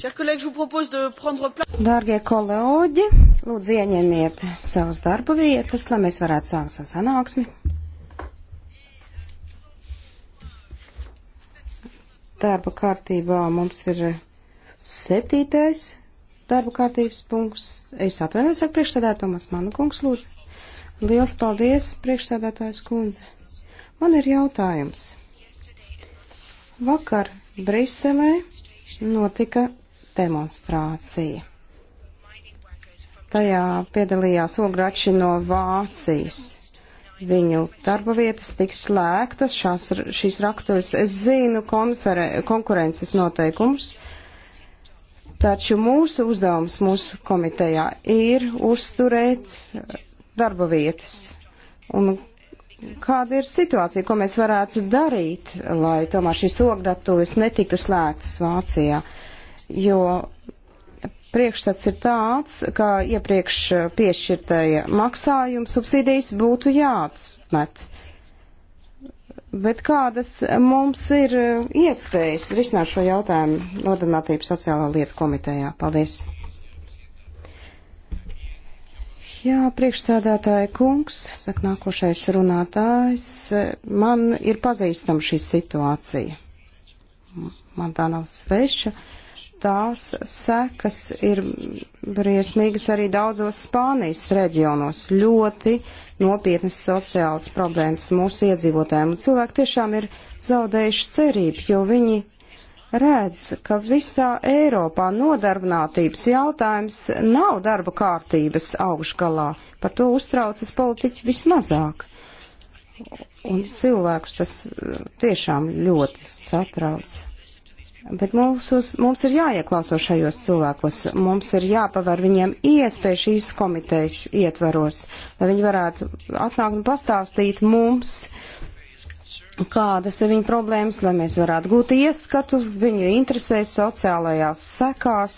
Dārgie kolēģi, lūdzu ieņemiet savus darba vietas, lai mēs varētu sākt savu sanāksmi. Darba kārtībā mums ir septītais darba kārtības punkts. Es atvainojos ar priekšsēdētājumas manu kungs lūdzu. Liels paldies, priekšsēdētājs kundze. Man ir jautājums. Vakar Briselē notika demonstrācija. Tajā piedalījās ograči no Vācijas. Viņu darba vietas tiks slēgtas, šās, šīs raktuves. Es zinu konkurences noteikumus, taču mūsu uzdevums mūsu komitejā ir uzturēt eh, darba vietas. Un kāda ir situācija, ko mēs varētu darīt, lai tomēr šīs ogratuves netiktu slēgtas Vācijā? Uh, jo priekšstats ir tāds, ka iepriekš piešķirtajā maksājuma subsīdijas būtu jāatmet. Bet kādas mums ir iespējas risināt šo jautājumu Nodarbinātības sociālā lieta komitejā? Paldies! Jā, priekšsēdētāja kungs, saka nākošais runātājs, man ir pazīstama šī situācija. Man tā nav sveša. Uh, tās sekas ir briesmīgas arī daudzos Spānijas reģionos. Ļoti nopietnas sociālas problēmas mūsu iedzīvotājiem. Un cilvēki tiešām ir zaudējuši cerību, jo viņi redz, ka visā Eiropā nodarbinātības jautājums nav darba kārtības augšgalā. Par to uztraucas politiķi vismazāk. Un cilvēkus tas tiešām ļoti satrauc. Bet mums, mums ir jāieklauso šajos cilvēkos, mums ir jāpavar viņiem iespēju šīs komitejas ietvaros, lai viņi varētu atnākt un pastāstīt mums, kādas ir viņa problēmas, lai mēs varētu gūt ieskatu viņu interesēs sociālajās sekās,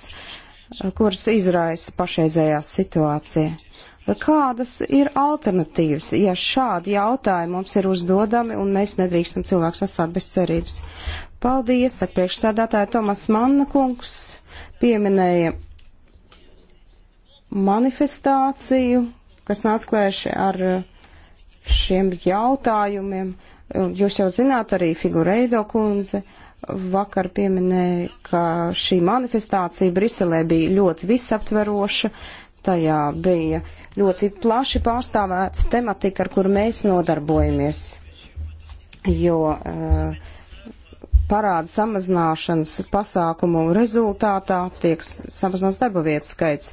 kuras izraisa pašreizējā situācija. Kādas ir alternatīvas, ja šādi jautājumi mums ir uzdodami un mēs nedrīkstam cilvēku sastāt bez cerības? Paldies, saka priekšsādātāja Tomas Manna kungs, pieminēja manifestāciju, kas nāca klēši ar eh, šiem jautājumiem. Jūs jau zināt, arī Figureido kundze vakar pieminēja, ka šī manifestācija Briselē bija ļoti visaptveroša. Tajā bija ļoti plaši pārstāvēta tematika, ar kuru mēs nodarbojamies. Jo uh, parāda samazināšanas pasākumu rezultātā tiek samazināts darba vietas skaits.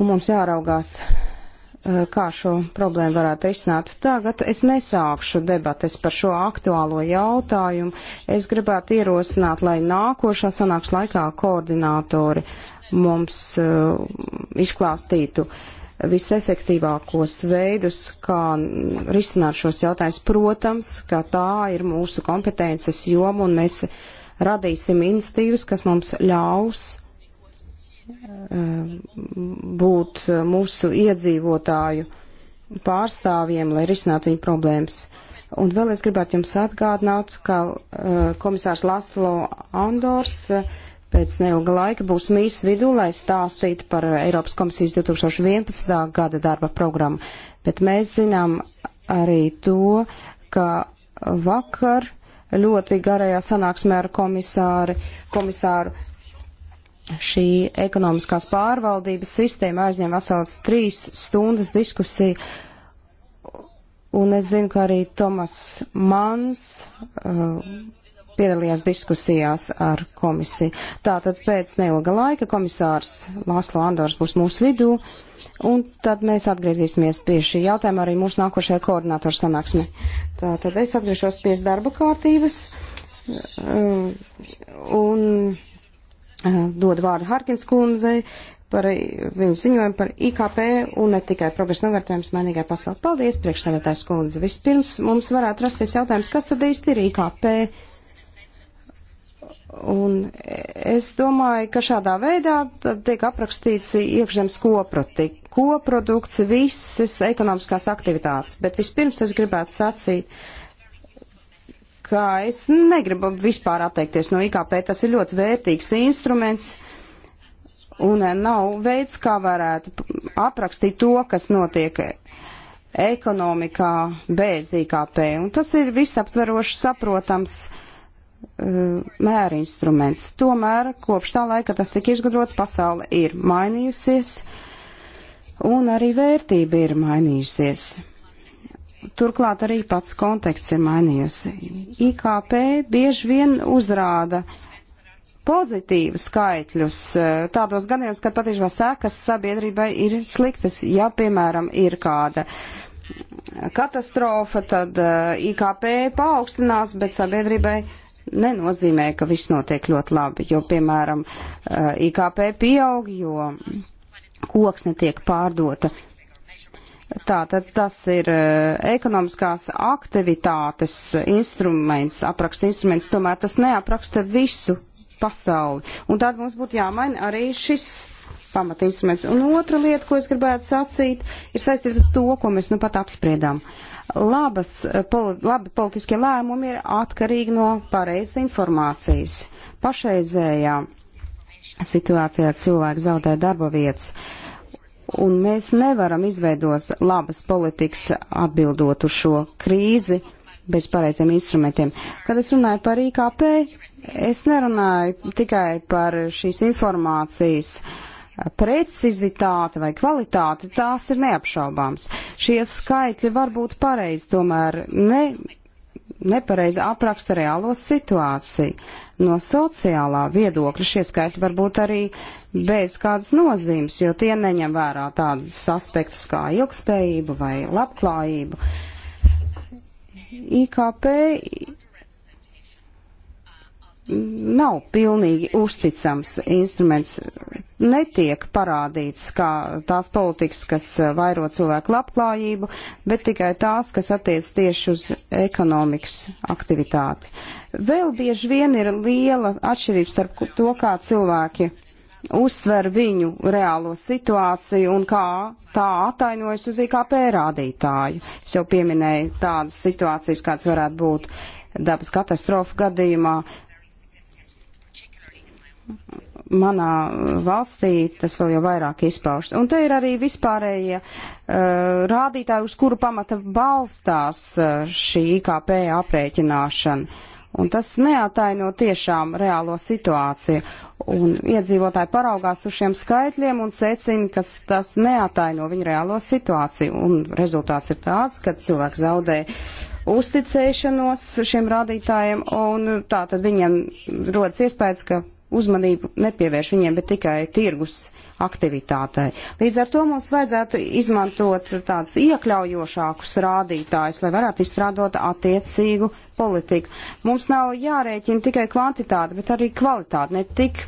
Un mums jāraugās, eh, kā šo problēmu varētu risināt. Tagad es nesākšu debates par šo aktuālo jautājumu. Es gribētu ierosināt, lai nākošā sanāks laikā koordinātori mums uh, izklāstītu uh, visefektīvākos veidus, kā risināt šos jautājumus. Protams, ka tā ir mūsu kompetences joma un mēs radīsim institīvas, kas mums ļaus eh, būt mūsu iedzīvotāju pārstāvjiem, lai risinātu viņu problēmas. Un vēl es gribētu jums atgādināt, ka eh, komisārs Laslo Andors eh, pēc neilga laika būs mīs vidū, lai stāstītu par Eiropas komisijas 2011. gada darba programmu. Bet mēs zinām arī to, ka vakar ļoti garajā sanāksmē ar komisāri, komisāru šī ekonomiskās pārvaldības sistēma aizņem vesels trīs stundas diskusiju. Un es zinu, ka arī Tomas Mans, uh, piedalījās diskusijās ar komisiju. Tātad pēc neilga laika komisārs Lāslo Andors būs mūsu vidū, un tad mēs atgriezīsimies pie šī jautājuma arī mūsu nākošajā koordinātoru sanāksmē. Tātad es atgriežos pie darba kārtības eh, un eh, dod vārdu Harkins kundzei par viņu ziņojumu par IKP un ne tikai progresa novērtējums mainīgā pasaulē. Paldies, priekšstādātājs kundze. Vispirms mums varētu rasties jautājums, kas tad īsti ir IKP? Un es domāju, ka šādā veidā tiek aprakstīts iekšzemes koproti, koprodukts visas ekonomiskās aktivitātes. Bet vispirms es gribētu sacīt, ka es negribu vispār atteikties no IKP. Tas ir ļoti vērtīgs instruments un nav veids, kā varētu aprakstīt to, kas notiek ekonomikā bez IKP. Un tas ir visaptveroši saprotams Uh, mēra instruments. Tomēr kopš tā laika tas tika izgudrots, pasaule ir mainījusies un arī vērtība ir mainījusies. Turklāt arī pats konteksts ir mainījusi. IKP bieži vien uzrāda pozitīvus skaitļus uh, tādos gadījumos, kad patiešām sekas sabiedrībai ir sliktas. Ja, piemēram, ir kāda katastrofa, tad uh, IKP paaugstinās, bet sabiedrībai nenozīmē, ka viss notiek ļoti labi, jo, piemēram, eh, IKP pieaug, jo koks netiek pārdota. Tātad tas ir eh, ekonomiskās aktivitātes instruments, apraksta instruments, tomēr tas neapraksta visu pasauli. Un tad mums būtu jāmaina arī šis pamatinstruments. Un otra lieta, ko es gribētu sacīt, ir saistīta ar to, ko mēs nu pat apspriedām. Uh, Labas, eh, pol, labi politiskie lēmumi ir atkarīgi no pareizas informācijas. Pašreizējā situācijā cilvēki zaudē darba vietas, un mēs nevaram izveidot labas politikas atbildot uz šo krīzi bez pareiziem instrumentiem. Kad es runāju par IKP, es nerunāju tikai par šīs informācijas uh, precizitāte vai kvalitāte, tās ir neapšaubāms. Šie skaitļi var būt pareizi, tomēr ne, nepareizi apraksta reālo situāciju. No sociālā viedokļa šie skaitļi var būt arī bez kādas nozīmes, jo tie neņem vērā tādus aspektus kā ilgspējību vai labklājību. IKP nav pilnīgi uzticams instruments. Netiek parādīts kā tās politikas, kas vairo cilvēku labklājību, bet tikai tās, kas attiec tieši uz ekonomikas aktivitāti. Vēl bieži vien ir liela atšķirība starp to, kā cilvēki uztver viņu reālo situāciju un kā tā atainojas uz IKP rādītāju. Es jau pieminēju tādas situācijas, kāds varētu būt dabas katastrofu gadījumā, manā valstī tas vēl jau vairāk izpaužas. Un te ir arī vispārējie uh, rādītāji, uz kuru pamata balstās uh, šī IKP aprēķināšana. Un tas neataino tiešām reālo situāciju. Un iedzīvotāji paraugās uz šiem skaitļiem un secina, ka tas neataino viņu reālo situāciju. Un rezultāts ir tāds, ka cilvēks zaudē uzticēšanos šiem rādītājiem, un tā tad viņam rodas iespējas, ka uzmanību nepievērš viņiem, bet tikai tirgus aktivitātei. Līdz ar to mums vajadzētu izmantot tādus iekļaujošākus rādītājus, lai varētu izstrādot attiecīgu politiku. Mums nav jārēķina tikai kvantitāte, bet arī kvalitāte, ne, tik,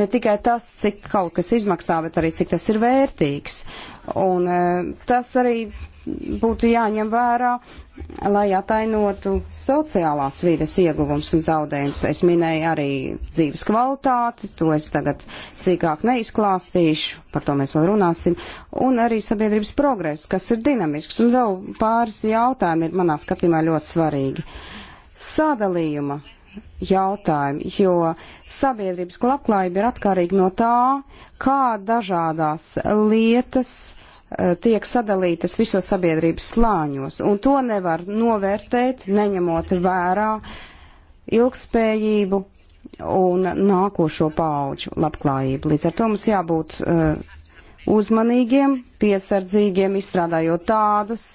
ne tikai tas, cik kaut kas izmaksā, bet arī cik tas ir vērtīgs. Un eh, tas arī būtu jāņem vērā lai atainotu sociālās vides ieguvums un zaudējums. Es minēju arī dzīves kvalitāti, to es tagad sīkāk neizklāstīšu, par to mēs vēl runāsim, un arī sabiedrības progresu, kas ir dinamisks, un vēl pāris jautājumi ir manā skatījumā ļoti svarīgi. Sadalījuma jautājumi, jo sabiedrības labklājība ir atkarīga no tā, kā dažādās lietas, uh, Eh, tiek sadalītas visos sabiedrības slāņos, un to nevar novērtēt, neņemot vērā ilgspējību un nākošo pauģu labklājību. Līdz ar to mums jābūt uh, uzmanīgiem, piesardzīgiem, izstrādājot tādus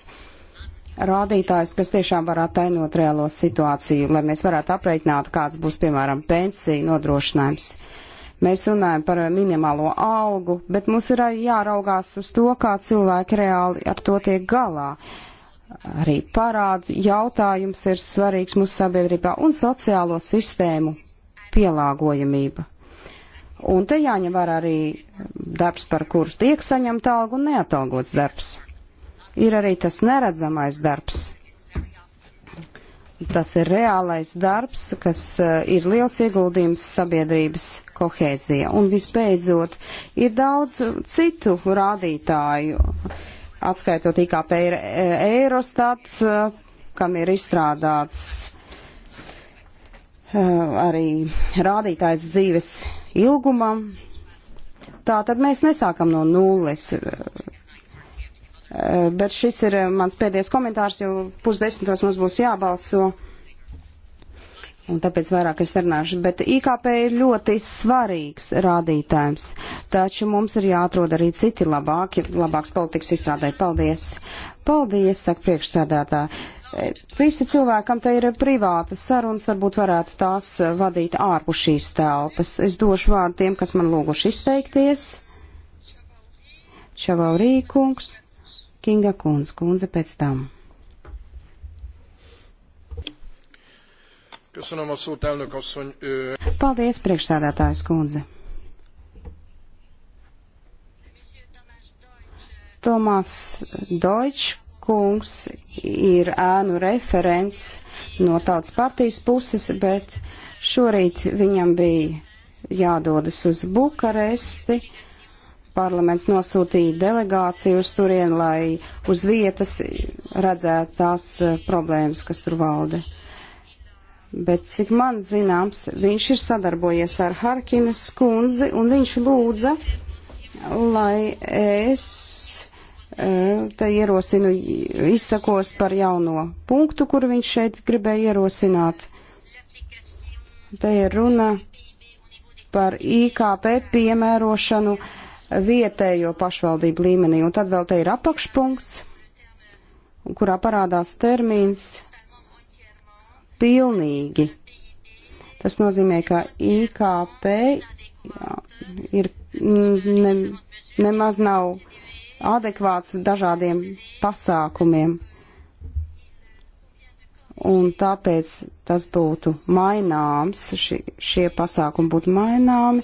rādītājus, kas tiešām varētu tainot reālo situāciju, lai mēs varētu apreikināt, kāds būs, piemēram, pensija nodrošinājums. Uh, Mēs runājam par minimālo algu, bet mums ir jāraugās uz to, kā cilvēki reāli ar to tiek galā. Arī parādu jautājums ir svarīgs mūsu sabiedrībā un sociālo sistēmu pielāgojamība. Un te jāņem vērā arī darbs, par kuru tiek saņemta alga un neatalgots darbs. Ir arī tas neredzamais darbs, Tas ir reālais darbs, kas eh, ir liels ieguldījums sabiedrības kohēzija. Un visbeidzot, ir daudz citu rādītāju, atskaitot IKP ir Eirostat, eh, eh, kam ir izstrādāts arī rādītājs dzīves ilgumam. Tā tad mēs nesākam no nulles Eh, bet šis ir eh, mans pēdējais komentārs, jo pusdesmitos mums būs jābalso. Un tāpēc vairāk es runāšu, bet IKP ir ļoti svarīgs rādītājs, taču mums ir jāatrod arī citi labāki, labāks politikas izstrādē. Paldies! Paldies, saka priekšsēdētā. Eh, visi cilvēkam te ir privātas sarunas, varbūt varētu tās vadīt ārpus šīs telpas. Es došu vārdu tiem, kas man lūguši izteikties. Čavaurī kungs. Kinga Kunz, kundze pēc tam. Köszönöm a szót, elnök asszony. Paldies, priekšsādātājs kundze. Tomas Deutsch kungs ir ēnu referents no tautas partijas puses, bet šorīt viņam bija jādodas uz Bukaresti parlaments nosūtīja delegāciju uz turieni, lai uz vietas redzētu tās e, problēmas, kas tur valda. Bet, cik man zināms, viņš ir sadarbojies ar Harkinas kundzi, un viņš lūdza, lai es e, te ierosinu, izsakos par jauno punktu, kur viņš šeit gribēja ierosināt. Te ir runa par IKP piemērošanu uh, vietējo pašvaldību līmenī. Un tad vēl te ir apakšpunkts, kurā parādās termīns pilnīgi. Tas nozīmē, ka IKP jā, ir ne, nemaz nav adekvāts dažādiem pasākumiem. Un tāpēc tas būtu maināms, ši, šie pasākumi būtu maināmi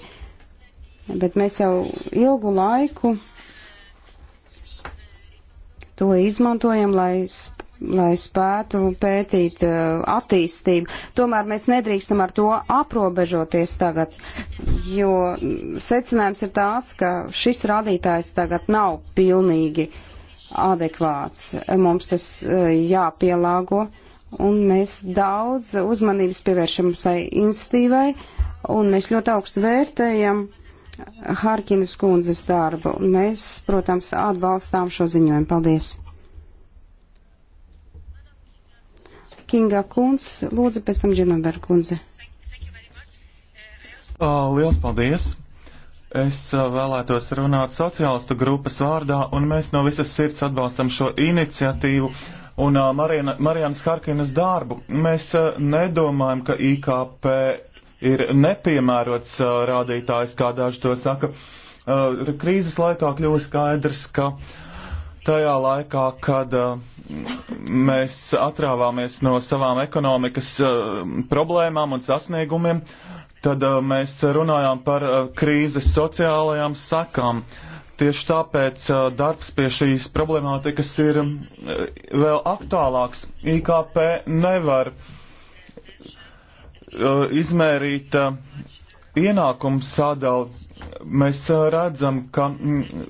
bet mēs jau ilgu laiku to izmantojam, lai, lai spētu pētīt uh, attīstību. Tomēr mēs nedrīkstam ar to aprobežoties tagad, jo secinājums ir tāds, ka šis rādītājs tagad nav pilnīgi adekvāts. Mums tas uh, jāpielāgo, un mēs daudz uzmanības pievēršam šai institīvai, un mēs ļoti augstu vērtējam Harkinas kundzes darbu. Mēs, protams, atbalstām šo ziņojumu. Paldies! Kinga kundz, lūdzu, pēc tam Džinoberga kundze. Liels paldies! Es vēlētos runāt sociālistu grupas vārdā, un mēs no visas sirds atbalstam šo iniciatīvu un Marijanas Harkinas darbu. Mēs nedomājam, ka IKP ir nepiemērots uh, rādītājs, kā daži to saka. Uh, krīzes laikā kļūst skaidrs, ka tajā laikā, kad uh, mēs atrāvāmies no savām ekonomikas uh, problēmām un sasniegumiem, tad uh, mēs runājām par uh, krīzes sociālajām sakām. Tieši tāpēc uh, darbs pie šīs problemātikas ir uh, vēl aktuālāks. IKP nevar uh, Eh, izmērīta eh, ienākuma sadala, mēs eh, redzam, ka mm,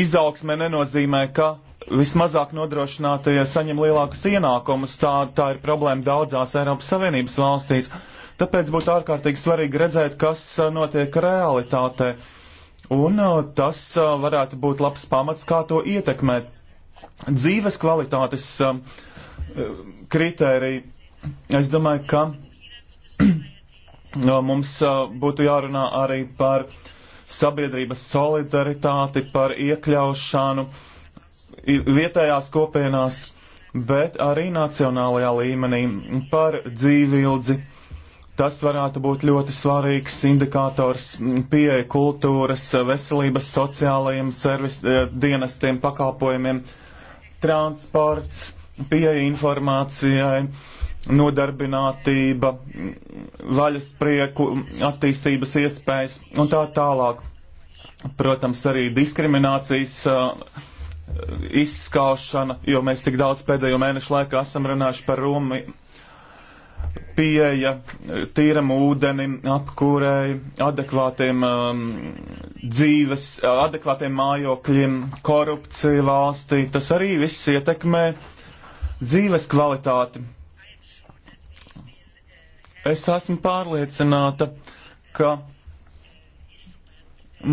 izaugsme nenozīmē, ka vismazāk nodrošinātie saņem lielākus ienākumus. Tā, tā ir problēma daudzās Eiropas Savienības valstīs. Tāpēc būtu ārkārtīgi svarīgi redzēt, kas notiek realitātē. Un tas varētu būt labs pamats, kā to ietekmēt. Dzīves kvalitātes kritēriji. Es domāju, ka mums būtu jārunā arī par sabiedrības solidaritāti, par iekļaušanu vietējās kopienās, bet arī nacionālajā līmenī par dzīvildzi. Tas varētu būt ļoti svarīgs indikators pieeja kultūras, veselības, sociālajiem servis, dienestiem, pakalpojumiem, transports, pieeja informācijai nodarbinātība, vaļas prieku, attīstības iespējas un tā tālāk. Protams, arī diskriminācijas uh, izskaušana, jo mēs tik daudz pēdējo mēnešu laikā esam runājuši par Romu pieeja uh, tīram ūdenim, apkūrēji, adekvātiem um, dzīves, uh, adekvātiem mājokļiem, korupcija valstī. Tas arī viss ietekmē dzīves kvalitāti. Es esmu pārliecināta, ka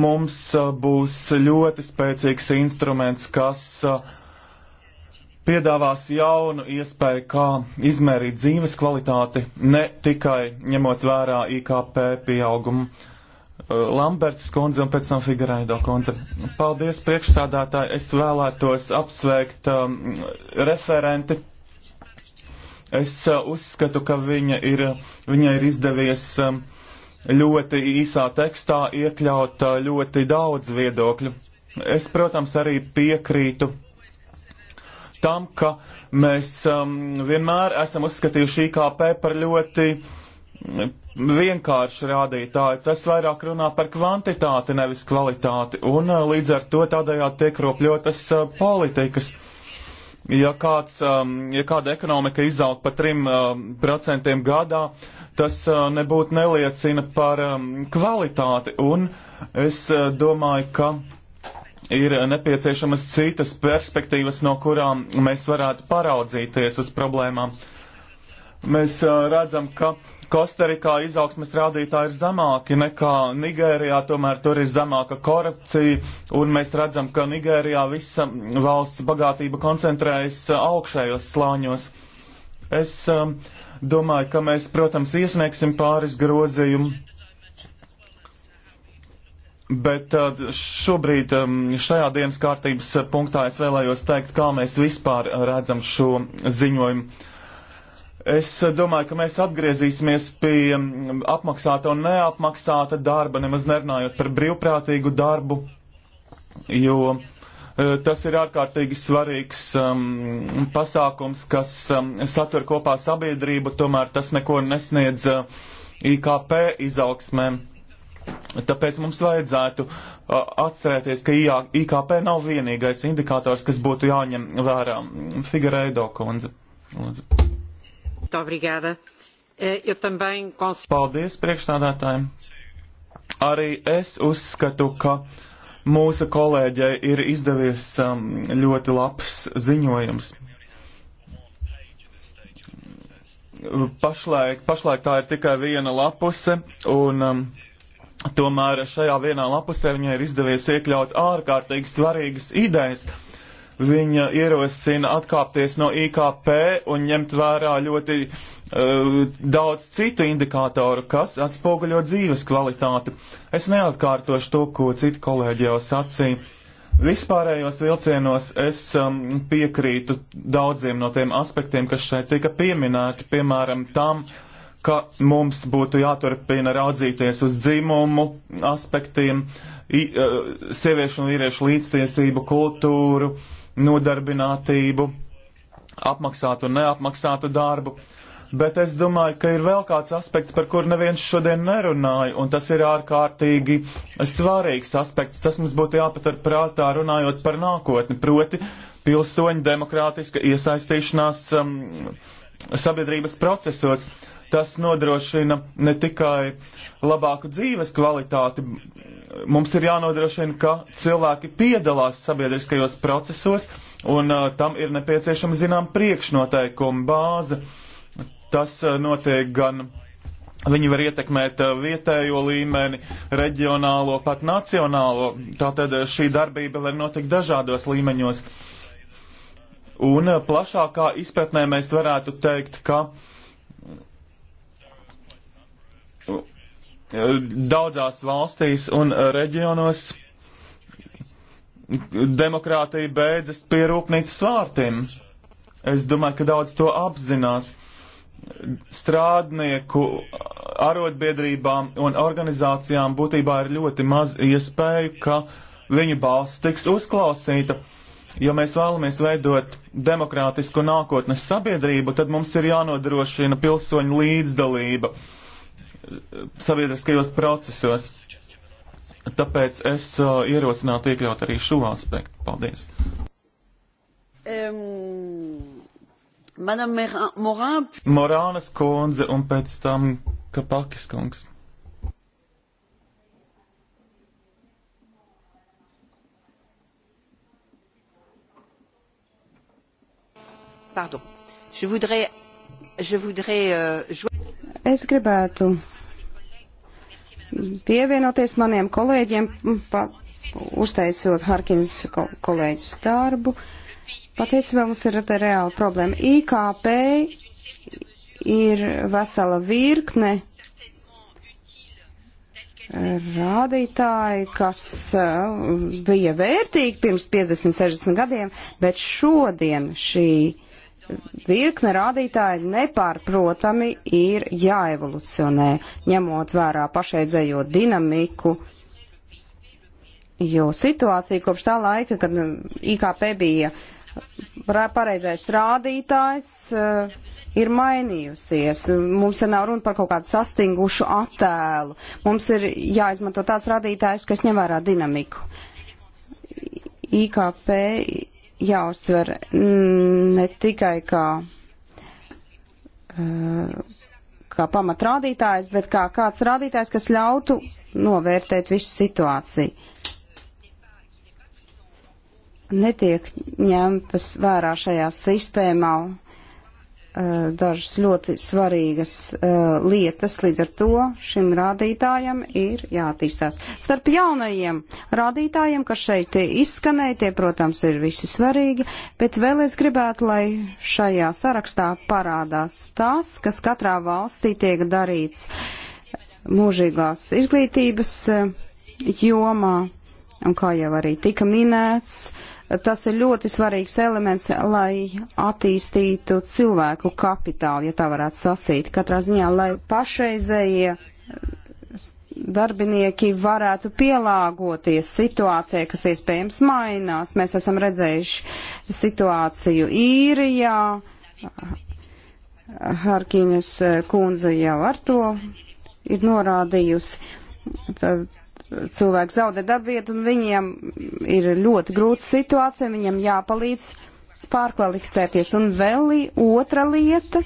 mums būs ļoti spēcīgs instruments, kas piedāvās jaunu iespēju, kā izmērīt dzīves kvalitāti, ne tikai ņemot vērā IKP pieaugumu. Lamberts kundze un pēc tam Figueiredo kundze. Paldies priekšsādātāji, es vēlētos apsveikt um, referenti Es uh, uzskatu, ka viņa ir, viņa ir izdevies um, ļoti īsā tekstā iekļaut uh, ļoti daudz viedokļu. Es, protams, arī piekrītu tam, ka mēs um, vienmēr esam uzskatījuši IKP par ļoti mm, vienkāršu rādītāju. Tas vairāk runā par kvantitāti, nevis kvalitāti, un uh, līdz ar to tādējādi tiek ropļotas uh, politikas. Uh, Ja, kāds, um, ja kāda ekonomika izaug pa 3% um, gadā, tas uh, nebūtu neliecina par um, kvalitāti. Un es uh, domāju, ka ir nepieciešamas citas perspektīvas, no kurām mēs varētu paraudzīties uz problēmām. Mēs redzam, ka Kostarikā izaugsmes rādītāji ir zemāki nekā Nigērijā, tomēr tur ir zemāka korupcija, un mēs redzam, ka Nigērijā visa valsts bagātība koncentrējas augšējos slāņos. Es um, domāju, ka mēs, protams, iesniegsim pāris grozījumu, bet uh, šobrīd um, šajā dienas kārtības punktā es vēlējos teikt, kā mēs vispār redzam šo ziņojumu Es domāju, ka mēs atgriezīsimies pie mm, apmaksāta un neapmaksāta darba, nemaz nerunājot par brīvprātīgu darbu, jo e, tas ir ārkārtīgi svarīgs um, pasākums, kas um, satur kopā sabiedrību, tomēr tas neko nesniedz uh, e, IKP izaugsmēm. Tāpēc mums vajadzētu uh, atcerēties, ka IA, IKP nav vienīgais indikators, kas būtu jāņem vērā. Figureido kundze. Lūdzu. Muito obrigada. Eh, eu também consigo. Paldies priekšstādātājiem. Arī es uzskatu, ka mūsu kolēģei ir izdevies um, ļoti labs ziņojums. Pašlaik, pašlaik tā ir tikai viena lapuse, un um, tomēr šajā vienā lapusē viņai ir izdevies iekļaut ārkārtīgi svarīgas idejas. Uh, Viņa ierosina atkāpties no IKP un ņemt vērā ļoti uh, daudz citu indikātoru, kas atspoguļo dzīves kvalitāti. Es neatkārtošu to, ko citi kolēģi jau sacīja. Vispārējos vilcienos es um, piekrītu daudziem no tiem aspektiem, kas šeit tika pieminēti, piemēram, tam, ka mums būtu jāturpina raudzīties uz dzimumu aspektiem, i, uh, sieviešu un vīriešu līdztiesību kultūru, uh, nodarbinātību, apmaksātu un neapmaksātu darbu. Bet es domāju, ka ir vēl kāds aspekts, par kuru neviens šodien nerunāja, un tas ir ārkārtīgi svarīgs aspekts. Tas mums būtu jāpatur prātā runājot par nākotni, proti pilsoņu demokrātiska iesaistīšanās um, sabiedrības procesos. Tas nodrošina ne tikai uh, labāku dzīves kvalitāti, mums ir jānodrošina, ka cilvēki piedalās sabiedriskajos procesos, un uh, tam ir nepieciešama zinām priekšnoteikuma bāze. Tas uh, notiek gan. Viņi var ietekmēt uh, vietējo līmeni, reģionālo, pat nacionālo. Tātad uh, šī darbība var notikt dažādos līmeņos. Un uh, plašākā izpratnē mēs varētu teikt, ka uh, daudzās valstīs un reģionos demokrātija beidzas pie rūpnīcas vārtiem. Es domāju, ka daudz to apzinās. Strādnieku arotbiedrībām un organizācijām būtībā ir ļoti maz iespēju, ka viņu balss tiks uzklausīta. Ja mēs vēlamies veidot demokrātisku nākotnes sabiedrību, tad mums ir jānodrošina pilsoņu līdzdalība. Uh, sabiedriskajos procesos. Tāpēc es uh, ierosinātu iekļaut arī šo aspektu. Paldies. Um, Morān... Morānas kundze un pēc tam Kapakis kungs. Pardon. Je voudrais, je voudrais, euh, je... Es gribētu pievienoties maniem kolēģiem, pa, uzteicot Harkins kolēģis darbu. Patiesībā mums ir tā reāla problēma. IKP ir vesela virkne rādītāji, kas uh, bija vērtīgi pirms 50-60 gadiem, bet šodien šī virkne rādītāji nepārprotami ir jāevolucionē, ņemot vērā pašreizējo dinamiku, jo situācija kopš tā laika, kad nu, IKP bija pareizais rādītājs, eh, ir mainījusies. Mums te nav runa par kaut kādu sastingušu attēlu. Mums ir jāizmanto tāds rādītājs, kas ņem vērā dinamiku. IKP jāuztver ne tikai kā, uh, kā pamatrādītājs, bet kā kāds rādītājs, kas ļautu novērtēt visu situāciju. Netiek ņemtas vērā šajā sistēmā Eh, dažas ļoti svarīgas uh, lietas, līdz ar to šim rādītājam ir jātīstās. Starp jaunajiem rādītājiem, kas šeit izskanēja, tie, protams, ir visi svarīgi, bet vēl es gribētu, lai šajā sarakstā parādās tās, kas katrā valstī tiek darīts mūžīgās izglītības eh, jomā, un kā jau arī tika minēts, uh, tas ir ļoti svarīgs elements, lai attīstītu cilvēku kapitālu, ja tā varētu sacīt. Katrā ziņā, lai pašreizējie darbinieki varētu pielāgoties situācijai, kas iespējams mainās. Mēs esam redzējuši situāciju īrijā. Harkīnes kundze jau ar to ir norādījusi. Tad cilvēki zaudē darbvietu un viņiem ir ļoti grūta situācija, viņiem jāpalīdz pārkvalificēties. Un vēl otra lieta,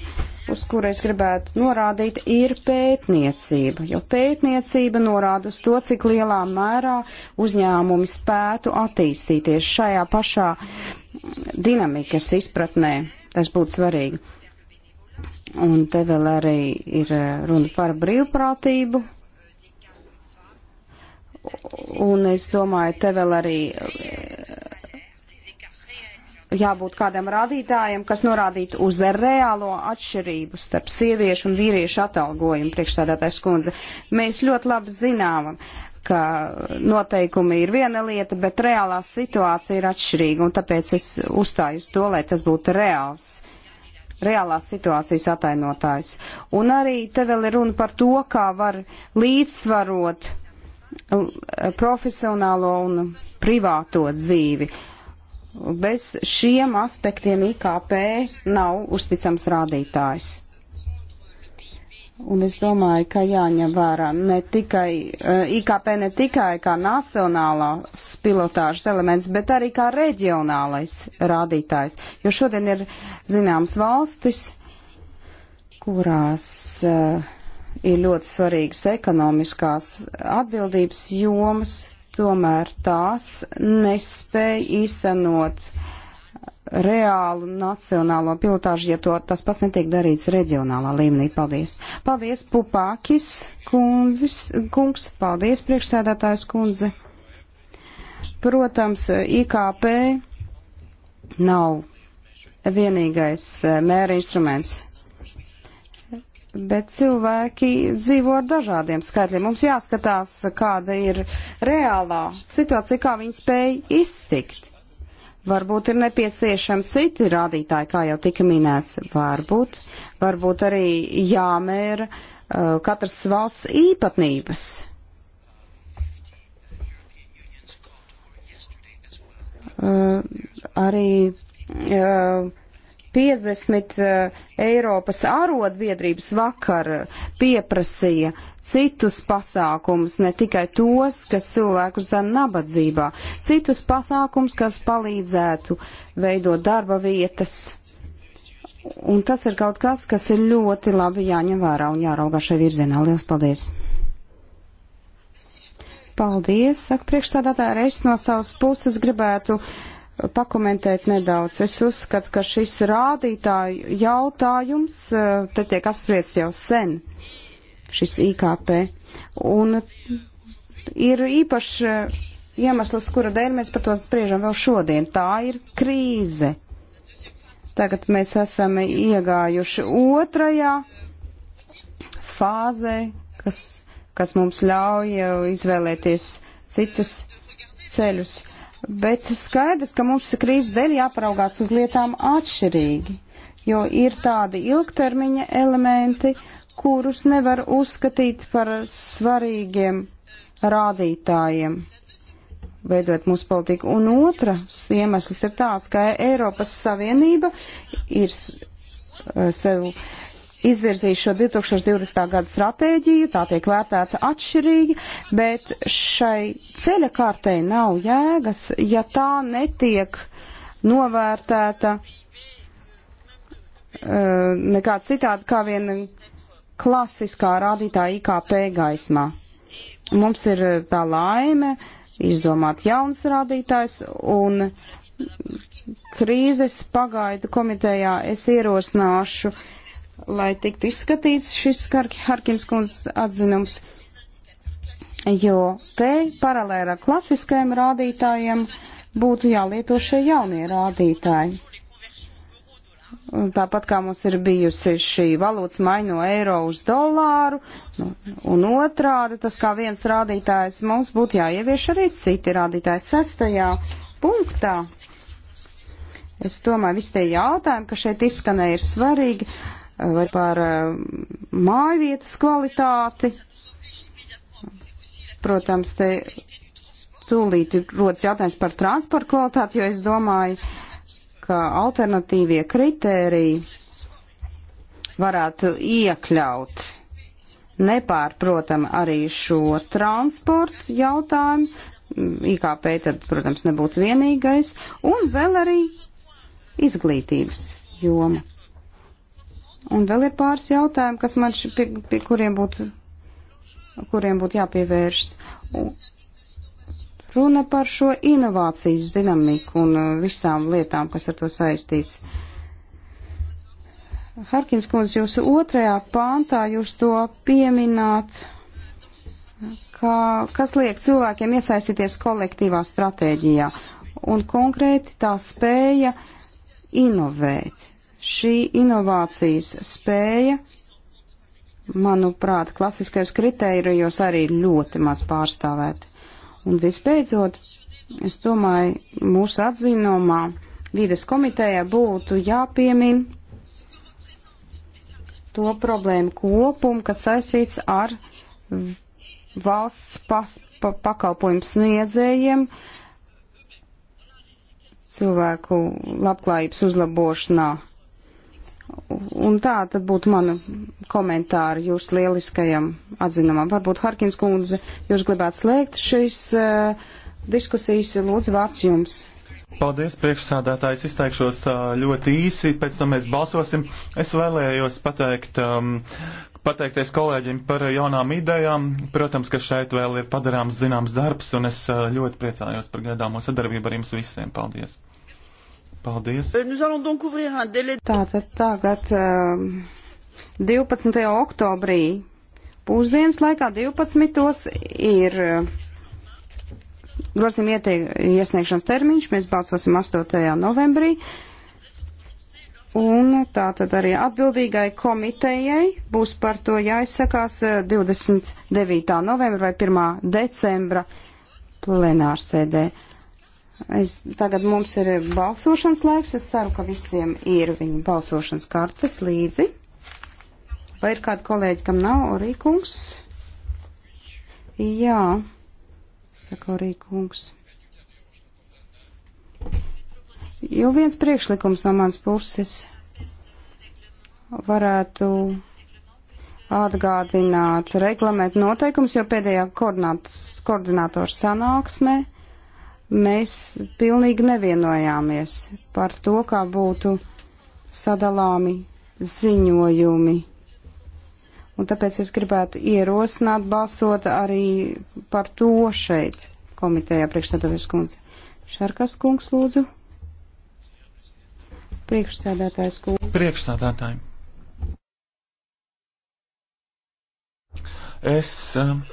uz kuru es gribētu norādīt, ir pētniecība. Jo pētniecība norāda uz to, cik lielā mērā uzņēmumi spētu attīstīties šajā pašā dinamikas izpratnē. Tas būtu svarīgi. Un te vēl arī ir runa par brīvprātību, Un es domāju, te vēl arī eh, jābūt kādam rādītājam, kas norādītu uz reālo atšķirību starp sieviešu un vīriešu atalgojumu, priekšsēdētājs kundze. Mēs ļoti labi zināmam, ka noteikumi ir viena lieta, bet reālā situācija ir atšķirīga, un tāpēc es uzstāju uz to, lai tas būtu reāls reālās situācijas atainotājs. Un arī te vēl ir runa par to, kā var līdzsvarot Um, profesionālo un privāto dzīvi. Bez šiem aspektiem IKP nav uzticams rādītājs. Un es domāju, ka jāņem vērā ne tikai uh, IKP, ne tikai kā nacionālās pilotāžas elements, bet arī kā reģionālais rādītājs. Jo šodien ir zināms valstis, kurās uh, ir ļoti svarīgas ekonomiskās atbildības jomas, tomēr tās nespēja īstenot reālu nacionālo pilotāžu, ja to, tas pats netiek darīts reģionālā līmenī. Paldies. Paldies, Pupākis kundzis, kungs. Paldies, priekšsēdētājs kundze. Protams, IKP nav vienīgais eh, mēra instruments bet cilvēki dzīvo ar dažādiem skaitļiem. Mums jāskatās, kāda ir reālā situācija, kā viņi spēja iztikt. Varbūt ir nepieciešami citi rādītāji, kā jau tika minēts. Varbūt, varbūt arī jāmēra uh, katras valsts īpatnības. Uh, arī uh, 50 eh, Eiropas arotbiedrības vakar pieprasīja citus pasākumus, ne tikai tos, kas cilvēkus zana nabadzībā, citus pasākumus, kas palīdzētu veidot darba vietas. Un tas ir kaut kas, kas ir ļoti labi jāņem vērā un jāraugā šai virzienā. Lielas paldies! Paldies, saka priekšstādātāja, es no savas puses gribētu uh, pakomentēt nedaudz. Es uzskatu, ka šis rādītāju jautājums eh, te tiek apspriests jau sen, šis IKP. Un ir īpaši eh, iemesls, kura dēļ mēs par to spriežam vēl šodien. Tā ir krīze. Tagad mēs esam iegājuši otrajā fāzē, kas, kas mums ļauj izvēlēties citus ceļus. Uh, Bet skaidrs, ka mums krīzes dēļ jāparaugās uz lietām atšķirīgi, jo ir tādi ilgtermiņa elementi, kurus nevar uzskatīt par svarīgiem rādītājiem, veidot mūsu politiku. Un otrs iemesls ir tāds, ka Eiropas Savienība ir sev izvirzījis šo 2020. gada stratēģiju, tā tiek vērtēta atšķirīgi, bet šai ceļa kārtei nav jēgas, ja tā netiek novērtēta uh, eh, nekā citādi kā vien klasiskā rādītāja IKP gaismā. Mums ir eh, tā laime izdomāt jauns rādītājs un krīzes pagaidu komitejā es ierosināšu uh, lai tiktu izskatīts šis Harkins kundzes atzinums, jo te paralēli ar klasiskajiem rādītājiem būtu jālieto šie jaunie rādītāji. Tāpat kā mums ir bijusi šī valūtas maiņa no eiro uz dolāru, nu, un otrādi tas kā viens rādītājs, mums būtu jāievieš arī citi rādītāji sestajā punktā. Es domāju, visi tie jautājumi, kas šeit izskanēja, ir svarīgi. Uh, vai par eh, māju vietas kvalitāti. Protams, te tūlīt rodas jautājums par transporta kvalitāti, jo es domāju, ka alternatīvie kritēriji varētu iekļaut nepārprotam arī šo transportu jautājumu. IKP tad, protams, nebūtu vienīgais, un vēl arī izglītības joma. Un vēl ir pāris jautājumi, kas man šī, pie, pie kuriem būtu, kuriem būtu jāpievēršas. Runa par šo inovācijas dinamiku un uh, visām lietām, kas ar to saistīts. Harkins kundze, jūsu otrajā pāntā jūs to piemināt, kā, kas liek cilvēkiem iesaistīties kolektīvā stratēģijā un konkrēti tā spēja inovēt Šī inovācijas spēja, manuprāt, klasiskajos kritērijos arī ļoti maz pārstāvēta. Un visbeidzot, es domāju, mūsu atzinumā vides komitejā būtu jāpiemin to problēmu kopumu, kas saistīts ar valsts pas, pa, pakalpojumu sniedzējiem, cilvēku labklājības uzlabošanā Un tā tad būtu mana komentāra jūsu lieliskajam atzinumam. Varbūt Harkins kundze, jūs gribētu slēgt šīs uh, diskusijas, lūdzu vārds jums. Paldies, priekšsādātājs, izteikšos eh, ļoti īsi, pēc tam mēs balsosim. Es vēlējos pateikt, um, pateikties kolēģim par jaunām idejām. Protams, ka šeit vēl ir padarāms zināms darbs, un es eh, ļoti priecājos par gaidāmo sadarbību ar jums visiem. Paldies! Paldies! Euh, tātad tagad 12. Um, oktobrī pusdienas laikā 12. ir grozījuma uh, iesniegšanas termiņš, mēs balsosim 8. novembrī. Un tā tad arī atbildīgai komitejai būs par to jāizsakās 29. Uh, novembra vai 1. decembra plenārsēdē. Es, tagad mums ir balsošanas laiks. Es ceru, ka visiem ir viņa balsošanas kartes līdzi. Vai ir kādi kolēģi, kam nav orīkungs? Jā, saka orīkungs. Jo viens priekšlikums no manas puses varētu atgādināt reglamentu noteikums, jo pēdējā koordinātors sanāksmē mēs pilnīgi nevienojāmies par to, kā būtu sadalāmi ziņojumi. Un tāpēc es gribētu ierosināt balsot arī par to šeit komitejā priekšstādātais kundze. Šarkas kungs lūdzu. Priekšstādātājs kundze. Priekšstādātājiem. Es. Uh, um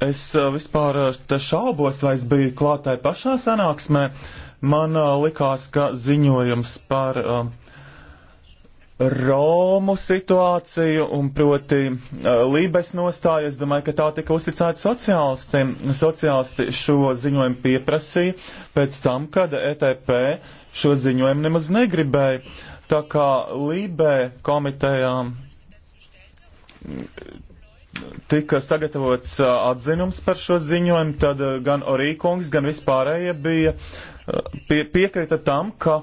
Es eh, vispār eh, te šaubos, vai es biju klātai pašā sanāksmē. Man eh, likās, ka ziņojums par uh, Romu situāciju un proti uh, Lībes nostāju, es domāju, ka tā tika uzticēta sociālistiem. Sociālisti šo ziņojumu pieprasīja pēc tam, kad ETP šo ziņojumu nemaz negribēja. Tā kā Lībē komitejām tika sagatavots uh, atzinums par šo ziņojumu, tad uh, gan Orīkungs, gan vispārējie bija uh, pie, piekrita tam, ka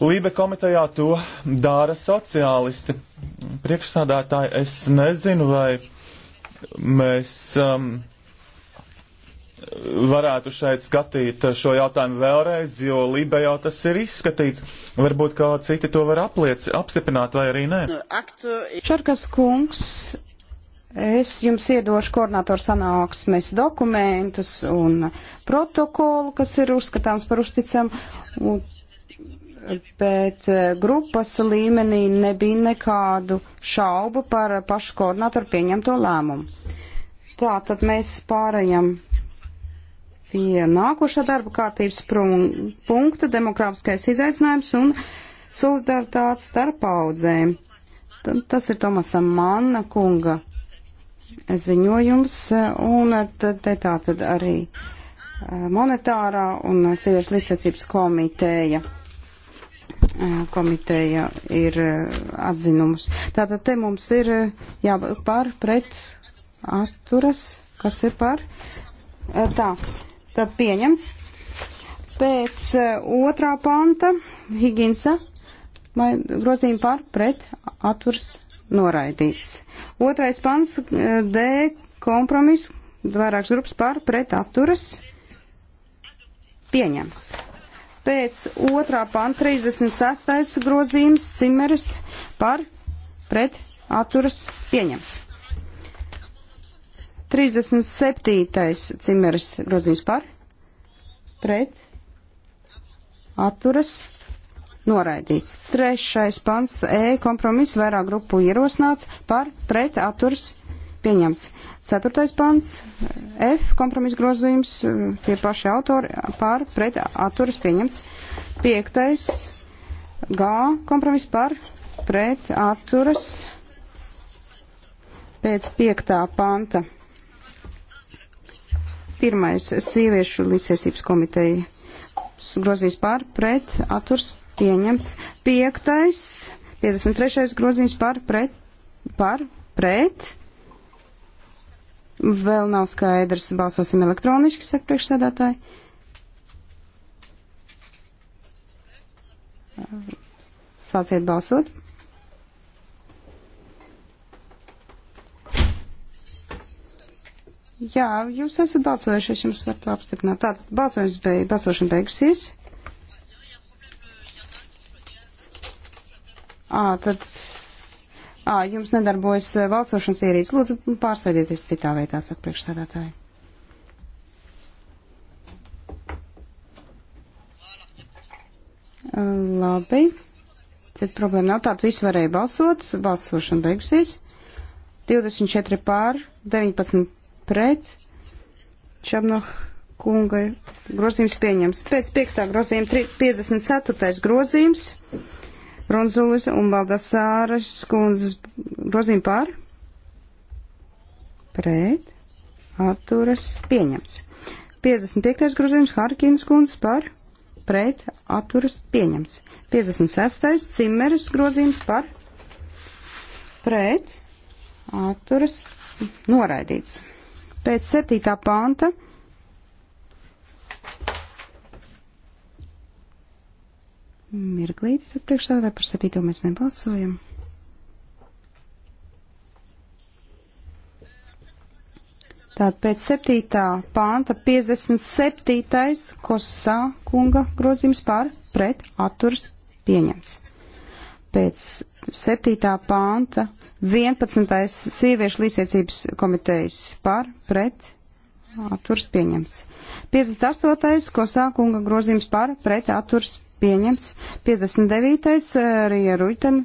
Lībe komitejā to dara sociālisti. Priekšsādātāji, es nezinu, vai mēs um, varētu šeit skatīt šo jautājumu vēlreiz, jo Lībe jau tas ir izskatīts. Varbūt kā citi to var apliec, apstiprināt vai arī nē. Čarkas kungs Es jums iedošu koordinātoru sanāksmes dokumentus un protokolu, kas ir uzskatāms par uzticam, un, bet eh, grupas līmenī nebija nekādu šaubu par pašu koordinātoru pieņemto lēmumu. Tā tad mēs pārējam pie nākošā darba kārtības punkta - demokrātiskais izaicinājums un solidaritātes starp paudzēm. Tas ir Tomasam Manna kunga ziņojums, un tad tā tad arī monetārā un sieviešu līdzsacības komiteja. Komiteja ir atzinumus. Tātad te mums ir jābūt par, pret, atturas, kas ir par. Tā, tad pieņems. Pēc otrā panta Higinsa vai grozījuma par, pret, atturas, noraidīts. Otrais pants eh, D kompromis vairākas grupas par pret atturas pieņemts. Pēc otrā panta 36. grozījums cimeris par pret atturas pieņemts. 37. cimeris grozījums par pret atturas pieņemts noraidīts. Trešais pants E kompromiss vairāk grupu ierosināts par pret atturs pieņemts. Ceturtais pants F kompromiss grozījums tie paši autori par pret atturs pieņemts. Piektais G kompromiss par pret atturs pēc piektā panta. Pirmais sieviešu līdzsiesības komiteja grozījis pār pret atturs pieņemts. Piektais, 53. groziņš par pret, par pret. Vēl nav skaidrs, balsosim elektroniski, saka priekšsēdētāji. Sāciet balsot. Jā, jūs esat balsojuši, es jums varu to apstiprināt. Tātad balsojums beig, balsošana beigusies. Ā, tad, ā, jums nedarbojas valsošanas ierīces. Lūdzu, pārsēdieties citā vietā, saka priekšsēdētāji. Labi. Cita problēma nav tāda. Visi varēja balsot. Balsošana beigusies. 24 pār, 19 pret. Čabnoh kunga grozījums pieņems. Pēc 5. grozījuma 54. grozījums Bronzulis un Baldasāras kundzes grozījumi pār? Pret. Atturas pieņemts. 55. grozījums Harkins kundzes par? Pret. Atturas pieņemts. 56. Cimeres grozījums par? Pret. Atturas noraidīts. Pēc 7. panta Mirklīti, tad priekšā vai par septīto mēs nebalsojam. Tātad pēc 7. panta 57. kosā kunga grozījums pār pret atturs pieņems. Pēc 7. panta 11. sieviešu līdzsiecības komitejas pār pret atturs pieņems. 58. kosā kunga grozījums pār pret atturs pieņems. 59. Eh, Rija Ruiten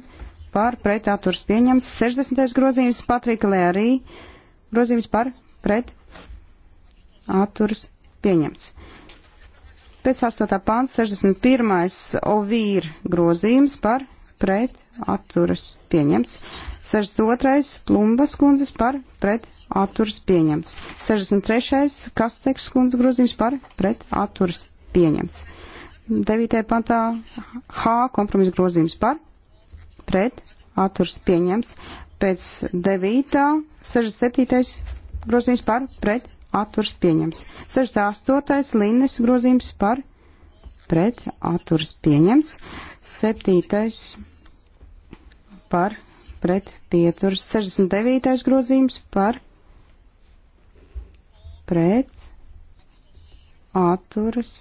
par pret atturs pieņems. 60. grozījums Patrika Lērī grozījums par pret atturs pieņems. Pēc 8. pāns 61. ovīr grozījums par pret atturas pieņemts. 62. plumbas kundzes par pret atturas pieņemts. 63. kasteks kundzes grozījums par pret atturas pieņemts. 9. pantā H kompromisa grozījums par, pret, atturs pieņemts. Pēc 9. 67. grozījums par, pret, atturs pieņemts. 68. līnes grozījums par, pret, atturs pieņemts. 7. par, pret, pieturs. 69. grozījums par, pret, atturs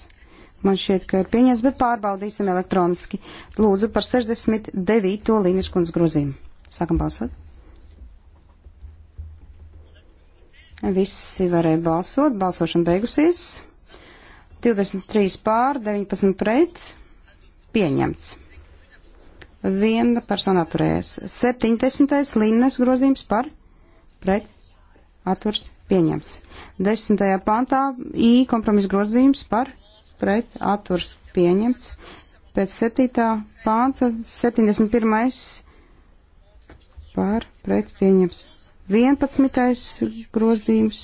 Man šķiet, ka ir pieņems, bet pārbaudīsim elektroniski. Lūdzu par 69. līnijas kundas grozījumu. Sākam balsot. Visi varēja balsot. Balsošana beigusies. 23 pār, 19 pret. Pieņemts. Viena persona atturējās. 70. līnijas grozījums par pret atturs pieņemts. 10. pantā I kompromisa grozījums par pret atturs pieņemts. Pēc 7. pānta 71. pār pret pieņems. 11. grozījums.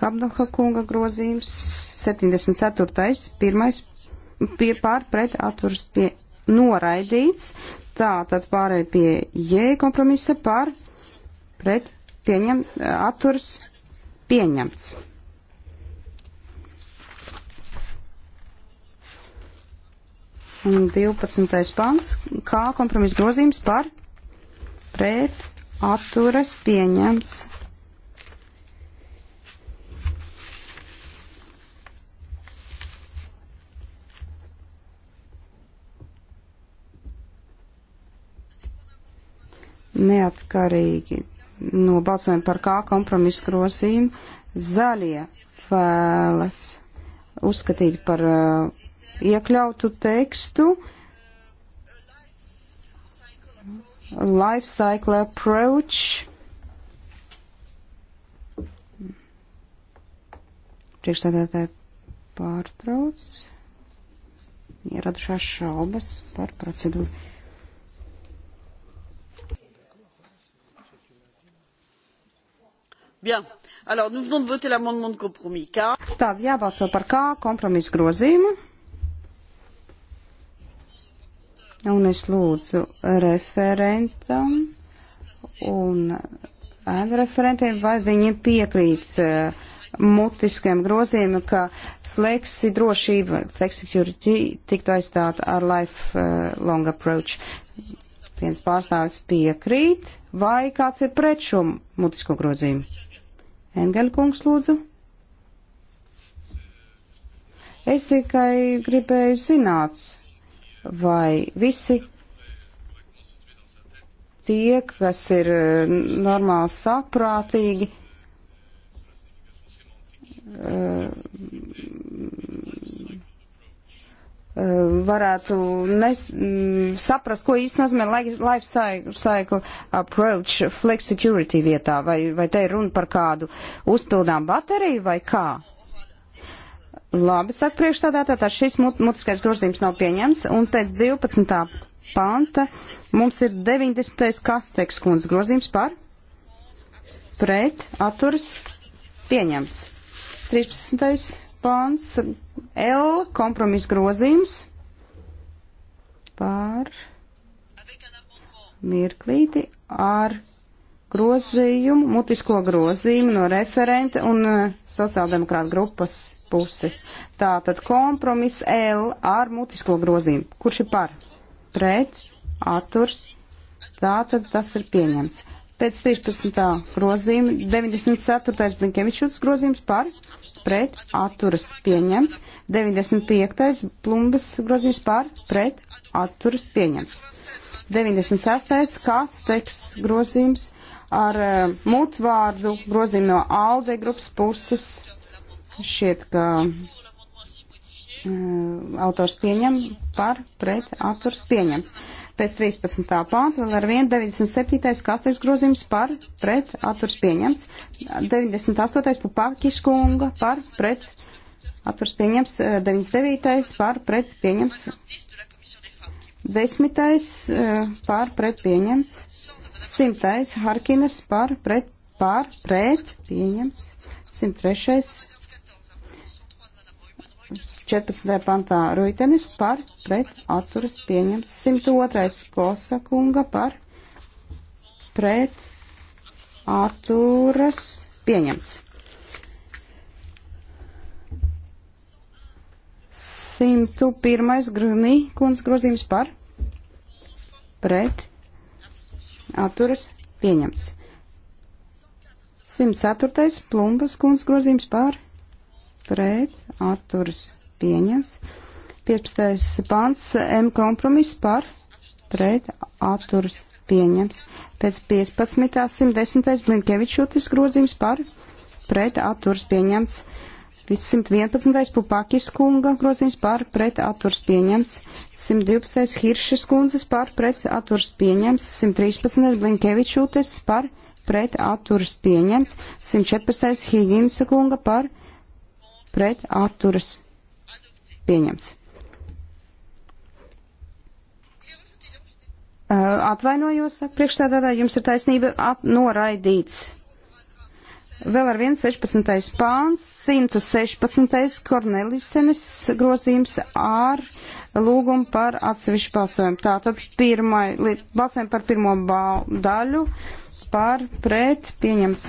Kabnoha kunga grozījums. 74. pirmais pie pār pret atturs pie noraidīts. Tā tad pārēj pie J kompromisa pār pret pieņem, atturs pieņemts. un 12. pants, kā kompromisa grozījums par pret atturas pieņems. Neatkarīgi no balsojuma par kā kompromisu grozījumu zaļie vēlas uzskatīt par uh, iekļautu tekstu life cycle approach. Priekšsēdētāji pārtrauc. Ieradušās šaubas par procedūru. Bien. Alors, nous venons de voter l'amendement de compromis K. Tad jābalso par K kompromisu grozījumu. Un es lūdzu referentam un referentiem, vai viņi piekrīt uh, mutiskiem grozījumiem, ka fleksi drošība, fleksi security tiktu aizstāta ar lifelong eh, uh, approach. Viens pārstāvis piekrīt, vai kāds ir pret šo mutisko grozījumu? Engela kungs, lūdzu. Es tikai gribēju zināt, vai visi tie, kas ir eh, normāli saprātīgi, eh, eh, varētu nes, mm, saprast, ko īsti nozīmē life cycle approach flex security vietā, vai, vai te ir runa par kādu uzpildām bateriju vai kā? Labi, saka priekšstādātā, tā šis mut, mutiskais grozījums nav pieņemts, un pēc 12. panta mums ir 90. kasteks kundzes grozījums par pret atturas pieņemts. 13. pants L kompromis grozījums par mirklīti ar grozījumu, mutisko grozījumu no referenta un eh, sociāldemokrāta grupas puses. Tātad kompromiss L ar mutisko grozījumu. Kurš ir par? Pret, atturs. Tātad tas ir pieņemts. Pēc 13. grozījuma 94. Blinkevičs grozījums par, pret, atturas pieņemts. 95. plumbas grozījums par, pret, atturas pieņemts. 96. kasteks grozījums ar uh, mutvārdu grozījumu no ALDE grupas puses Šķiet, ka e, autors pieņem par pret autors pieņems. Pēc 13. pānta vēl ar 1, 97. kastais grozījums par pret autors pieņems, 98. papakis kunga par pret autors pieņems, 99. E, par pret pieņems, 10. E, par pret pieņems, 100. Harkinas par pret, par pret pieņems, 103 14. pantā Ruitenis par pret atturas pieņemts. 102. Kosa kunga par pret atturas pieņemts. 101. Grunī kundas grozījums par pret atturas pieņemts. 104. Plumbas kundas grozījums par pret, atturas pieņems. 15. pants M kompromiss par, pret, atturas pieņems. Pēc 15. 110. Blinkevičotis grozījums par, pret, atturas pieņems. 111. Pupakis kunga grozījums par pret atturs pieņemts, 112. Hiršas kundzes par pret atturs pieņemts, 113. Blinkevičūtes par pret atturs pieņemts, 114. Higinsa kunga par pret atturas pieņemts. Atvainojos, priekšstādātāji, jums ir taisnība at, noraidīts. Vēl ar 116. pāns, 116. Kornelisenes grozījums ar lūgumu par atsevišķu balsojumu. Tātad pirmai, balsojumu par pirmo daļu par pret pieņems,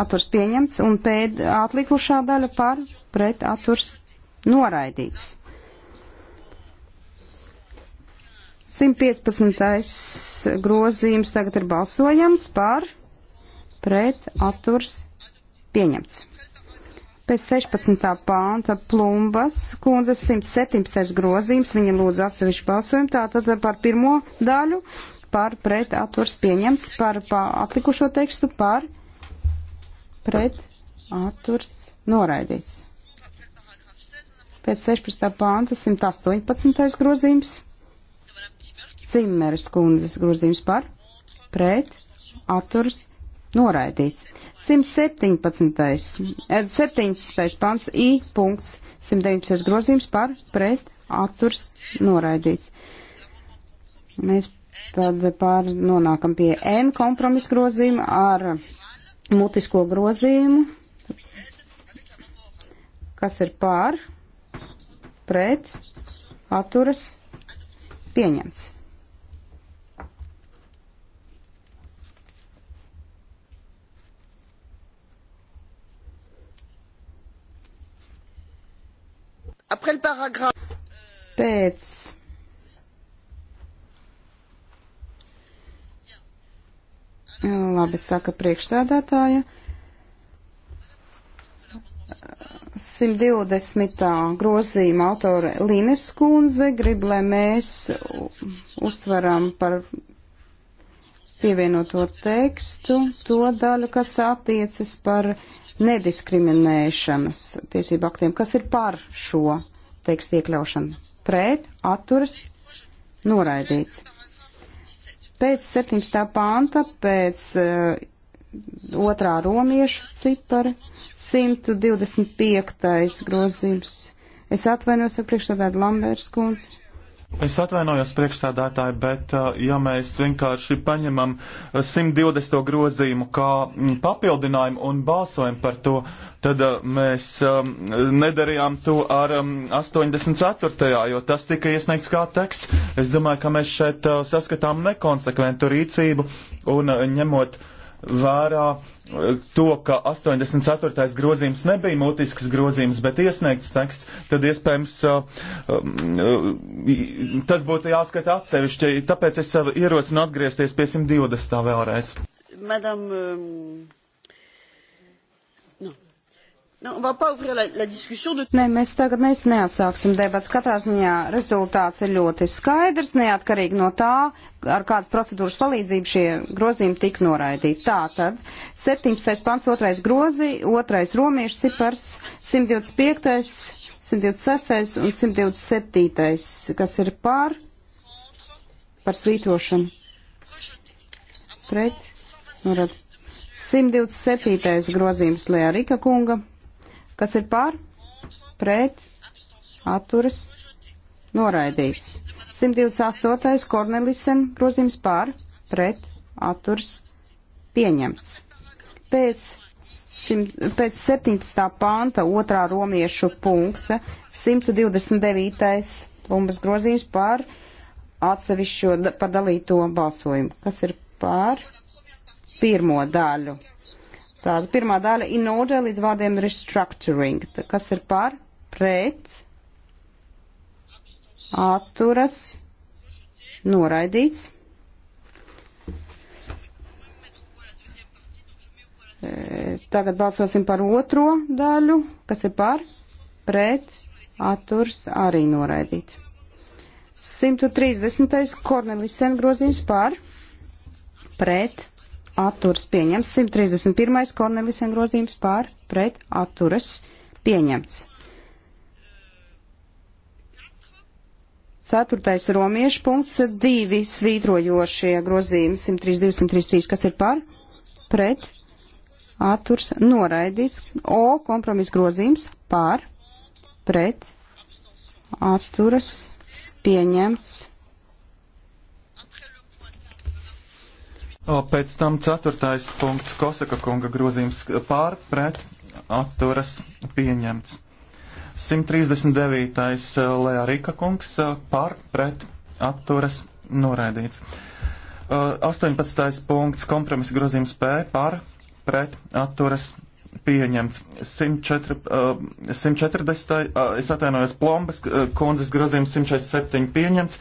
atturs pieņemts, un pēd, atlikušā daļa par pret atturs noraidīts. 115. grozījums tagad ir balsojams par pret atturs pieņemts. Pēc 16. pānta plumbas kundzes 117. grozījums, viņa lūdza atsevišķu balsojumu, tātad par pirmo daļu, par pret atturs pieņemts, par atlikušo tekstu par pret atturs noraidīts. Pēc 16. pānta 118. grozījums. Cimmeres kundzes grozījums par pret atturs noraidīts. 117. 17. Eh, pants I punkts 119. grozījums par pret atturs noraidīts. Mēs Tad pār nonākam pie N kompromisa grozījuma ar mutisko grozījumu. Kas ir pār, pret, atturas, pieņemts. Pēc Labi, saka priekšsēdētāja. 120. grozījuma autore Līnes Kunze grib, lai mēs uztveram par pievienoto tekstu to daļu, kas attiecas par nediskriminēšanas tiesību aktiem, kas ir par šo tekstu iekļaušanu. Pret, atturas, noraidīts. Pēc 17. panta, pēc eh, otrā romiešu cipara, 125. grozījums. Es atvainojos ar priekšstādātu Lambērs kundzi. Es atvainojos priekšstādātāji, bet uh, ja mēs vienkārši paņemam 120. Uh, grozījumu kā mm, papildinājumu un balsojam par to, tad uh, mēs um, nedarījām to ar 84. Um, jo tas tika iesniegts kā teksts. Es domāju, ka mēs šeit saskatām nekonsekventu rīcību un ņemot vērā uh, to, ka 84. grozījums nebija mutisks grozījums, bet iesniegts teksts, tad iespējams uh, um, uh, tas būtu jāskata atsevišķi. Tāpēc es ierosinu atgriezties pie 120. vēlreiz. Madame, um... Nu, ne, mēs tagad mēs neatsāksim debats. Katrā ziņā rezultāts ir ļoti skaidrs, neatkarīgi no tā, ar kādas procedūras palīdzību šie grozījumi tika noraidīti. Tā tad 17. pants, 2. grozi, 2. romiešu cipars, 125., 126. un 127. kas ir pār par svītrošanu. Pret, norad. Nu 127. grozījums Lējā Rika kunga Kas ir pār? Pret. Atturas. Noraidīts. 128. Kornelisen grozījums pār. Pret. Atturas. Pieņemts. Pēc, simt, pēc 17. panta otrā romiešu punkta 129. Lumbas grozījums par atsevišķo padalīto balsojumu. Kas ir pār pirmo daļu? Tāda pirmā daļa in order līdz vārdiem restructuring. Kas ir par? Pret. Atturas. Noraidīts. E, tagad balsosim par otro daļu. Kas ir par? Pret. Atturs arī noraidīt. 130. Kornelis Sengrozījums par. Pret atturas pieņemts. 131. Kornelisen grozījums pār pret atturas pieņemts. 4. romiešu punkts, 2 svītrojošie grozījumi 132, 133, kas ir par pret atturs noraidīts. O kompromis grozījums pār pret atturas pieņemts. Pēc tam ceturtais punkts Kosaka kunga grozījums pār pret atturas pieņemts. 139. Eh, Lea Rika kungs eh, pār pret atturas noraidīts. 18. Eh, punkts kompromisa grozījums P pār pret atturas pieņemts. 104, 140. es atvainojos plombas kundzes grozījums 147 pieņemts.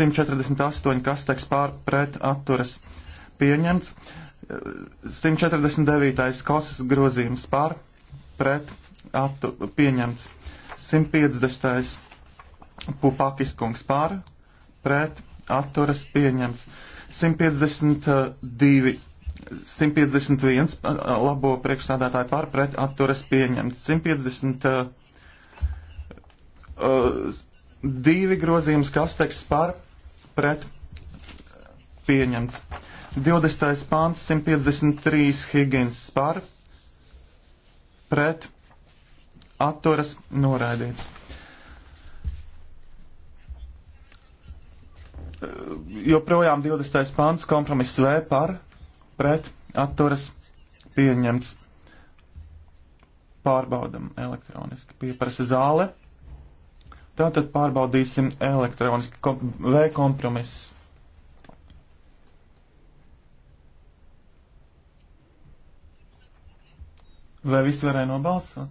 148 kasteks pār pret atturas pieņemts pieņemts. 149. kosas grozījums par, pret, attu, pieņemts. 150. pupakis kungs par, pret, atturas, pieņemts. 152. 151 labo priekšstādātāju par, pret, atturas, pieņemts. 150. Uh, divi grozījums, kas teiks par, pret, pieņemts. 20. pāns 153 Higgins par pret atturas noraidīts. Joprojām 20. pāns kompromiss V par pret atturas pieņemts. Pārbaudam elektroniski. Pieprasa zāle. Tātad pārbaudīsim elektroniski kom V kompromiss. Vai visi varēja nobalsot?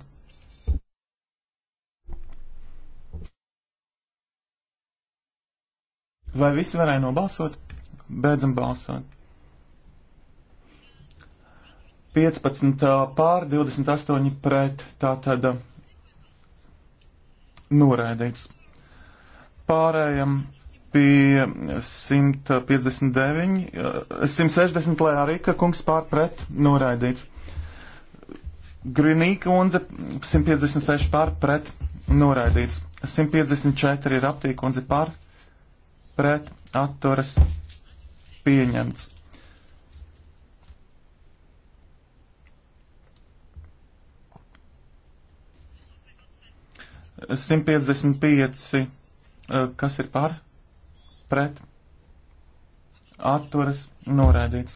Vai visi varēja nobalsot? Beidzam balsot. 15 pār 28 pret tā tad noraidīts. Pārējam pie 159, 160, lai arī, ka kungs pār pret noraidīts. Grinīkundze 156 pār pret noraidīts. 154 ir aptīkundze pār pret atturas pieņemts. Simt piecdesmit pieci, eh, kas ir par, pret, atturas, noraidīts.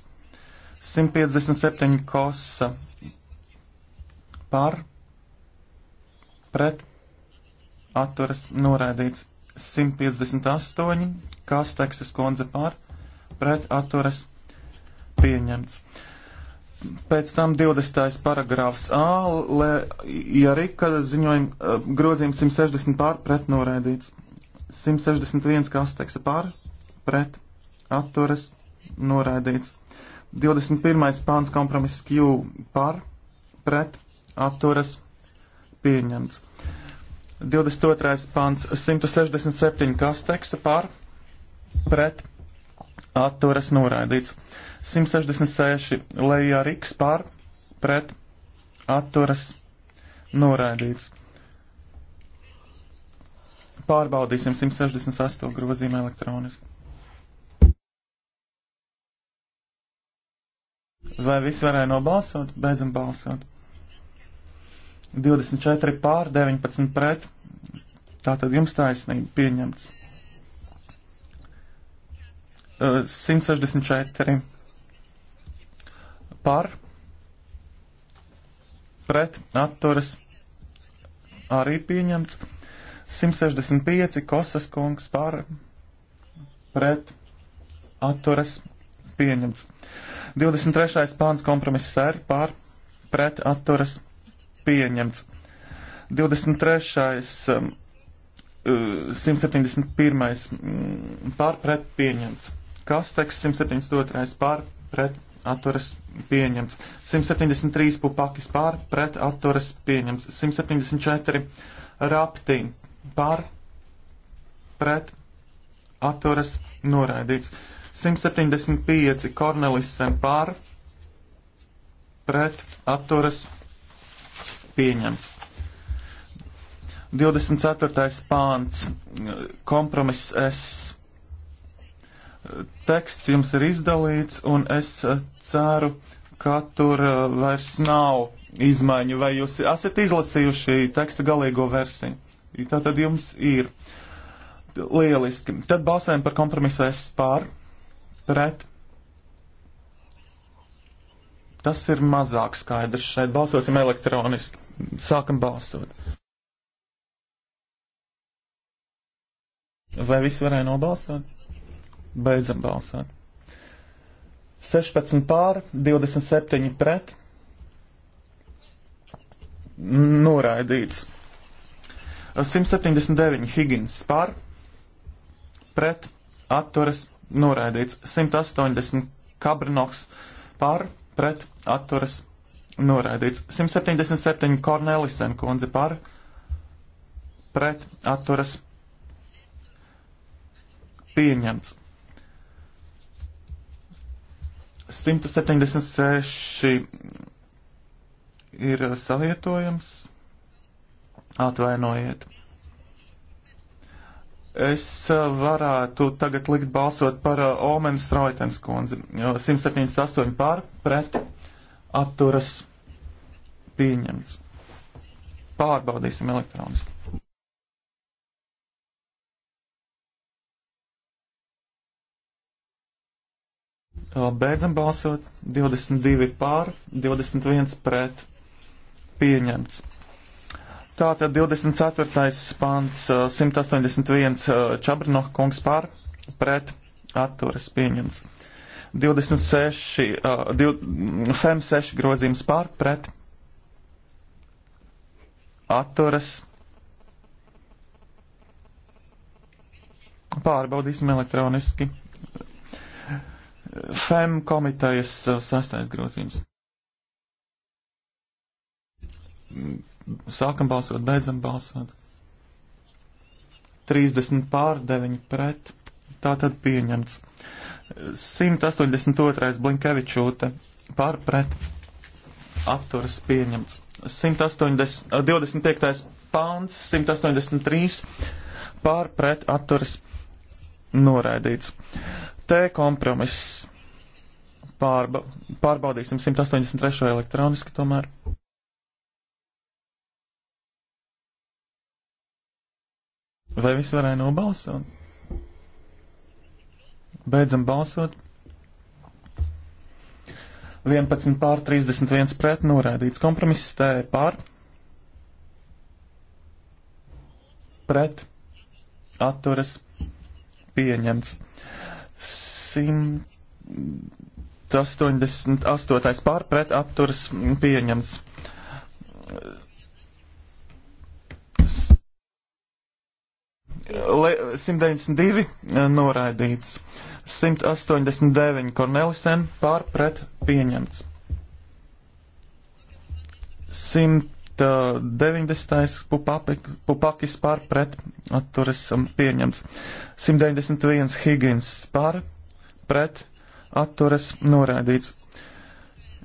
Simt piecdesmit septiņi kosa par pret atturas noraidīts 158, Kasteksas kundze par pret atturas pieņemts. Pēc tam 20. paragrāfs A, le, ja Rika ziņojuma eh, grozījums 160 pār pret noraidīts. 161 kasteksa pār pret atturas noraidīts. 21. pāns kompromiss Q par pret atturas pieņemts. 22. pants 167. kas teksta par pret atturas noraidīts. 166. lejā riks par pret atturas noraidīts. Pārbaudīsim 168. grozījumu elektroniski. Vai viss varēja nobalsot? Beidzam balsot. 24 pār 19 pret. Tātad jums taisnība pieņemts. 164 par pret atturas arī pieņemts. 165 Kosas kungs par pret atturas pieņemts. 23. pāns kompromiss sēri par pret atturas pieņemts pieņemts. 23. 171. Um, uh, mm, pārpret pieņemts. Kasteks 172. pārpret atturas pieņemts. 173. pupakis pārpret atturas pieņemts. 174. raptī pārpret atturas noraidīts. 175. Kornelisen pārpret atturas pieņemts pieņemts. 24. pāns, kompromiss S. Teksts jums ir izdalīts, un es ceru, ka tur uh, vairs nav izmaiņu, vai jūs esat izlasījuši teksta galīgo versiju. Tā tad jums ir. Lieliski. Tad balsējam par kompromisu S pār, pret. Tas ir mazāk skaidrs šeit. Balsosim elektroniski. Sākam balsot. Vai visi varēja nobalsot? Beidzam balsot. 16 pār, 27 pret. Noraidīts. 179 Higgins pār, pret, atturas, noraidīts. 180 Kabrinoks pār, pret, atturas, Noraidīts. 177 Kornelisen kundze par pret atturas pieņemts. 176 ir savietojams. Atvainojiet. Es uh, varētu tagad likt balsot par uh, Omenas Roitens kundzi. 178 pār pret atturas pieņemts. Pārbaudīsim elektroniski. Beidzam balsot 22 pār, 21 pret pieņemts. Tātad 24. pants 181 Čabrinoha kungs pār pret atturas pieņemts. 26, uh, 2, FEM 6 grozījums pār pret atturas. Pārbaudīsim elektroniski. FEM komitejas sastais grozījums. Sākam balsot, beidzam balsot. 30 pār 9 pret. Tātad pieņemts. 182. Blinkevičūte par pret apturas pieņemts. 180, 25. pāns, 183 par pret apturas noraidīts. T kompromiss. Pārba, pārbaudīsim 183. elektroniski tomēr. Vai viss varēja nobalsot? Beidzam balsot. 11 pār 31 pret noraidīts. Kompromiss T pār. Pret. Atturas. Pieņemts. 188 pār pret atturas pieņemts. 192 noraidīts. 189 Kornelisen pārpret pieņemts. 190. Pupapik, pupakis pārpret um, atturas pieņemts. 191 Higgins pārpret atturas noraidīts.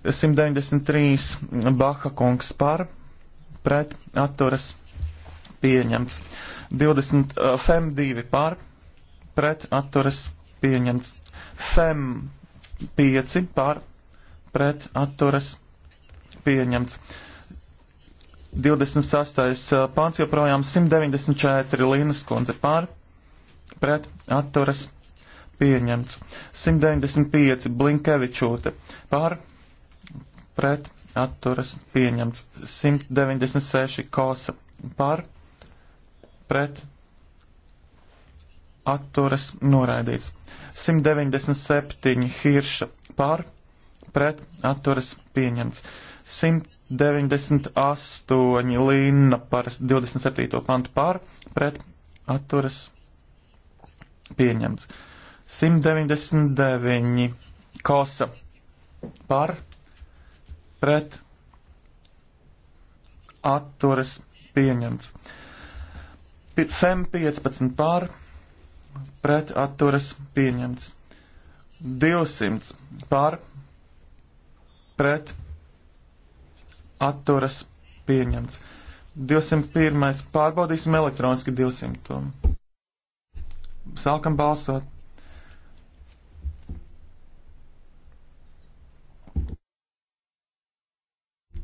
193 Baha kungs pārpret atturas pieņemts. 20 uh, FEM2 pārpret atturas pieņemts pieņemts. FEM 5 par pret atturas pieņemts. 26. Eh, pāns joprojām 194 Līnas kundze par pret atturas pieņemts. 195 Blinkevičūte par pret atturas pieņemts. 196 Kosa par pret atturas noraidīts. 197 hirša pār, pret atturas pieņemts. 198 līna par 27. pantu pār, pret atturas pieņemts. 199 kosa par, pret atturas pieņemts. FEM 15 pār, pret atturas pieņemts. 200 par pret atturas pieņemts. 201. Pārbaudīsim elektroniski 200. Sākam balsot.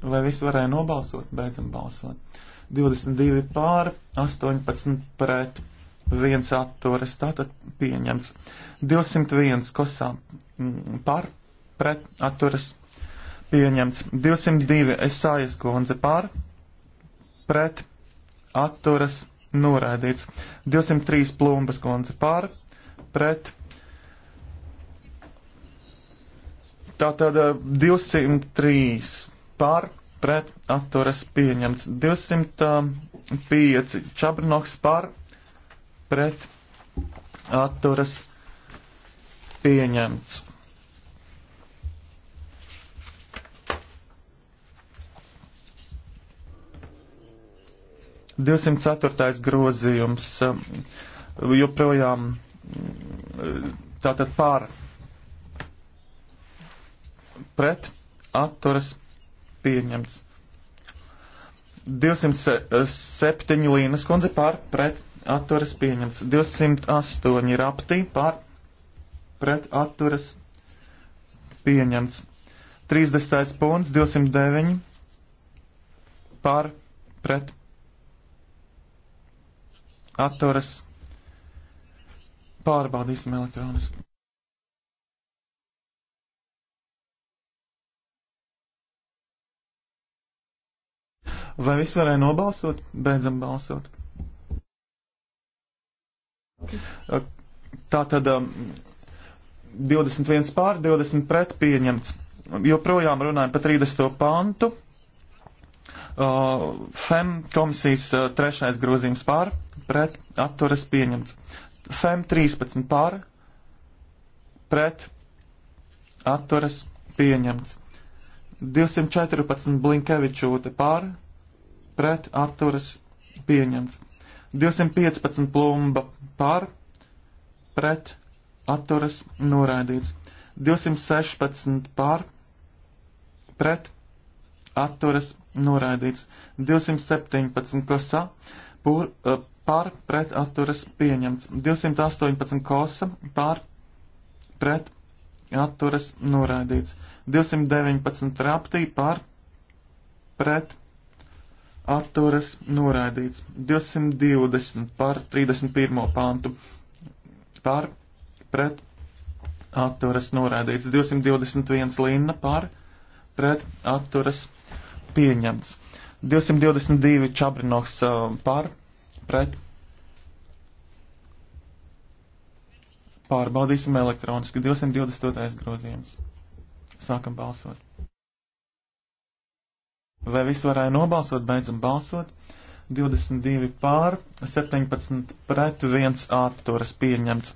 Vai visi varēja nobalsot? Beidzam balsot. 22 pār, 18 pret viens atturas, tātad pieņemts. 201 kosā par, pret, atturas, pieņemts. 202 esājas kundze par, pret, atturas, noraidīts. 203 plumbas kundze par, pret. Tātad 203 eh, par, pret, atturas, pieņemts. 205 eh, čabrnoks par, pret pret atturas pieņemts. Divsimt ceturtais grozījums um, joprojām mm, tātad pār pret atturas pieņemts. 207 līnijas kundze pār pret atturas pieņemts. 208 raptī par pret atturas pieņemts. 30. punkts 209 par pret atturas pārbaudīsim elektroniski. Vai viss varēja nobalsot? Beidzam balsot. Tā tad 21 um, pār 20 pret pieņemts. Joprojām runājam par 30. pantu. Uh, FEM komisijas uh, trešais grozījums pār pret atturas pieņemts. FEM 13 pār pret atturas pieņemts. 214 Blinkevičūte pār pret atturas pieņemts. 215 plumba par, pret, atturas noraidīts. 216 par, pret, atturas noraidīts. 217 kosa pur, eh, par, pret, atturas pieņemts. 218 kosa par, pret, atturas noraidīts. 219 raptī par, pret, atturas noraidīts 220 par 31. pantu par pret atturas noraidīts 221 linna par pret atturas pieņemts 222 Čabrinoks uh, par pret pārbaudīsim elektroniski 228 grozījums. Sākam balsot. Vai visi varēja nobalsot? Beidzam balsot. 22 pār, 17 pret, 1 atturas pieņemts.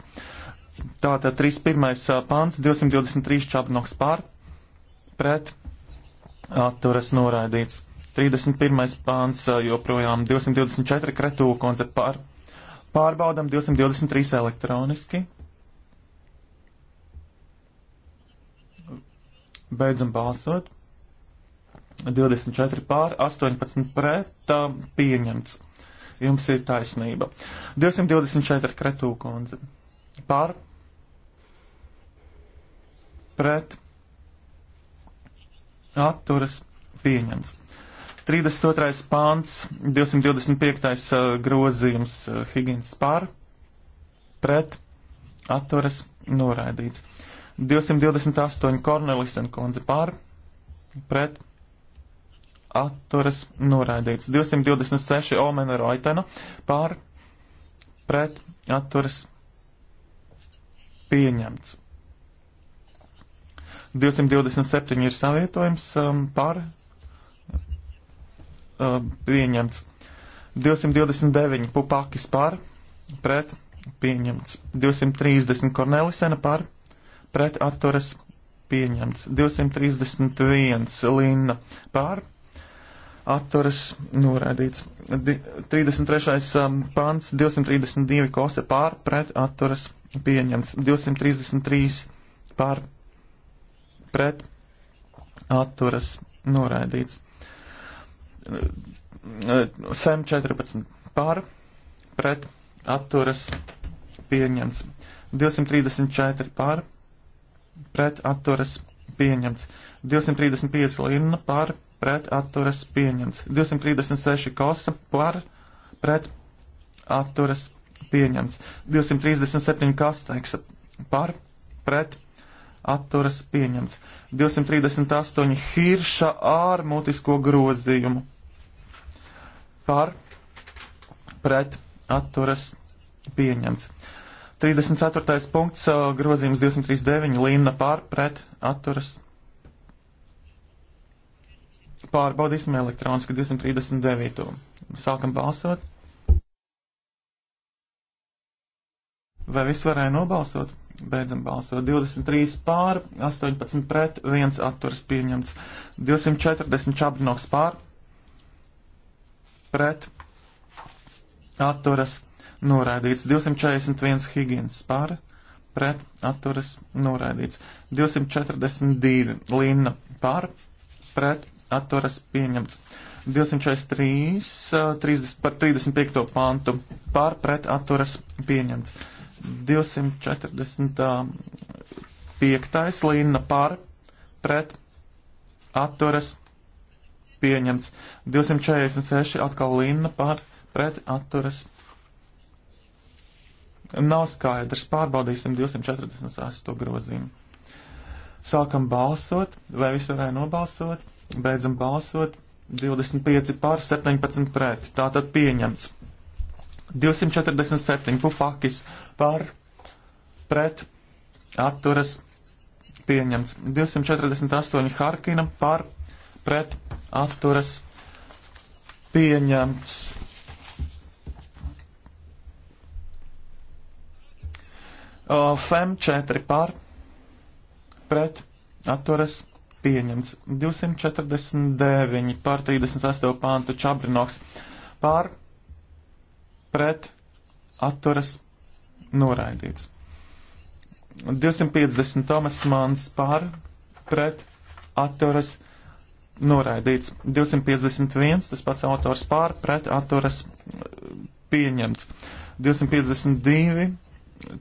Tātad 31. pāns, 223 čabnoks pār, pret, atturas noraidīts. 31. pāns joprojām 224 kretū konce pār. Pārbaudam 223 elektroniski. Beidzam balsot. 24 pār 18 pret pieņemts. Jums ir taisnība. 224 kretū kundze. Pār. Pret. Atturas pieņemts. 32. pāns, 225. grozījums Higgins pār. Pret. Atturas noraidīts. 228 Kornelisen kundze pār. Pret atturas noraidīts. 226 Omena Roitena pār pret atturas pieņemts. 227 ir savietojums um, par um, pieņemts. 229 Pupakis par pret pieņemts. 230 Kornelisena par pret atturas pieņemts. 231 Linna par atturas norādīts. Di 33. Um, pants, 232 kose pār, pret atturas pieņemts. 233 pār, pret atturas norādīts. FEM 14 pār, pret atturas pieņemts. 234 pār, pret atturas pieņemts. 235 linna pār, pret pret atturas pieņemts. 236 kosa par pret atturas pieņemts. 237 kasteiks par pret atturas pieņemts. 238 hirša ar mutisko grozījumu par pret atturas pieņemts. 34. punkts uh, grozījums 239 Līna par pret atturas pieņemts Pārbaudīsim elektroniski 239. Sākam balsot. Vai viss varēja nobalsot? Beidzam balsot. 23 pār, 18 pret, 1 atturas pieņemts. 240 čabrinoks pār, pret, atturas noraidīts. 241 higiens pār, pret, atturas noraidīts. 242 linna pār, pret, atturas pieņemts. 243 30, par 35. pantu pār pret atturas pieņemts. 245. līna pār pret atturas pieņemts. 246 atkal līna pār pret atturas. Nav skaidrs, pārbaudīsim 248 grozījumu. Sākam balsot, vai visi varēja nobalsot? Beidzam balsot. 25 pār 17 pret. Tātad pieņemts. 247 pufakis pār pret atturas pieņemts. 248 Harkina pār pret atturas pieņemts. FEM 4 pār pret atturas pieņemts pieņemts. 249 pār 38 pāntu Čabrinoks pār pret atturas noraidīts. 250 Tomas Mans pār pret atturas noraidīts. 251 tas pats autors pār pret atturas eh, pieņemts. 252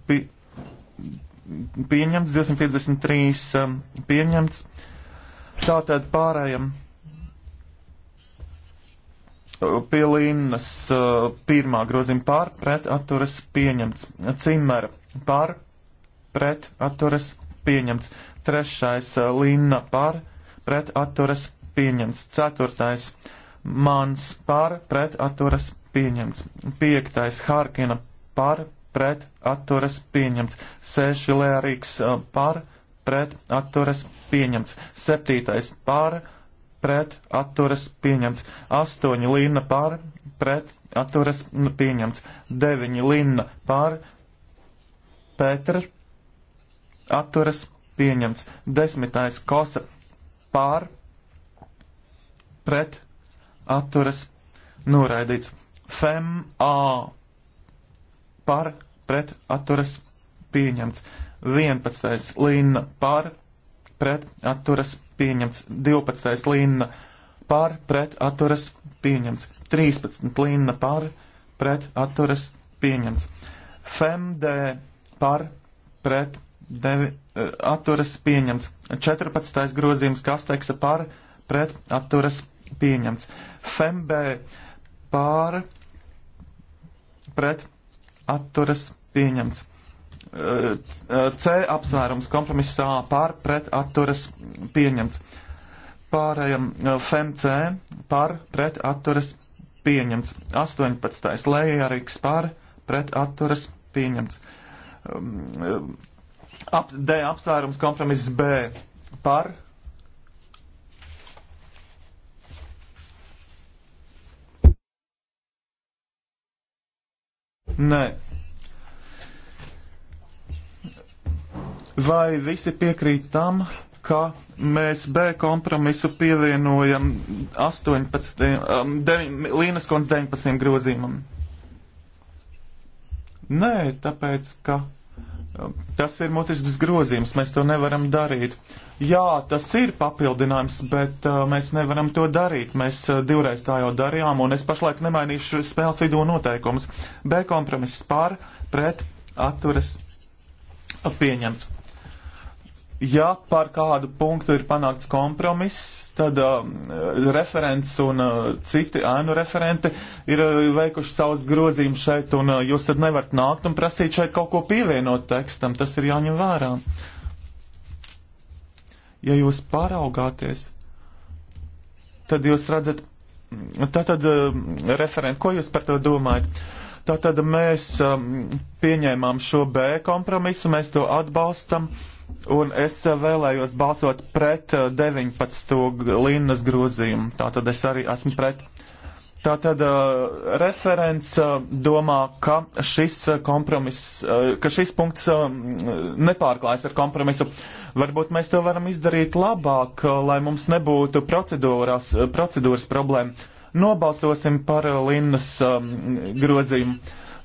pi, pieņemts, 253 eh, pieņemts. Tātad pārējiem pie līnijas uh, pirmā grozījuma pār, pret, atturas, pieņemts. Cimera pār, pret, atturas, pieņemts. Trešais uh, līnija pār, pret, atturas, pieņemts. Ceturtais mans pār, pret, atturas, pieņemts. Piektais Harkina pār, pret, atturas, pieņemts. Seši Lērīgs uh, pār, pret, atturas, pieņemts pieņemts. Septītais par, pret, atturas, pieņemts. Astoņi līna par, pret, atturas, nu, pieņemts. Deviņi līna par, Pēter, atturas, pieņemts. Desmitais kosa par, pret, atturas, noraidīts. Fem A par, pret, atturas, pieņemts. 11. Linna par, pret atturas pieņemts 12. līnija pār pret atturas pieņemts 13. līnija pār pret atturas pieņemts. FMD e pār pret devi, eh, atturas pieņemts. 14. grozījums kasteksa pār pret atturas pieņemts. FMB e pār pret atturas pieņemts. C apsvērums kompromisā par pret atturas pieņemts. Pārējam uh, FMC par pret atturas pieņemts. 18. lējārīgs par pret atturas pieņemts. Um, uh, ap, D apsvērums kompromiss B par. Nē, Vai visi piekrīt tam, ka mēs B kompromisu pievienojam 18, um, 9, Līnas kundz 19 grozījumam? Nē, tāpēc, ka um, tas ir mutisks grozījums, mēs to nevaram darīt. Jā, tas ir papildinājums, bet uh, mēs nevaram to darīt. Mēs uh, divreiz tā jau darījām, un es pašlaik nemainīšu spēles vidū noteikumus. B kompromiss pār, pret, atturas, pieņemts ja par kādu punktu ir panākts kompromiss, tad uh, referents un uh, citi ēnu referenti ir uh, veikuši savus grozījumus šeit, un uh, jūs tad nevarat nākt un prasīt šeit kaut ko pievienot tekstam. Tas ir jāņem vērā. Ja jūs pāraugāties, tad jūs redzat, tātad uh, um, referenti, ko jūs par to domājat? Tātad mēs um, pieņēmām šo B kompromisu, mēs to atbalstam. Uh, Un es eh, vēlējos balsot pret 19. Eh, līnijas grozījumu. Tātad es arī esmu pret. Tātad uh, referents uh, domā, ka šis kompromiss, uh, ka šis punkts uh, nepārklājas ar kompromisu. Varbūt mēs to varam izdarīt labāk, uh, lai mums nebūtu procedūras, uh, procedūras problēma. Nobalsosim par uh, Linnas um, grozījumu.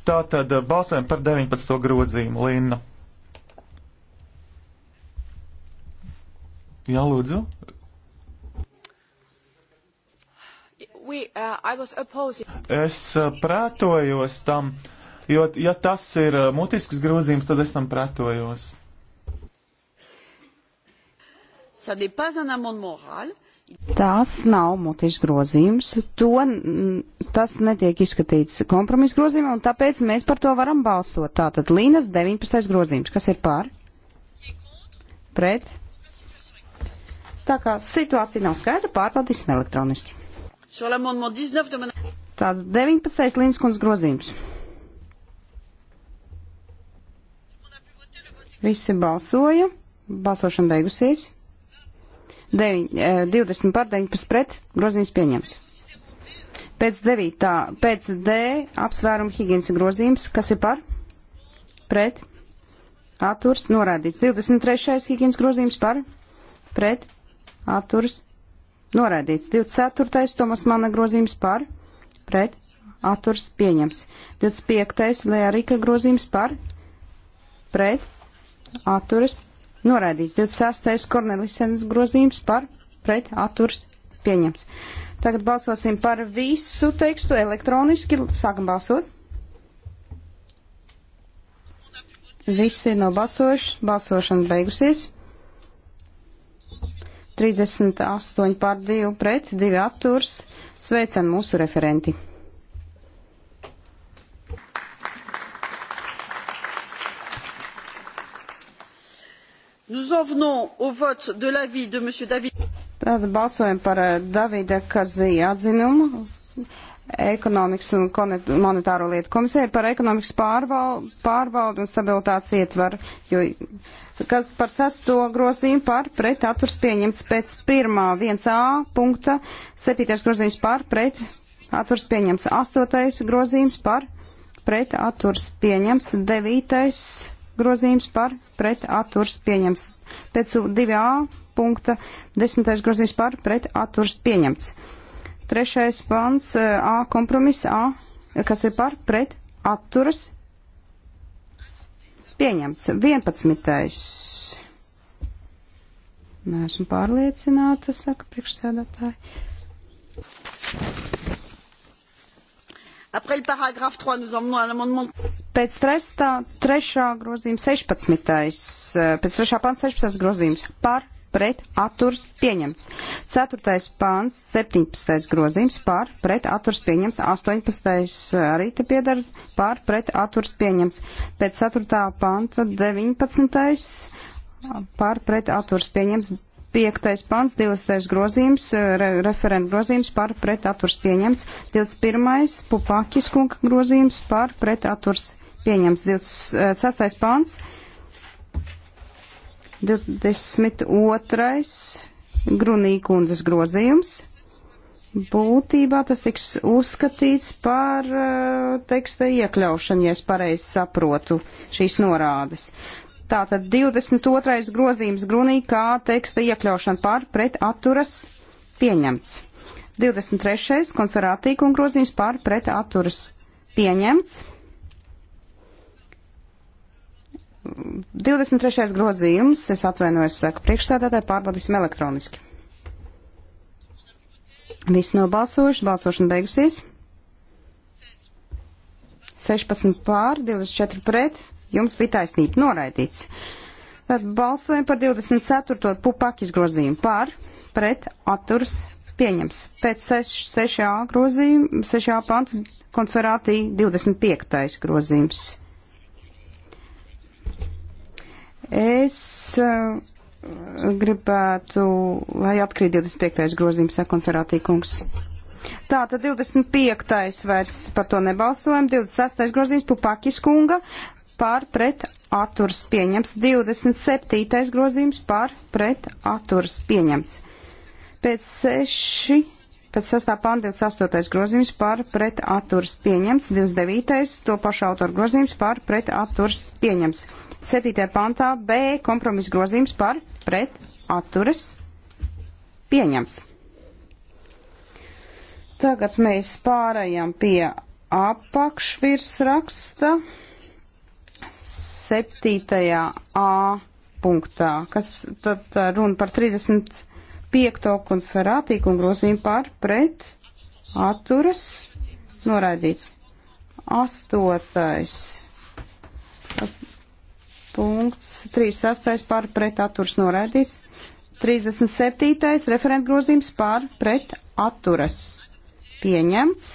Tātad uh, balsojam par 19. grozījumu Linna. Jā, lūdzu. We, uh, es uh, prātojos tam, jo, ja tas ir uh, mutisks grozījums, tad es tam prātojos. Tas nav mutisks grozījums, to, tas netiek izskatīts kompromisa grozījumā, un tāpēc mēs par to varam balsot. Tātad Līnas 19. grozījums, kas ir pār? Pret? Tā kā situācija nav skaidra, pārbaudīsim elektroniski. Tāds 19. līnskundas grozījums. Visi balsoja. Balsošana beigusies. 9, 20 eh, par 19 pret. Grozījums pieņems. Pēc 9. pēc D apsvērumu higienas grozījums. Kas ir par? Pret. Atturs norādīts. 23. higienas grozījums par? Pret atturas noraidīts. 24. Tomas Mana grozījums par pret atturas pieņems. 25. Lējā Rika grozījums par pret atturas noraidīts. 26. Kornelisenes grozījums par pret atturas pieņems. Tagad balsosim par visu tekstu elektroniski. Sākam balsot. Visi ir nobalsojuši. Balsošana beigusies. 38 pār 2 pret 2 atturs. Sveicam mūsu referenti. Nous en venons au vote de l'avis de M. David. Tad balsojam par eh, Davida Kazija atzinumu ekonomikas un monetāro lietu komisēju par ekonomikas pārvaldu, pārvaldu un stabilitātes ietvaru, jo kas par sesto grozījumu par pret atturs pieņemts pēc pirmā 1A punkta, septītais grozījums par pret atturs pieņemts, astotais grozījums par pret atturs pieņemts, devītais grozījums par pret atturs pieņemts, pēc 2A punkta desmitais grozījums par pret atturs pieņemts. Trešais pants eh, A kompromiss A, kas ir par pret atturas Pieņemts. 11. Nē, esmu pārliecināta, saka priekšsēdētāji. Après le paragraphe 3, nous emmenons un amendement. Pēc trestā, trešā grozījuma 16. Eh, pēc trešā pants 16. grozījums par pret atturs pieņemts. 4. pāns, 17. grozījums pār pret atturs pieņemts. 18. arī te piedara pār pret atturs pieņemts. Pēc 4. panta 19. pār pret atturs pieņemts. 5. pants, 20. grozījums, eh, re, referenta grozījums par pretaturs pieņemts, 21. pupakis kunga grozījums par pretaturs pieņemts, 26. Eh, pants, 22. Grunīkundzes grozījums. Būtībā tas tiks uzskatīts par uh, teksta iekļaušanu, ja es pareizi saprotu šīs norādes. Tātad 22. grozījums grunī kā teksta iekļaušana par pret atturas pieņemts. 23. konferātīkuma grozījums par pret atturas pieņemts. 23. grozījums, es atvainojos, saka priekšsēdētāji, pārbaudīsim elektroniski. Viss nav balsojuši, balsošana beigusies. 16 pār, 24 pret, jums bija taisnība, noraidīts. Tad balsojam par 24. pupakis grozījumu pār, pret, atturs, pieņems. Pēc 6, 6a grozījumu, 6a pantu konferātī 25. grozījums. Es uh, gribētu, lai atkrīt 25. grozījums, saka konferātī kungs. Tā, tad 25. vairs par to nebalsojam, 26. grozījums Pupakis kunga par pret atturs pieņems, 27. grozījums par pret atturs pieņems. Pēc 6. Pēc 6. pānta 28. grozījums par pret atturs pieņemts, 29. to pašu autoru grozījums par pret atturs pieņemts. 7. pāntā B kompromisa grozījums par pret atturs pieņemts. Tagad mēs pārējām pie apakšvirsraksta 7. A punktā, kas tad runa par 30 piekto konferātī un grozījumu par pret atturas noraidīts. Astotais punkts, 36. par pret atturas noraidīts. 37. referent grozījums par pret atturas pieņemts.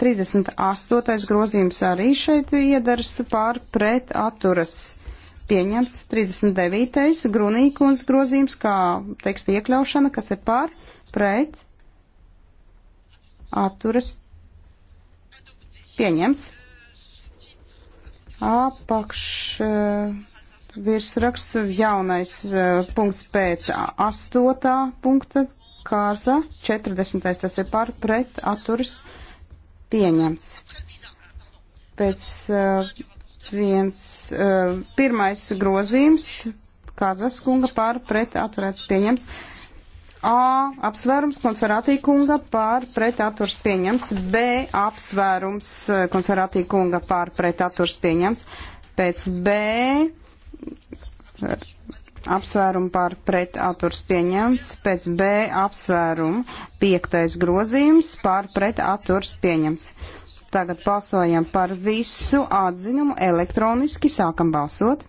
38. grozījums arī šeit iedars pār pret atturas pieņemts pieņemts 39. grunīkuns grozījums, kā teksta iekļaušana, kas ir pār, pret, atturas, pieņemts. Apakš eh, virsraksts jaunais eh, punkts pēc 8. punkta, kāza, 40. tas ir pār, pret, atturas, pieņemts. Pēc uh, viens, uh, pirmais grozījums, Kazas kunga pār pret atturēts pieņems. A apsvērums konferātī kunga pār pret atturs pieņems. B apsvērums eh, konferātī kunga pār pret atturs pieņems. Pēc B apsvērumu pār pret atturs pieņems. Pēc B apsvērumu piektais grozījums pār pret atturs pieņems. Tagad balsojam par visu atzinumu elektroniski. Sākam balsot.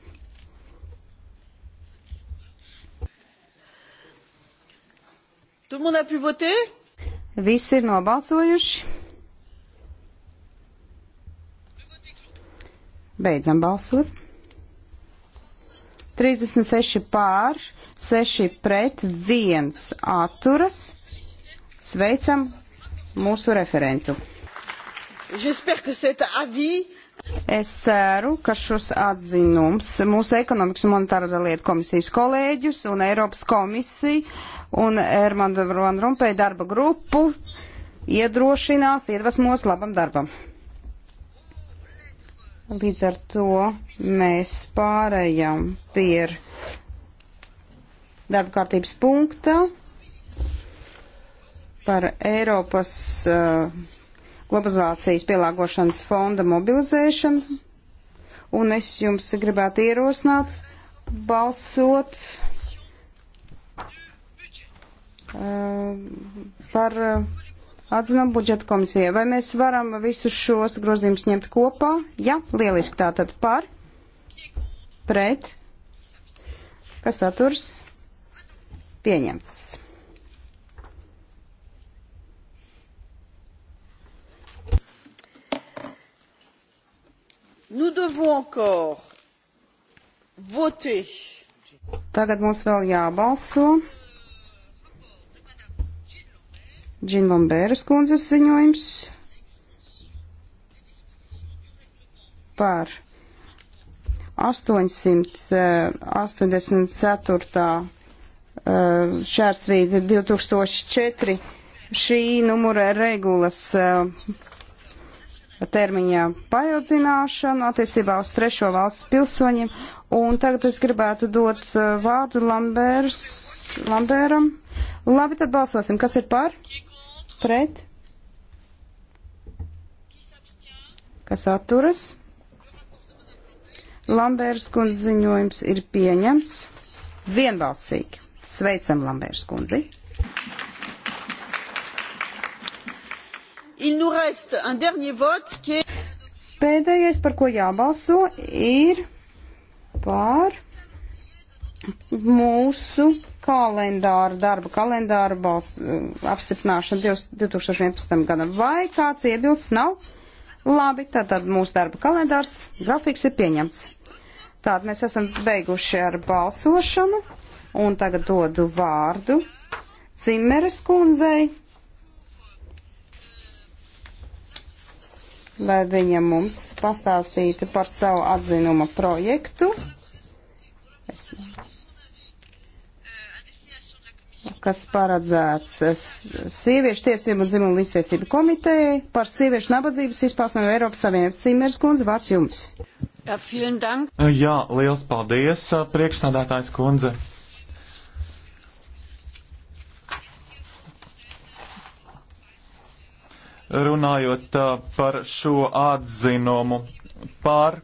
Visi ir nobalsojuši. Beidzam balsot. 36 pār, 6 pret, 1 atturas. Sveicam mūsu referentu. Es ceru, ka šis atzinums mūsu ekonomikas un monetārā lietu komisijas kolēģus un Eiropas komisiju un Ermanda Van Rumpēja darba grupu iedrošinās, iedvesmos labam darbam. Līdz ar to mēs pārējām pie darba kārtības punkta par Eiropas uh, globalizācijas pielāgošanas fonda mobilizēšanu, un es jums gribētu ierosināt balsot uh, par uh, eh, atzinām budžeta komisijai. Vai mēs varam visus šos grozījumus ņemt kopā? Jā, ja, lieliski tātad par, pret, kas atturs, pieņemts. nous devons encore voter. Tagad mums vēl jābalso. Džina Lombēras kundzes ziņojums par 884. šērsvīda 2004 šī numura regulas eh, termiņa paildzināšanu attiecībā uz trešo valsts pilsoņiem. Un tagad es gribētu dot uh, vārdu Lambērs, Lambēram. Labi, tad balsosim. Kas ir par? Pret? Kas atturas? Lambērs kundze ziņojums ir pieņemts vienbalsīgi. Sveicam Lambērs kundzi! il nous reste un dernier vote, qui est... Pēdējais, par ko jābalso, ir par mūsu kalendāru, darba kalendāru balsu apstiprināšanu 2011. gadam. Vai kāds iebilst nav? Labi, tātad mūsu darba kalendārs, grafiks ir pieņemts. Tātad mēs esam beiguši ar balsošanu un tagad dodu vārdu Cimeres kundzei. lai viņa mums pastāstītu par savu atzinuma projektu, es, kas paredzēts sieviešu tiesību un dzimumu līdztiesību komitejai par sieviešu nabadzības izpausmēm Eiropas Savienības cīmērs kundze vārds jums. Jā, liels paldies, priekšsādātājs kundze. runājot par šo atzinumu par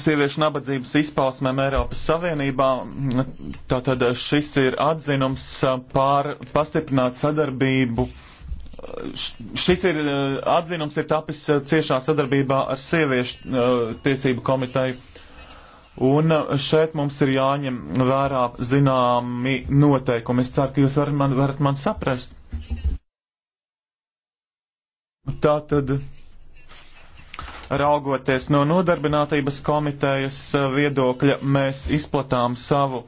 sieviešu nabadzības izpausmēm Eiropas Savienībā. Tātad šis ir atzinums par pastiprinātu sadarbību. Šis ir atzinums ir tapis ciešā sadarbībā ar sieviešu tiesību komiteju. Un šeit mums ir jāņem vērā zināmi noteikumi. Es ceru, ka jūs varat man, varat man saprast. Tātad, raugoties no nodarbinātības komitejas viedokļa, mēs izplatām savu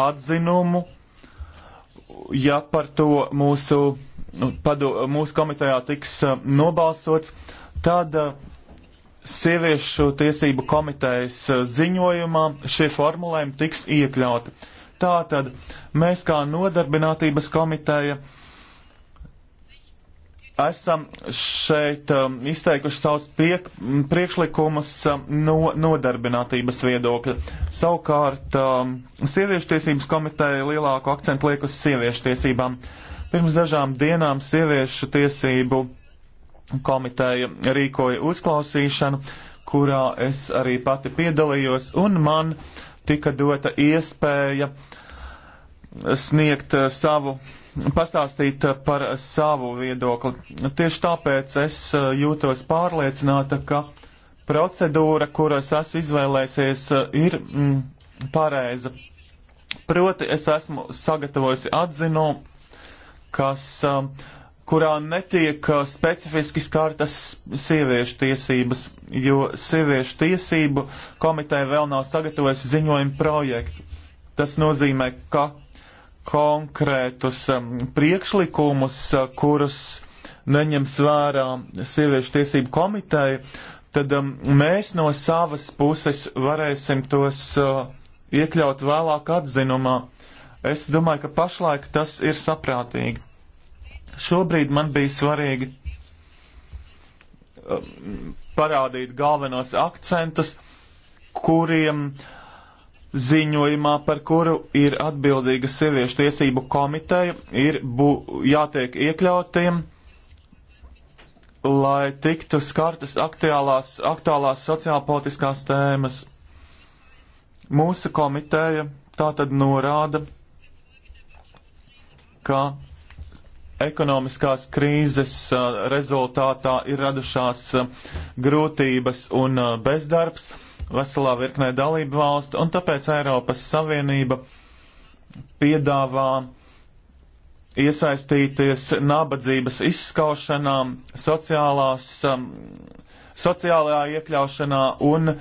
atzinumu, ja par to mūsu, nu, padu, mūsu komitejā tiks uh, nobalsots, tad uh, sieviešu tiesību komitejas uh, ziņojumā šie formulējumi tiks iekļauti. Tātad mēs kā nodarbinātības komiteja uh, esam šeit um, izteikuši savus priek, priekšlikumus um, no nodarbinātības viedokļa. Savukārt, um, sieviešu tiesības komiteja lielāku akcentu liek uz sieviešu tiesībām. Pirms dažām dienām sieviešu tiesību komiteja rīkoja uzklausīšanu, kurā es arī pati piedalījos, un man tika dota iespēja sniegt uh, savu pastāstīt par savu viedokli. Tieši tāpēc es eh, jūtos pārliecināta, ka procedūra, kuras es izvēlēsies, eh, ir mm, pareiza. Proti es esmu sagatavojusi atzinu, kas, eh, kurā netiek specifiski skārtas sieviešu tiesības, jo sieviešu tiesību komiteja vēl nav sagatavojusi ziņojumu projektu. Tas nozīmē, ka konkrētus um, priekšlikumus, uh, kurus neņems vērā sieviešu tiesību komiteja, tad um, mēs no savas puses varēsim tos uh, iekļaut vēlāk atzinumā. Es domāju, ka pašlaik tas ir saprātīgi. Šobrīd man bija svarīgi um, parādīt galvenos akcentus, kuriem uh, ziņojumā, par kuru ir atbildīga sieviešu tiesību komiteja, ir bu, jātiek iekļautiem, lai tiktu skartas aktuālās, aktuālās sociālpolitiskās tēmas. Mūsu komiteja tātad norāda, ka ekonomiskās krīzes rezultātā ir radušās grūtības un bezdarbs veselā virknē dalību valstu, un tāpēc Eiropas Savienība piedāvā iesaistīties nabadzības izskaušanā, sociālās, um, sociālajā iekļaušanā un um,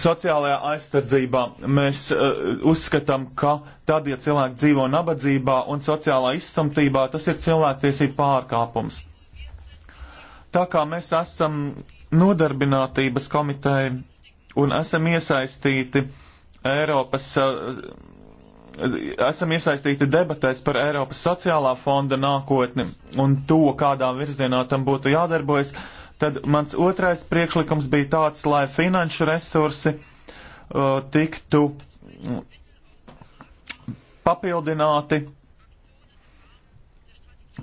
sociālajā aizsardzībā. Mēs uh, uzskatām, ka tad, ja cilvēki dzīvo nabadzībā un sociālā izstumtībā, tas ir cilvēktiesība pārkāpums. Tā kā mēs esam nodarbinātības komiteja un esam iesaistīti Eiropas, eh, esam iesaistīti debatēs par Eiropas sociālā fonda nākotni un to, kādā virzienā tam būtu jādarbojas, tad mans otrais priekšlikums bija tāds, lai finanšu resursi uh, tiktu mm, papildināti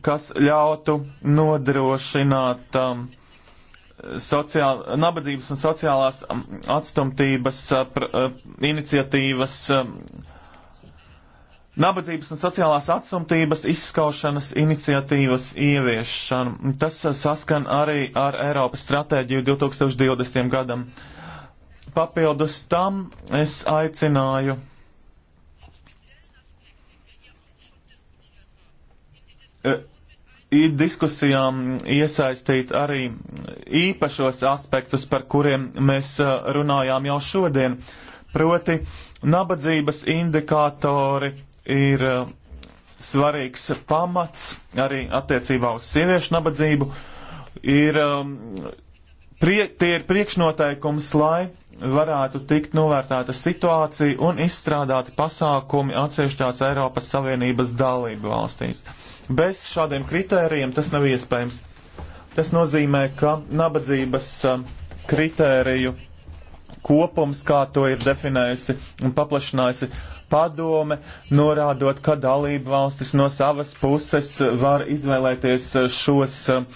kas ļautu nodrošināt um, sociāla, nabadzības un sociālās um, atstumtības uh, pr, uh, iniciatīvas, um, nabadzības un sociālās atstumtības izskaušanas iniciatīvas ieviešanu. Tas uh, saskan arī ar Eiropas stratēģiju 2020. gadam. Papildus tam es aicināju E, ir diskusijām iesaistīt arī īpašos aspektus, par kuriem mēs e, runājām jau šodien. Proti, nabadzības indikātori ir e, svarīgs pamats arī attiecībā uz sieviešu nabadzību. Ir, prie, tie ir priekšnoteikums, lai varētu tikt novērtēta situācija un izstrādāti pasākumi atsevišķās Eiropas Savienības dalību valstīs. Uh, Bez šādiem kritērijiem tas nav iespējams. Tas nozīmē, ka nabadzības um, kritēriju kopums, kā to ir definējusi un paplašinājusi padome, norādot, ka dalību valstis no savas puses var izvēlēties uh, šos um,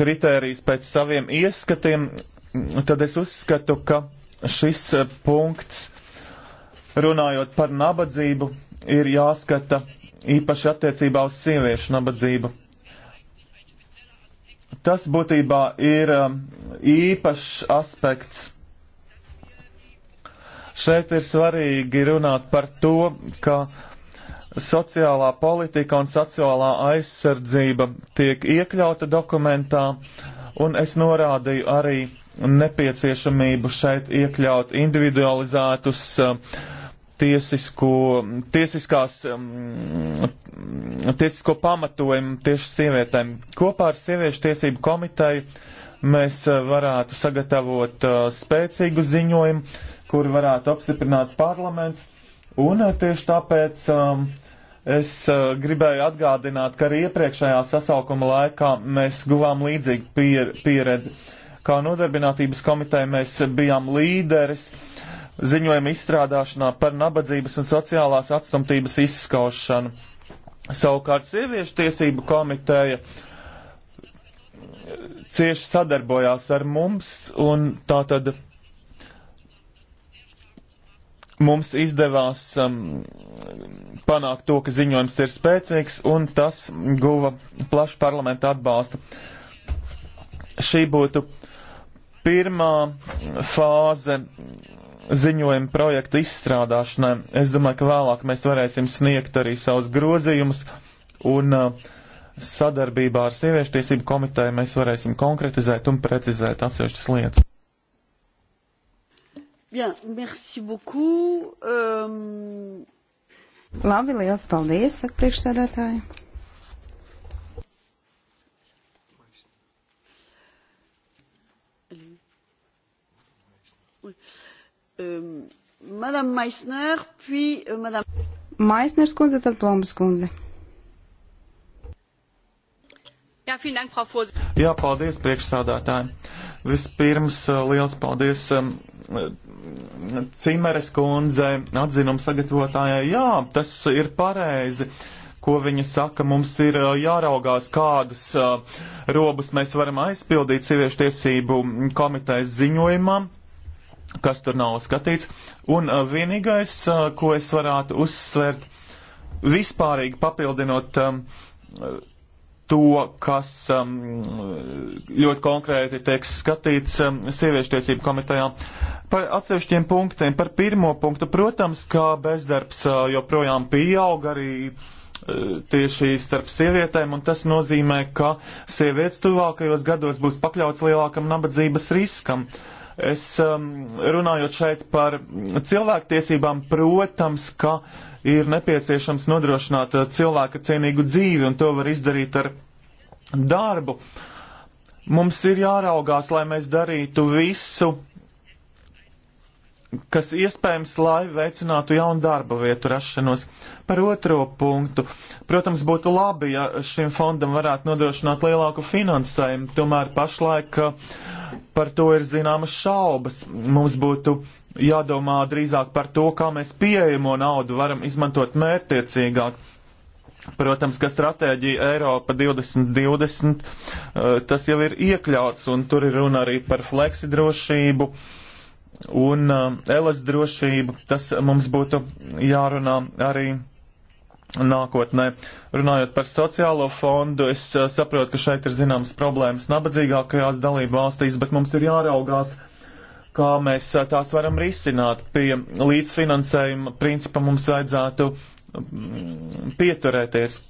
kritērijus pēc saviem ieskatiem, tad es uzskatu, ka šis uh, punkts, runājot par nabadzību, ir jāskata īpaši attiecībā uz sieviešu nabadzību. Tas būtībā ir um, īpašs aspekts. Šeit ir svarīgi runāt par to, ka sociālā politika un sociālā aizsardzība tiek iekļauta dokumentā, un es norādīju arī nepieciešamību šeit iekļaut individualizētus uh, tiesisko, tiesiskās, um, tiesisko pamatojumu tieši sievietēm. Kopā ar Sieviešu tiesību komiteju mēs uh, varētu sagatavot uh, spēcīgu ziņojumu, kur varētu apstiprināt parlaments. Un uh, tieši tāpēc um, es uh, gribēju atgādināt, ka arī iepriekšējā sasaukuma laikā mēs guvām līdzīgu pier pieredzi. Kā nodarbinātības komiteja mēs bijām līderis. Uh, ziņojuma izstrādāšanā par nabadzības un sociālās atstumtības izskaušanu. Savukārt sieviešu tiesību komiteja cieši sadarbojās ar mums un tā tad mums izdevās um, panākt to, ka ziņojums ir spēcīgs un tas guva plašu parlamentu atbalstu. Šī būtu pirmā fāze ziņojuma projektu izstrādāšanai. Es domāju, ka vēlāk mēs varēsim sniegt arī savus grozījumus un uh, sadarbībā ar Sieviešu tiesību komiteju mēs varēsim konkretizēt un precizēt atsevišķas lietas. Bien, merci beaucoup. Um... Labi, liels paldies, saka priekšsēdētāji. Euh, Madam Maisner, puis euh, Madam. Maisners kundze, tad Plombas kundze. Jā, dank, Frau Jā, paldies priekšsādātāji. Vispirms uh, liels paldies um, uh, Cimeres kundze atzinuma sagatavotājai. Jā, tas ir pareizi, ko viņa saka. Mums ir uh, jāraugās, kādas uh, robus mēs varam aizpildīt sieviešu tiesību komitejas ziņojumam kas tur nav skatīts. Un uh, vienīgais, uh, ko es varētu uzsvērt, vispārīgi papildinot um, to, kas um, ļoti konkrēti tiek skatīts um, sieviešu tiesību komitejā. Par atsevišķiem punktiem, par pirmo punktu, protams, kā bezdarbs uh, joprojām pieaug arī uh, tieši starp sievietēm, un tas nozīmē, ka sievietes tuvākajos gados būs pakļauts lielākam nabadzības riskam. Uh, Es um, runājot šeit par cilvēktiesībām, protams, ka ir nepieciešams nodrošināt uh, cilvēka cienīgu dzīvi, un to var izdarīt ar darbu. Mums ir jāraugās, lai mēs darītu visu, kas iespējams, lai veicinātu jaunu darba vietu rašanos. Par otro punktu, protams, būtu labi, ja šim fondam varētu nodrošināt lielāku finansējumu, tomēr pašlaik uh, par to ir zināmas šaubas. Mums būtu jādomā drīzāk par to, kā mēs pieejamo naudu varam izmantot mērtiecīgāk. Protams, ka stratēģija Eiropa 2020, uh, tas jau ir iekļauts, un tur ir runa arī par fleksidrošību. drošību un uh, eh, elas drošību, tas mums būtu jārunā arī nākotnē. Runājot par sociālo fondu, es uh, saprotu, ka šeit ir zināmas problēmas nabadzīgākajās dalību valstīs, bet mums ir jāraugās, kā mēs uh, tās varam risināt. Pie līdzfinansējuma principa mums vajadzētu mm, pieturēties.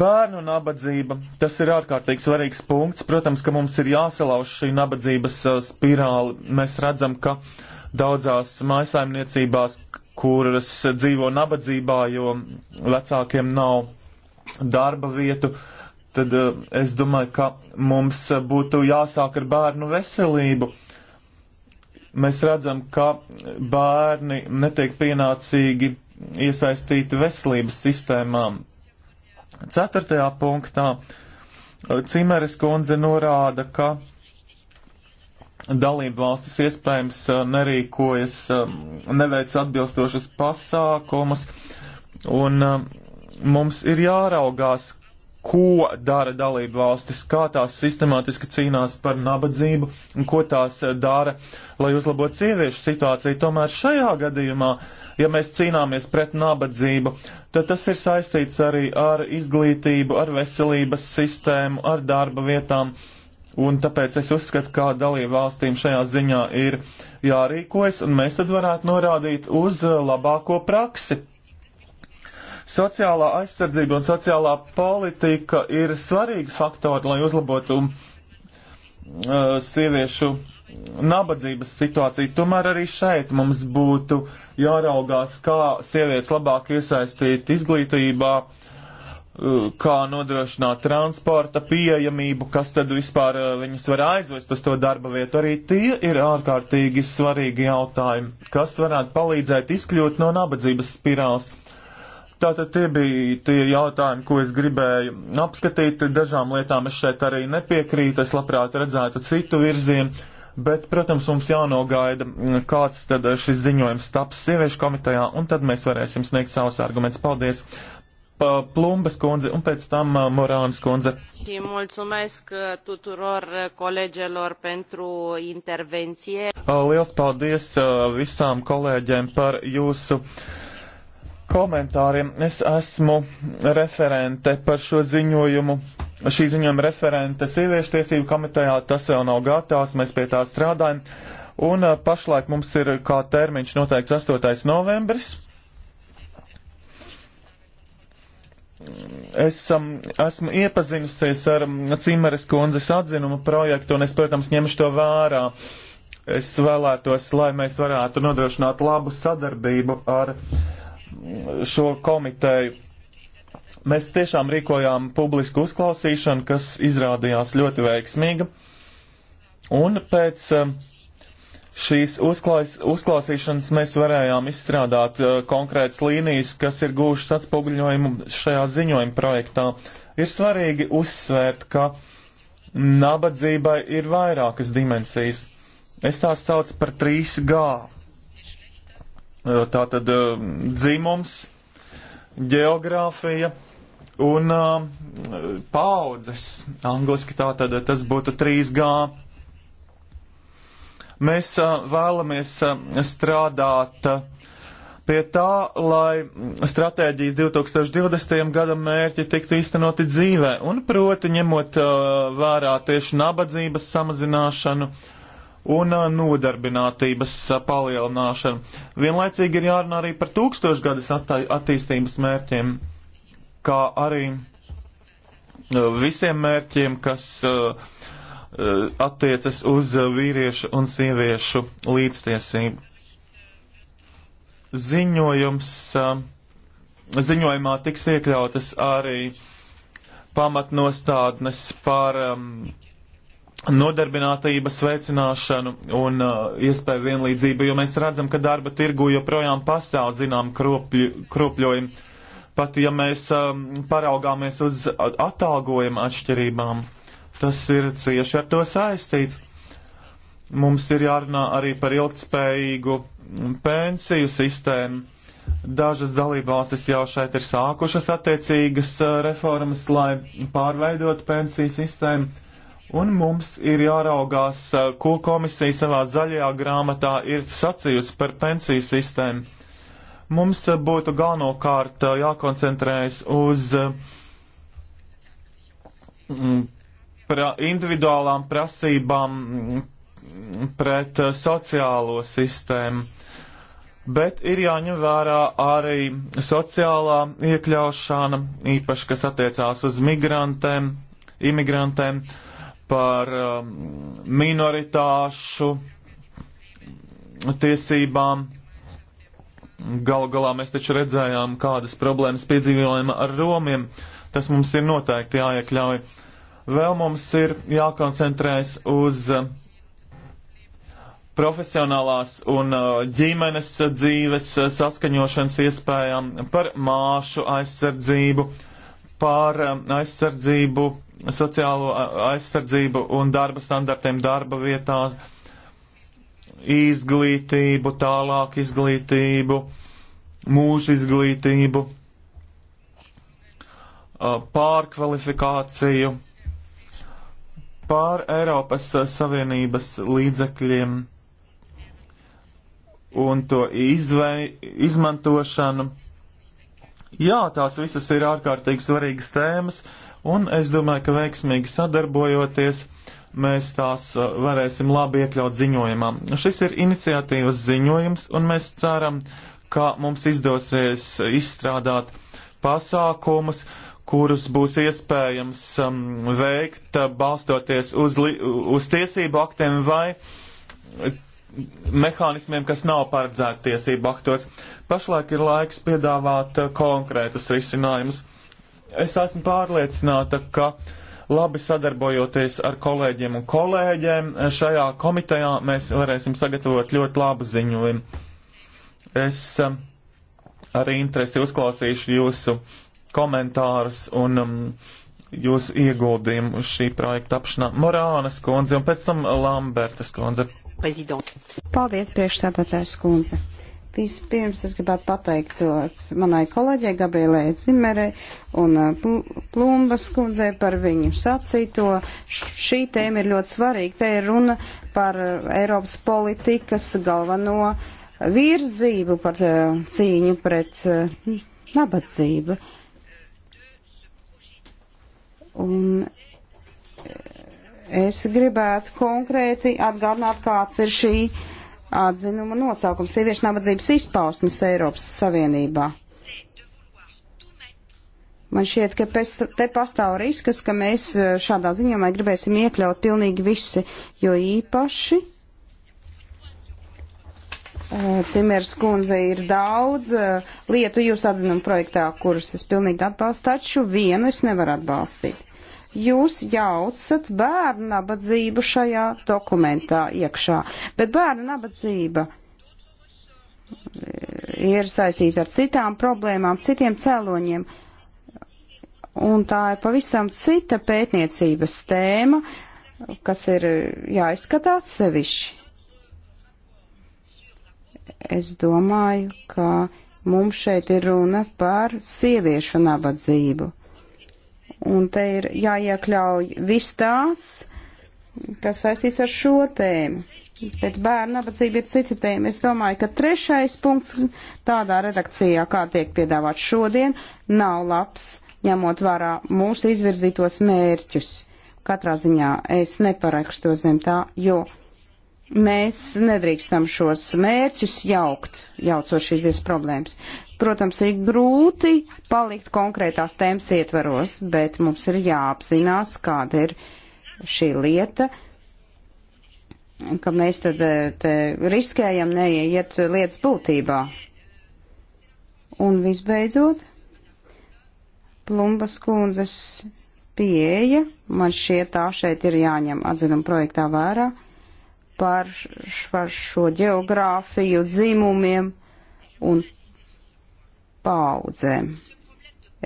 Bērnu nabadzība - tas ir ārkārtīgi svarīgs punkts. Protams, ka mums ir jāsalauž šī nabadzības uh, spirāli. Mēs redzam, ka daudzās maisaimniecībās, kuras dzīvo nabadzībā, jo vecākiem nav darba vietu, tad uh, es domāju, ka mums uh, būtu jāsāk ar bērnu veselību. Mēs redzam, ka bērni netiek pienācīgi iesaistīti veselības sistēmām Ceturtajā punktā eh, Cimeres kundze norāda, ka dalību valstis iespējams eh, nerīkojas, eh, neveic atbilstošus pasākumus, un mums ir jāraugās, ko dara dalību valstis, kā tās sistemātiski cīnās par nabadzību un ko tās dara uh, lai uzlabotu sieviešu situāciju. Tomēr šajā gadījumā, ja mēs cīnāmies pret nabadzību, tad tas ir saistīts arī ar izglītību, ar veselības sistēmu, ar darba vietām. Un tāpēc es uzskatu, kā dalību valstīm šajā ziņā ir jārīkojas, un mēs tad varētu norādīt uz labāko praksi. Sociālā aizsardzība un sociālā politika ir svarīgi faktori, lai uzlabotu uh, sieviešu nabadzības situāciju. Tomēr arī šeit mums būtu jāraugās, kā sievietes labāk iesaistīt izglītībā, eh, kā nodrošināt transporta pieejamību, kas tad vispār eh, viņas var aizvest uz to darba vietu. Arī tie ir ārkārtīgi svarīgi jautājumi, kas varētu palīdzēt izkļūt no nabadzības spirāls. Tātad tie bija tie jautājumi, ko es gribēju apskatīt. Dažām lietām es šeit arī nepiekrītu. Es labprāt redzētu citu virzienu Bet, protams, mums jānogaida, mm, kāds tad šis ziņojums taps sieviešu komitejā, un tad mēs varēsim sniegt savus argumentus. Paldies! Pa Plumbas kundze un pēc tam uh, Morānas kundze. Mulțumesc uh, tuturor uh, colegelor pentru intervenție. Liels paldies visām kolēģiem par jūsu komentāriem. Es esmu referente par šo ziņojumu šī ziņojuma referente sieviešu tiesību komitejā, tas vēl nav gatavs, mēs pie tā strādājam. Un pašlaik mums ir kā termiņš noteikts 8. novembris. Esam, esmu iepazinusies ar Cimeres kundzes atzinumu projektu, un es, protams, ņemšu to vērā. Es vēlētos, lai mēs varētu nodrošināt labu sadarbību ar šo komiteju Mēs tiešām rīkojām publisku uzklausīšanu, kas izrādījās ļoti veiksmīga. Un pēc eh, šīs uzklais, uzklausīšanas mēs varējām izstrādāt eh, konkrētas līnijas, kas ir gūšas atspoguļojumu šajā ziņojuma projektā. Ir svarīgi uzsvērt, ka nabadzībai ir vairākas dimensijas. Es tās saucu par 3G. Eh, tātad dzimums, geogrāfija, un uh, paudzes. Angliski tā tad tas būtu 3G. Mēs uh, vēlamies uh, strādāt uh, pie tā, lai stratēģijas 2020. gadam mērķi tiktu īstenoti dzīvē, un proti ņemot uh, vērā tieši nabadzības samazināšanu un uh, nodarbinātības uh, palielināšanu. Vienlaicīgi ir jārunā arī par tūkstošgadas attīstības mērķiem. Uh, kā arī nu, visiem mērķiem, kas uh, uh, attiecas uz vīriešu un sieviešu līdztiesību. Ziņojums, uh, ziņojumā tiks iekļautas arī pamatnostādnes par um, nodarbinātības veicināšanu un uh, iespēju vienlīdzību, jo mēs redzam, ka darba tirgu joprojām pastāv zinām kropļu, kropļojumi. Pat ja mēs um, paraugāmies uz atalgojuma atšķirībām, tas ir cieši ar to saistīts. Mums ir jārunā arī par ilgtspējīgu pensiju sistēmu. Dažas dalībvalstis jau šeit ir sākušas attiecīgas uh, reformas, lai pārveidotu pensiju sistēmu. Un mums ir jāraugās, uh, ko komisija savā zaļajā grāmatā ir sacījusi par pensiju sistēmu. Mums eh, būtu galvenokārt eh, jākoncentrējas uz eh, pra individuālām prasībām pret sociālo sistēmu, bet ir jāņem vērā arī sociālā iekļaušana, īpaši kas attiecās uz migrantiem, imigrantiem, par minoritāšu tiesībām Galu galā mēs taču redzējām, kādas problēmas piedzīvojām ar Romiem. Tas mums ir noteikti jāiekļauj. Vēl mums ir jākoncentrēs uz eh, profesionālās un eh, ģimenes dzīves eh, saskaņošanas iespējām, par māšu aizsardzību, par aizsardzību, sociālo aizsardzību un darba standartiem darba vietās izglītību, tālāk izglītību, mūža izglītību, pārkvalifikāciju pār Eiropas Savienības līdzekļiem un to izvei, izmantošanu. Jā, tās visas ir ārkārtīgi svarīgas tēmas, un es domāju, ka veiksmīgi sadarbojoties, uh, mēs tās uh, varēsim labi iekļaut ziņojumā. Nu, šis ir iniciatīvas ziņojums, un mēs ceram, ka mums izdosies izstrādāt pasākumus, kurus būs iespējams um, veikt uh, balstoties uz, li, uz tiesību aktiem vai mehānismiem, kas nav paredzēti tiesību aktos. Pašlaik ir laiks piedāvāt uh, konkrētus risinājumus. Es esmu pārliecināta, ka uh, Labi sadarbojoties ar kolēģiem un kolēģiem, šajā komitejā mēs varēsim sagatavot ļoti labu ziņojumu. Es um, arī interesi uzklausīšu jūsu komentārus un um, jūsu ieguldījumu šī projekta apšanā. Morānas kundze un pēc tam Lambertas kundze. Paldies, priekšsēdētājs kundze. Vispirms es gribētu pateikt to manai kolēģei Gabrielai Zimerei un uh, Plumbas kundzei par viņu sacīto. Šī tēma ir ļoti svarīga. Te ir runa par uh, Eiropas politikas galveno virzību, par uh, cīņu pret nabadzību. Un es gribētu konkrēti atgādināt, kāds ir šī atzinuma nosaukums - sieviešu nabadzības izpausmes Eiropas Savienībā. Man šķiet, ka te pastāv risks, ka mēs e, šādā ziņojumā gribēsim iekļaut pilnīgi visi, jo īpaši e, Cimers kundze ir daudz e, lietu jūsu atzinuma projektā, kuras es pilnīgi atbalstu, taču vienu es nevaru atbalstīt jūs jaucat bērnu nabadzību šajā dokumentā iekšā. Bet bērnu nabadzība e, ir saistīta ar citām problēmām, citiem cēloņiem. Un tā ir pavisam cita pētniecības tēma, kas ir e, jāizskatā atsevišķi. Es domāju, ka mums šeit ir runa par sieviešu nabadzību Un te ir jāiekļauj viss tās, kas saistīts ar šo tēmu. Bet bērnu nabadzība ir cita tēma. Es domāju, ka trešais punkts tādā redakcijā, kā tiek piedāvāts šodien, nav labs, ņemot vērā mūsu izvirzītos mērķus. Katrā ziņā es neparakstu zem tā, jo mēs nedrīkstam šos mērķus jaukt, jaucot šīs divas problēmas. Protams, ir grūti palikt konkrētās tēmas ietveros, bet mums ir jāapzinās, kāda ir šī lieta, ka mēs tad eh, te riskējam neiet lietas būtībā. Un visbeidzot, Plumbas kundzes pieeja, man šie tā šeit ir jāņem atzinuma projektā vērā, par, par šo geogrāfiju, dzimumiem un paudzēm.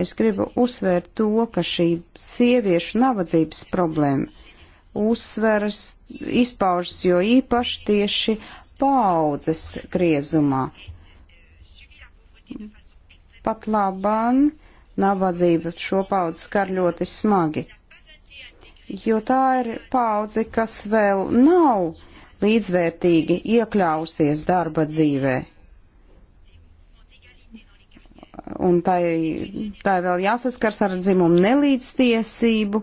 Es gribu uzsvērt to, ka šī sieviešu navadzības problēma uzsveras, izpaužas jo īpaši tieši paudzes griezumā. Pat labāk nabadzība šo paudzi skar ļoti smagi. Jo tā ir paudze, kas vēl nav līdzvērtīgi iekļausies darba dzīvē un tai, tai vēl jāsaskars ar dzimumu nelīdztiesību,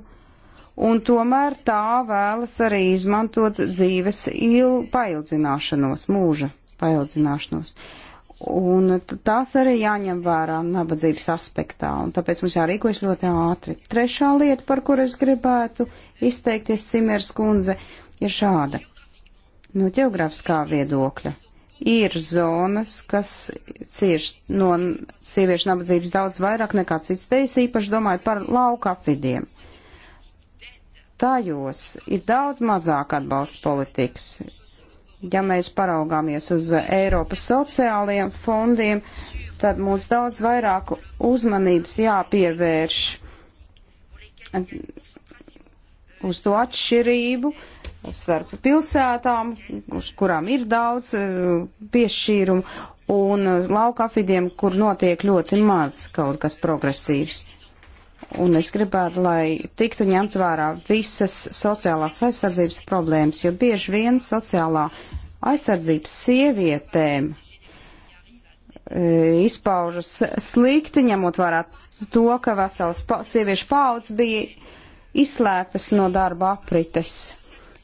un tomēr tā vēlas arī izmantot dzīves il, paildzināšanos, mūža paildzināšanos. Un tās arī jāņem vērā nabadzības aspektā, un tāpēc mums jārīkojas ļoti ātri. Trešā lieta, par kuru es gribētu izteikties Cimers kundze, ir šāda. No ģeogrāfiskā viedokļa ir zonas, kas cieš no sieviešu nabadzības daudz vairāk nekā cits. Te es īpaši domāju par lauka apvidiem. Tajos ir daudz mazāk atbalsta politikas. Ja mēs paraugāmies uz Eiropas sociālajiem fondiem, tad mums daudz vairāk uzmanības jāpievērš uz to atšķirību, uh, starp pilsētām, uz kurām ir daudz e, piešķīrumu, un e, lauka apvidiem, kur notiek ļoti maz kaut kas progresīvs. Un es gribētu, lai tiktu ņemt vērā visas sociālās aizsardzības problēmas, jo bieži vien sociālā aizsardzība sievietēm e, izpaužas slikti, ņemot vērā to, ka vesels pa sieviešu pauds bija izslēgtas no darba aprites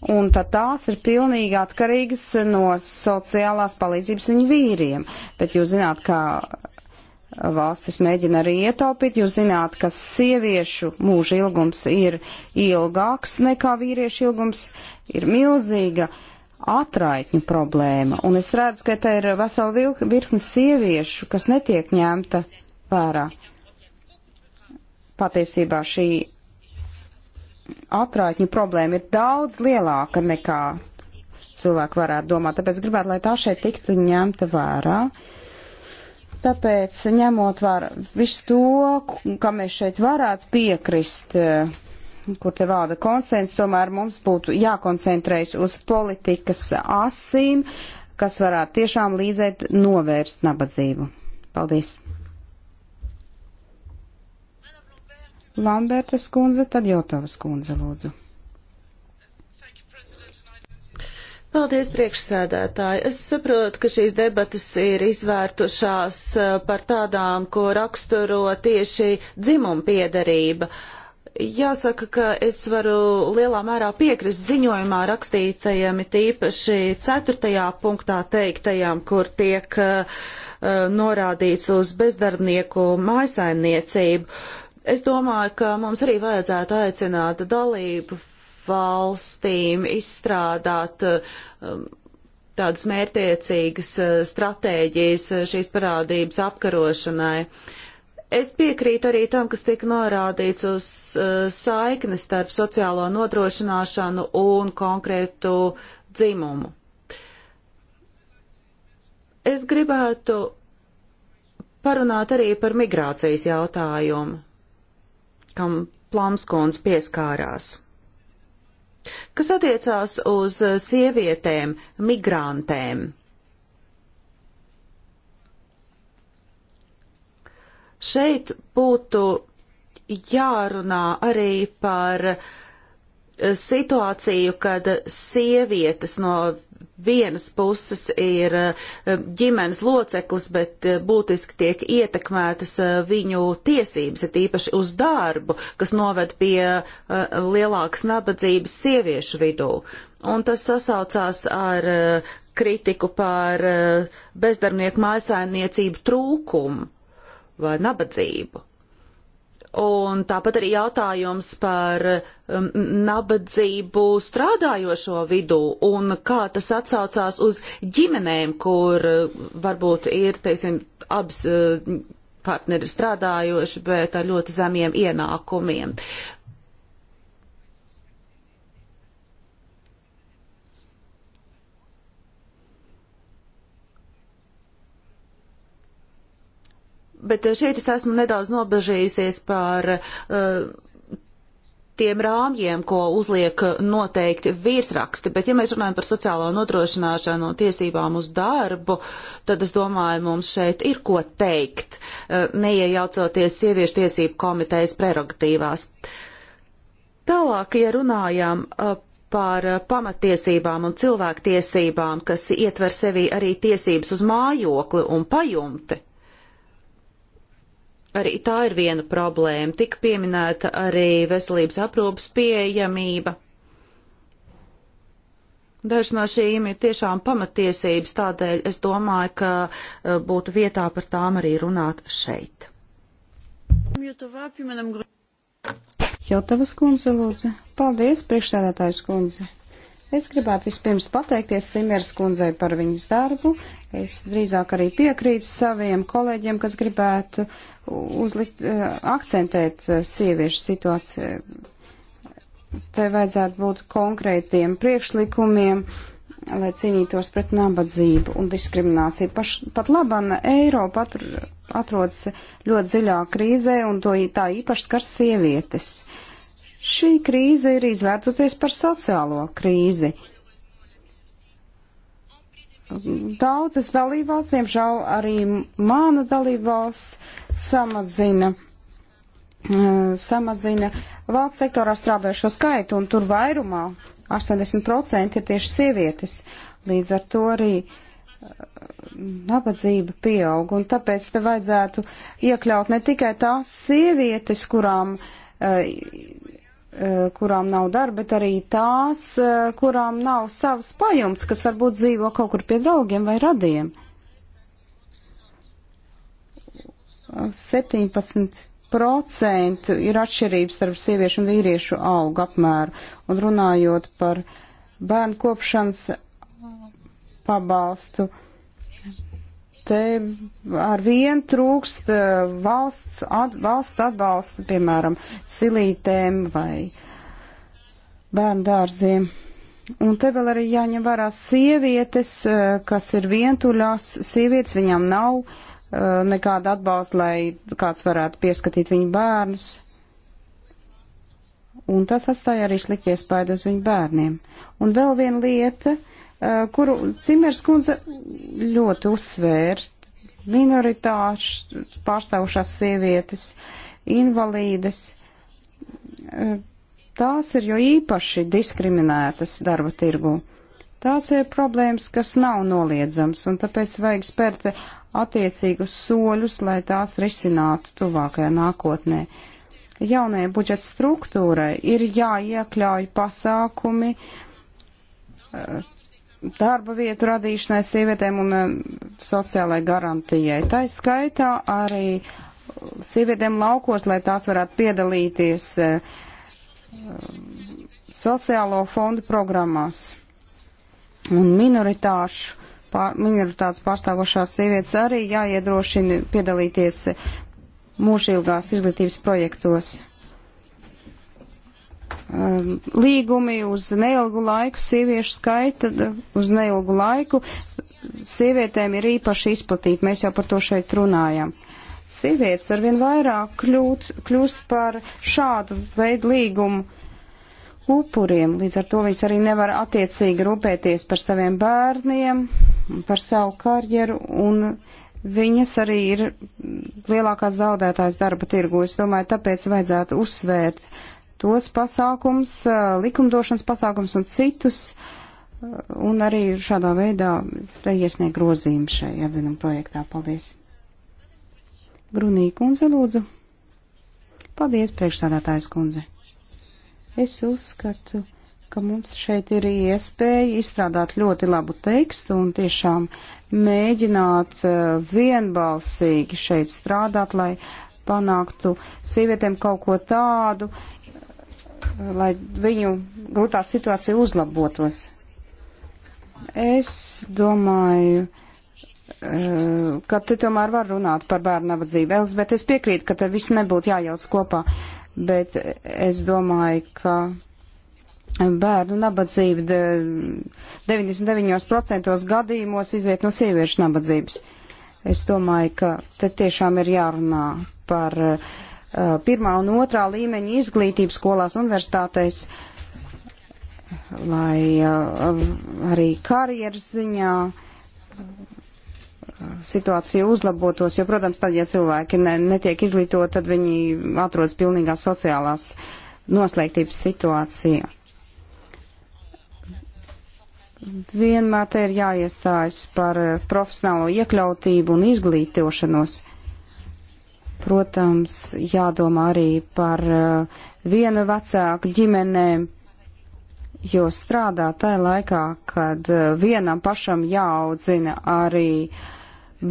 un tad tās ir pilnīgi atkarīgas no sociālās palīdzības viņu vīriem. Bet jūs zināt, ka valstis mēģina arī ietaupīt, jūs zināt, ka sieviešu mūža ilgums ir ilgāks nekā vīriešu ilgums, ir milzīga atraitņu problēma, un es redzu, ka te ir vesela virkne sieviešu, kas netiek ņemta vērā. Patiesībā šī atraitņu problēma ir daudz lielāka nekā cilvēki varētu domāt. Tāpēc gribētu, lai tā šeit tiktu ņemta vērā. Tāpēc, ņemot vērā visu to, kam mēs šeit varētu piekrist, eh, kur te valda konsens, tomēr mums būtu jākoncentrējas uz politikas asīm, kas varētu tiešām līdzēt novērst nabadzību. Paldies! Lambertas kundze, tad Jotovas kundze, lūdzu. Paldies, priekšsēdētāji. Es saprotu, ka šīs debatas ir izvērtušās eh, par tādām, ko raksturo tieši dzimuma piedarība. Jāsaka, ka es varu lielā mērā piekrist ziņojumā rakstītajam, tīpaši ceturtajā punktā teiktajam, kur tiek uh, norādīts uz bezdarbnieku mājasaimniecību. Uh, Es domāju, ka mums arī vajadzētu aicināt dalību valstīm izstrādāt um, tādas mērtiecīgas uh, stratēģijas uh, šīs parādības apkarošanai. Es piekrītu arī tam, kas tika norādīts uz uh, saikni starp sociālo nodrošināšanu un konkrētu dzimumu. Es gribētu parunāt arī par migrācijas jautājumu kam Plamskons pieskārās. Kas attiecās uz eh, sievietēm, migrantēm? Šeit būtu jārunā arī par eh, situāciju, kad sievietes no vienas puses ir eh, ģimenes loceklis, bet eh, būtiski tiek ietekmētas eh, viņu tiesības, ir īpaši uz darbu, kas noved pie lielākas nabadzības sieviešu vidū. Un tas sasaucās ar kritiku par bezdarbnieku mājasājumniecību trūkumu vai nabadzību. Un tāpat arī jautājums par um, nabadzību strādājošo vidū un kā tas atsaucās uz ģimenēm, kur uh, varbūt ir, teiksim, abas uh, partneri strādājoši, bet ar ļoti zemiem ienākumiem. bet eh, šeit es esmu nedaudz nobežījusies par uh, tiem rāmjiem, ko uzliek noteikti virsraksti, bet ja mēs runājam par sociālo nodrošināšanu un tiesībām uz darbu, tad es domāju, mums šeit ir ko teikt, eh, neiejaucoties sieviešu tiesību komitejas prerogatīvās. Tālāk, ja runājam par pamatiesībām un cilvēktiesībām, kas ietver sevī arī tiesības uz mājokli un pajumti, arī tā ir viena problēma. Tik pieminēta arī veselības aprūpas pieejamība. Dažas no šīm ir tiešām pamatiesības, tādēļ es domāju, ka e, būtu vietā par tām arī runāt šeit. Jotavas kundze, lūdzu. Paldies, priekšsēdētājs kundze. Es gribētu vispirms pateikties Simers kundzei par viņas darbu. Es drīzāk arī piekrītu saviem kolēģiem, kas gribētu uzlikt, eh, akcentēt eh, sieviešu situāciju. Te vajadzētu būt konkrētiem priekšlikumiem, lai cīnītos pret nabadzību un diskrimināciju. Paš, pat labam Eiropa atrodas ļoti dziļā krīzē un to tā īpaši skar sievietes. Uh, Šī krīze ir izvērtoties par sociālo krīzi. Daudzas dalībvalsts, diemžēl arī mana dalībvalsts, samazina, eh, samazina valsts sektorā strādājušo skaitu, un tur vairumā 80% ir tieši sievietes. Līdz ar to arī uh, nabadzība pieaug, un tāpēc te vajadzētu iekļaut ne tikai tās sievietes, kurām uh, Eh, kurām nav darba, bet arī tās, eh, kurām nav savas pajumts, kas varbūt dzīvo kaut kur pie draugiem vai radiem. 17% ir atšķirības starp sieviešu un vīriešu augu apmēru. Un runājot par bērnu kopšanas pabalstu, uh, te ar vien trūkst eh, valsts, at, valsts atbalsta, piemēram, silītēm vai bērndārziem. Un te vēl arī jāņem vērā sievietes, eh, kas ir vientuļās sievietes, viņām nav eh, nekāda atbalsta, lai kāds varētu pieskatīt viņu bērnus. Un tas atstāja arī slikties paidus viņu bērniem. Un vēl viena lieta. Uh, Eh, kuru Cimers kundze ļoti uzsvēra. Minoritāšu pārstāvušās sievietes, invalīdes, eh, tās ir jo īpaši diskriminētas darba tirgu. Tās ir problēmas, kas nav noliedzams, un tāpēc vajag spērt attiecīgus soļus, lai tās risinātu tuvākajā nākotnē. Jaunajai budžeta struktūrai ir jāiekļauj pasākumi eh, darba vietu radīšanai sievietēm un eh, sociālai garantijai. Tā ir skaitā arī sievietēm laukos, lai tās varētu piedalīties eh, sociālo fondu programmās. Un minoritāšu, pār, minoritātes pārstāvošās sievietes arī jāiedrošina piedalīties eh, mūžilgās izglītības projektos um, līgumi uz neilgu laiku, sieviešu skaita uz neilgu laiku, sievietēm ir īpaši izplatīti, mēs jau par to šeit runājam. Sievietes arvien vairāk kļūt, kļūst par šādu veidu līgumu upuriem, līdz ar to viņas arī nevar attiecīgi rūpēties par saviem bērniem, par savu karjeru, un viņas arī ir lielākās zaudētājs darba tirgu. Es domāju, tāpēc vajadzētu uzsvērt tos pasākums, likumdošanas pasākums un citus, un arī šādā veidā iesniegt grozījumu šai atzinuma projektā. Paldies! Grunī kundze, lūdzu. Paldies, priekšsādātājs kundze. Es uzskatu, ka mums šeit ir iespēja izstrādāt ļoti labu tekstu un tiešām mēģināt vienbalsīgi šeit strādāt, lai panāktu sievietēm kaut ko tādu, lai viņu grūtā situācija uzlabotos. Es domāju, eh, ka te tomēr var runāt par bērnu nabadzību. Elizabet, es piekrītu, ka te viss nebūtu jājauc kopā, bet es domāju, ka bērnu nabadzība 99% gadījumos iziet no sieviešu nabadzības. Es domāju, ka te tiešām ir jārunā par uh, Uh, pirmā un otrā līmeņa izglītības skolās, universitātēs, lai uh, arī karjeras ziņā uh, situācija uzlabotos, jo, protams, tad, ja cilvēki ne, netiek izglītoti, tad viņi atrodas pilnīgā sociālās noslēgtības situācijā. Vienmēr te ir jāiestājas par profesionālo iekļautību un izglītošanos. Uh, Protams, jādomā arī par eh, vienu vecāku ģimenēm, jo strādā tajā laikā, kad eh, vienam pašam jāaudzina arī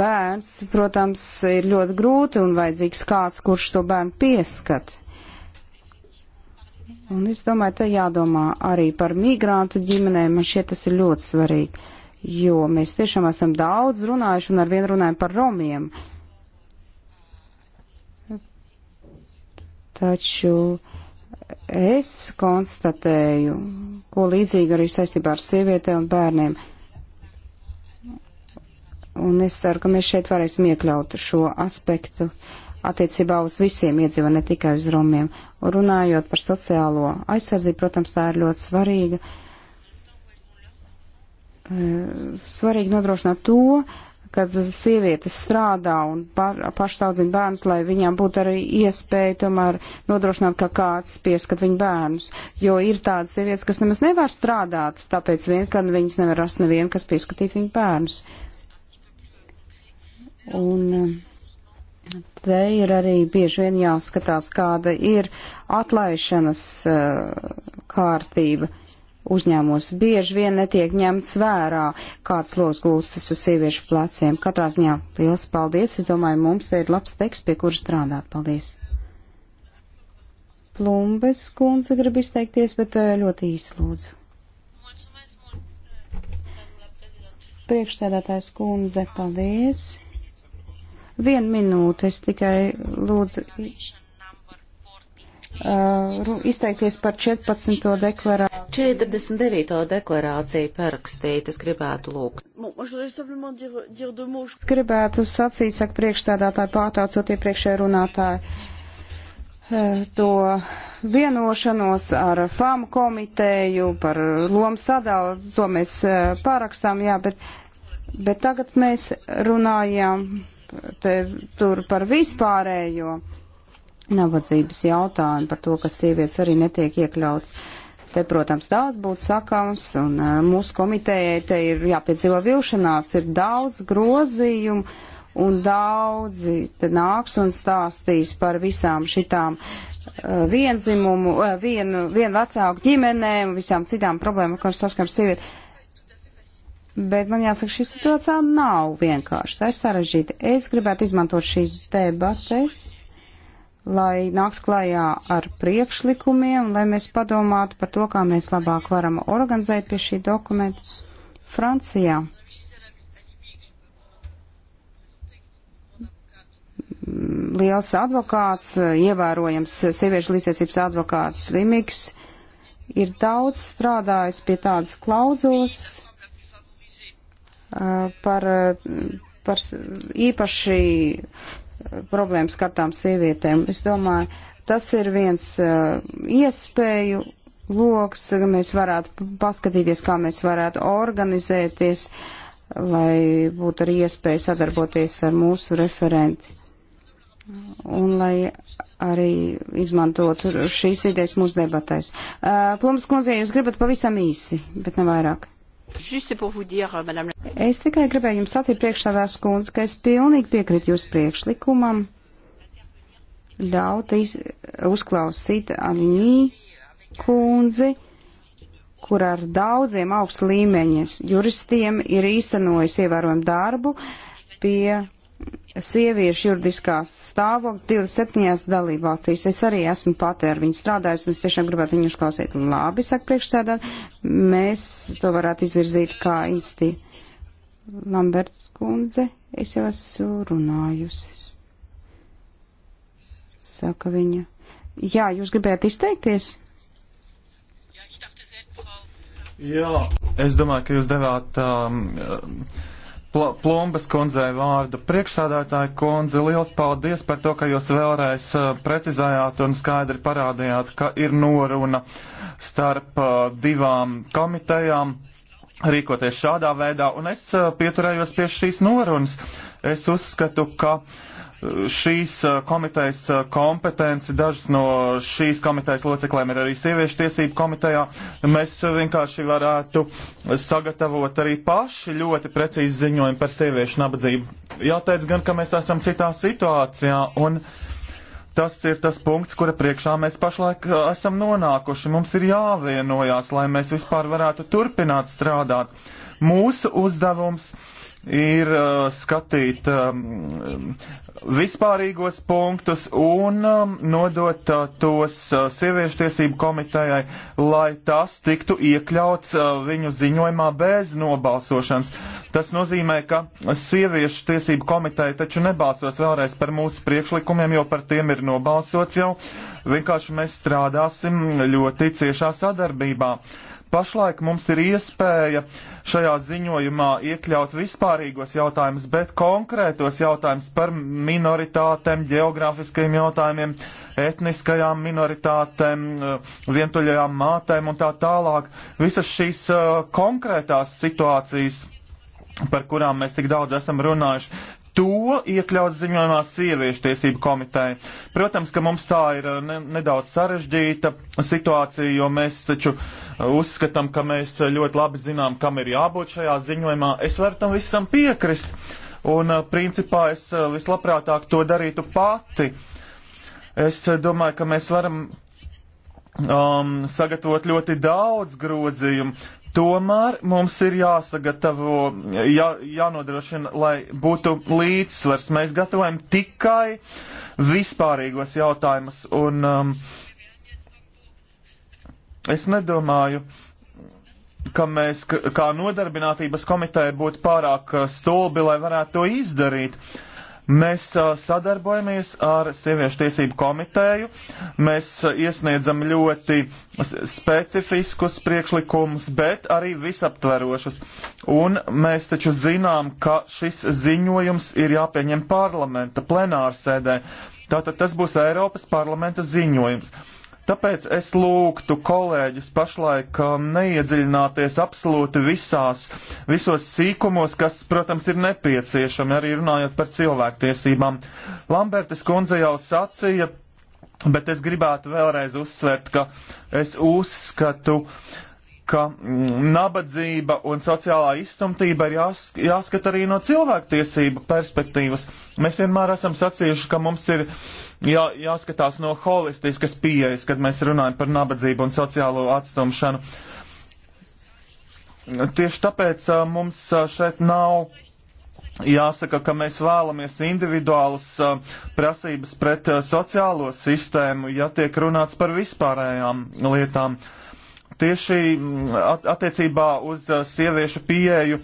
bērns, protams, ir ļoti grūti un vajadzīgs kāds, kurš to bērnu pieskat. Un es domāju, te jādomā arī par migrantu ģimenēm, man šķiet tas ir ļoti svarīgi, jo mēs tiešām esam daudz runājuši un arvien runājam par romiem. Uh, Taču es konstatēju, ko līdzīgi arī saistībā ar sievietēm un bērniem. Un es ceru, ka mēs šeit varēsim iekļaut šo aspektu attiecībā uz visiem iedzīvot, ne tikai uz romiem. Un runājot par sociālo aizsardzību, protams, tā ir ļoti svarīga. Eh, svarīgi nodrošināt to, kad sievietes strādā un paštaudzina bērnus, lai viņām būtu arī iespēja tomēr nodrošināt, ka kāds pieskat viņu bērnus. Jo ir tādas sievietes, kas nemaz nevar strādāt, tāpēc vien, ka viņas nevar rast nevienu, kas pieskatīt viņu bērnus. Un te ir arī bieži vien jāskatās, kāda ir atlaišanas eh, kārtība. Uh, uzņēmos. Bieži vien netiek ņemts vērā, kāds los gulstas uz sieviešu pleciem. Katrā ziņā liels paldies. Es domāju, mums te ir labs teksts, pie kura strādāt. Paldies. Plumbes kundze grib izteikties, bet eh, ļoti īsi lūdzu. Priekšsēdētājs kundze, paldies. Vienu minūti es tikai lūdzu uh, izteikties par 14. deklarāciju. 49. deklarācija parakstīt, es gribētu lūgt. Gribētu sacīt, saka priekšstādātāji, pārtaucot iepriekšēju runātāju, uh, to vienošanos ar FAM komiteju par lomu sadalu, to mēs uh, parakstām, jā, bet, bet tagad mēs runājām te, tur par vispārējo. Uh, nabadzības jautājumu, par to, ka sievietes arī netiek iekļauts. Te, protams, daudz būtu sakāms, un mūsu komitējai te ir jāpiedzīvo vilšanās, ir daudz grozījumu, un daudzi te nāks un stāstīs par visām šitām vienzimumu, vienu, vienu vecāku ģimenēm, visām citām problēmām, ar kurām saskars sievieti. Bet man jāsaka, šī situācija nav vienkārši. Tā ir sarežģīta. Es gribētu izmantot šīs debates lai nāktu klajā ar priekšlikumiem, lai mēs padomātu par to, kā mēs labāk varam organizēt pie šī dokumenta Francijā. Liels advokāts, ievērojams sieviešu līdztiesības advokāts Limiks ir daudz strādājis pie tādas klauzulas uh, par, uh, par īpaši problēmas kartām sievietēm. Es domāju, tas ir viens uh, iespēju loks, ka mēs varētu paskatīties, kā mēs varētu organizēties, lai būtu arī iespēja sadarboties ar mūsu referenti. Un lai arī izmantot šīs idejas mūsu debatēs. Uh, eh, Plums kundze, jūs gribat pavisam īsi, bet ne vairāk. Euh, es tikai gribēju jums sacīt priekšsādās kundze, ka es pilnīgi piekrītu jūsu priekšlikumam ļaut iz, uzklausīt Aņī kundzi, kur ar daudziem augstu līmeņa juristiem ir īstenojis ievērojumu darbu pie sieviešu juridiskās stāvokļa 27. dalībvalstīs. Es arī esmu pati ar viņu strādājusi, un es tiešām gribētu viņu uzklausīt. Labi, saka priekšsēdā, mēs to varētu izvirzīt kā institīvu. Lamberts kundze, es jau esmu runājusi. Saka viņa. Jā, jūs gribējāt izteikties? Jā, es domāju, ka jūs devāt. Um, Pl Plumbas kundzei vārdu. Priekšsādātāja kundze, liels paldies par to, ka jūs vēlreiz uh, precizējāt un skaidri parādījāt, ka ir noruna starp uh, divām komitejām rīkoties šādā veidā, un es uh, pieturējos pie šīs norunas. Es uzskatu, ka uh, šīs komitejas kompetenci. Dažas no šīs komitejas locekliem ir arī sieviešu tiesību komitejā. Mēs vienkārši varētu sagatavot arī paši ļoti precīzi ziņojumu par sieviešu nabadzību. Jāteic gan, ka mēs esam citā situācijā, un tas ir tas punkts, kura priekšā mēs pašlaik esam nonākuši. Mums ir jāvienojās, lai mēs vispār varētu turpināt strādāt. Mūsu uzdevums ir ir uh, skatīt um, um, vispārīgos punktus un um, nodot uh, tos uh, sieviešu tiesību komitejai, lai tas tiktu iekļauts uh, viņu ziņojumā bez nobalsošanas. Tas nozīmē, ka sieviešu tiesību komiteja taču nebalsos vēlreiz par mūsu priekšlikumiem, jo par tiem ir nobalsots jau. Vienkārši mēs strādāsim ļoti ciešā sadarbībā. Uh, Pašlaik mums ir iespēja šajā ziņojumā iekļaut vispārīgos jautājumus, bet konkrētos jautājumus par minoritātēm, geogrāfiskajiem jautājumiem, etniskajām minoritātēm, eh, vientuļajām mātēm un tā tālāk. Visas šīs eh, konkrētās situācijas par kurām mēs tik daudz esam runājuši to iekļaut ziņojumā sieviešu tiesību komitei. Protams, ka mums tā ir uh, ne, nedaudz sarežģīta situācija, jo mēs taču uh, uzskatām, ka mēs uh, ļoti labi zinām, kam ir jābūt šajā ziņojumā. Es varu tam visam piekrist, un principā es vislabprātāk to darītu pati. Es domāju, ka mēs varam um, sagatavot ļoti daudz grozījumu. Tomēr mums ir jāsagatavo, jā, jānodrošina, lai būtu līdzsvars. Mēs gatavojam tikai vispārīgos jautājumus, un um, es nedomāju, ka mēs kā nodarbinātības komiteja būtu pārāk uh, stulbi, lai varētu to izdarīt. Uh, Mēs sadarbojamies ar Sieviešu tiesību komiteju, mēs iesniedzam ļoti specifiskus priekšlikumus, bet arī visaptverošus. Un mēs taču zinām, ka šis ziņojums ir jāpieņem parlamenta plenārsēdē. Tātad tas būs Eiropas parlamenta ziņojums. Tāpēc es lūgtu kolēģus pašlaik um, neiedziļināties absolūti visās, visos sīkumos, kas, protams, ir nepieciešami, arī runājot par cilvēktiesībām. Lambertes kundze jau sacīja, bet es gribētu vēlreiz uzsvert, ka es uzskatu, uh, ka mm, nabadzība un sociālā izstumtība ir jās, jāskat arī no cilvēktiesību perspektīvas. Mēs vienmēr esam sacījuši, ka mums ir jā, jāskatās no holistiskas pieejas, kad mēs runājam par nabadzību un sociālo atstumšanu. Tieši tāpēc mums šeit nav jāsaka, ka mēs vēlamies individuālas prasības pret sociālo sistēmu, ja tiek runāts par vispārējām lietām. Uh, tieši mm, at attiecībā uz uh, sieviešu pieeju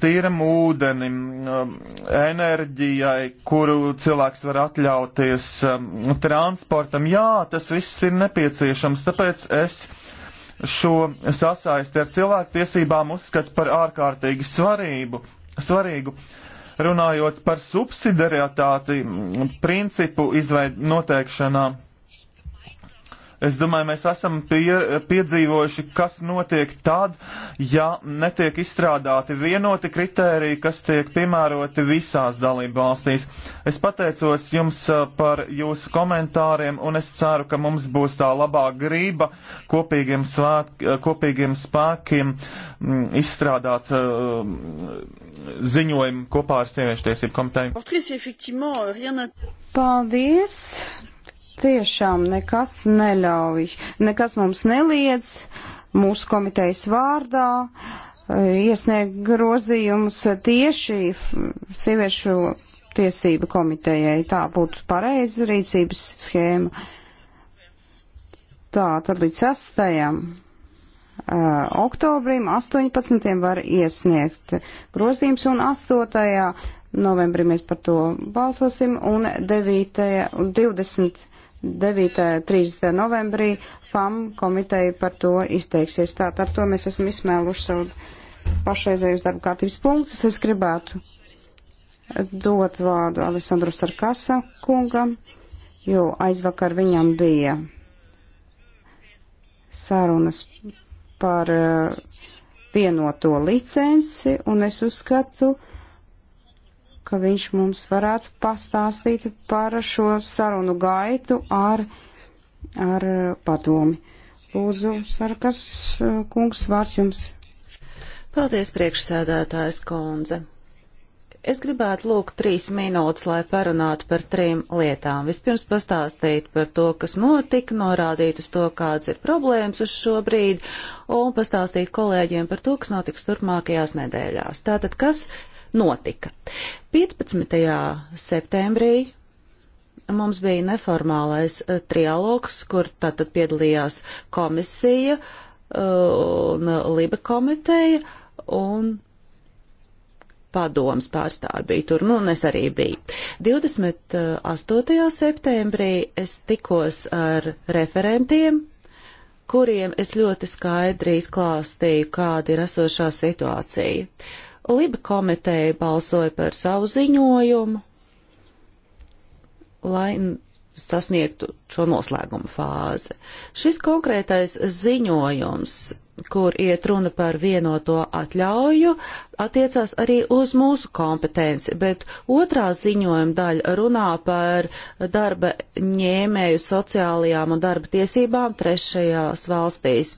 tīram ūdenim, um, enerģijai, kuru cilvēks var atļauties, um, transportam. Jā, tas viss ir nepieciešams, tāpēc es šo sasaisti ar cilvēktiesībām uzskatu par ārkārtīgi svarību, svarīgu. Runājot par subsidiaritāti, mm, principu izveidu noteikšanā Es domāju, mēs esam pie, piedzīvojuši, kas notiek tad, ja netiek izstrādāti vienoti kritēriji, kas tiek piemēroti visās dalību valstīs. Es pateicos jums par jūsu komentāriem, un es ceru, ka mums būs tā labā grība kopīgiem, svēt, kopīgiem spēkiem m, mm, izstrādāt m, ziņojumu kopā ar Sieviešu tiesību komiteju. Paldies! tiešām nekas neļauj, nekas mums neliedz mūsu komitejas vārdā e, iesniegt grozījumus tieši sieviešu tiesību komitejai. Tā būtu pareiza rīcības schēma. Tā, tad līdz 6. E, oktobrim 18. var iesniegt grozījums un 8. novembrī mēs par to balsosim un 9. un 20. 9. 30. novembrī FAM komiteja par to izteiksies. Tātad ar to mēs esam izsmēluši savu pašreizējus darba kārtības punktus. Es gribētu dot vārdu Alessandru Sarkasa kungam, jo aizvakar viņam bija sarunas par uh, vienoto licenci, un es uzskatu, ka viņš mums varētu pastāstīt par šo sarunu gaitu ar, ar padomi. Lūdzu, Sarkas eh, kungs, vārds jums. Paldies, priekšsēdētājs Konze. Es gribētu lūgt trīs minūtes, lai parunātu par trim lietām. Vispirms pastāstīt par to, kas notika, norādīt uz to, kādas ir problēmas uz šo brīdi, un pastāstīt kolēģiem par to, kas notiks turpmākajās nedēļās. Tātad, kas notika. 15. septembrī mums bija neformālais eh, trialogs, kur tātad piedalījās komisija eh, un Liba komiteja un padomas pārstāvi bija tur, nu, un es arī biju. 28. septembrī es tikos ar referentiem, kuriem es ļoti skaidri izklāstīju, kāda ir esošā situācija. Uh, Liba komiteja balsoja par savu ziņojumu, lai sasniegtu šo noslēguma fāzi. Šis konkrētais ziņojums kur iet runa par vienoto atļauju, attiecās arī uz mūsu kompetenci, bet otrā ziņojuma daļa runā par darba ņēmēju sociālajām un darba tiesībām trešajās valstīs.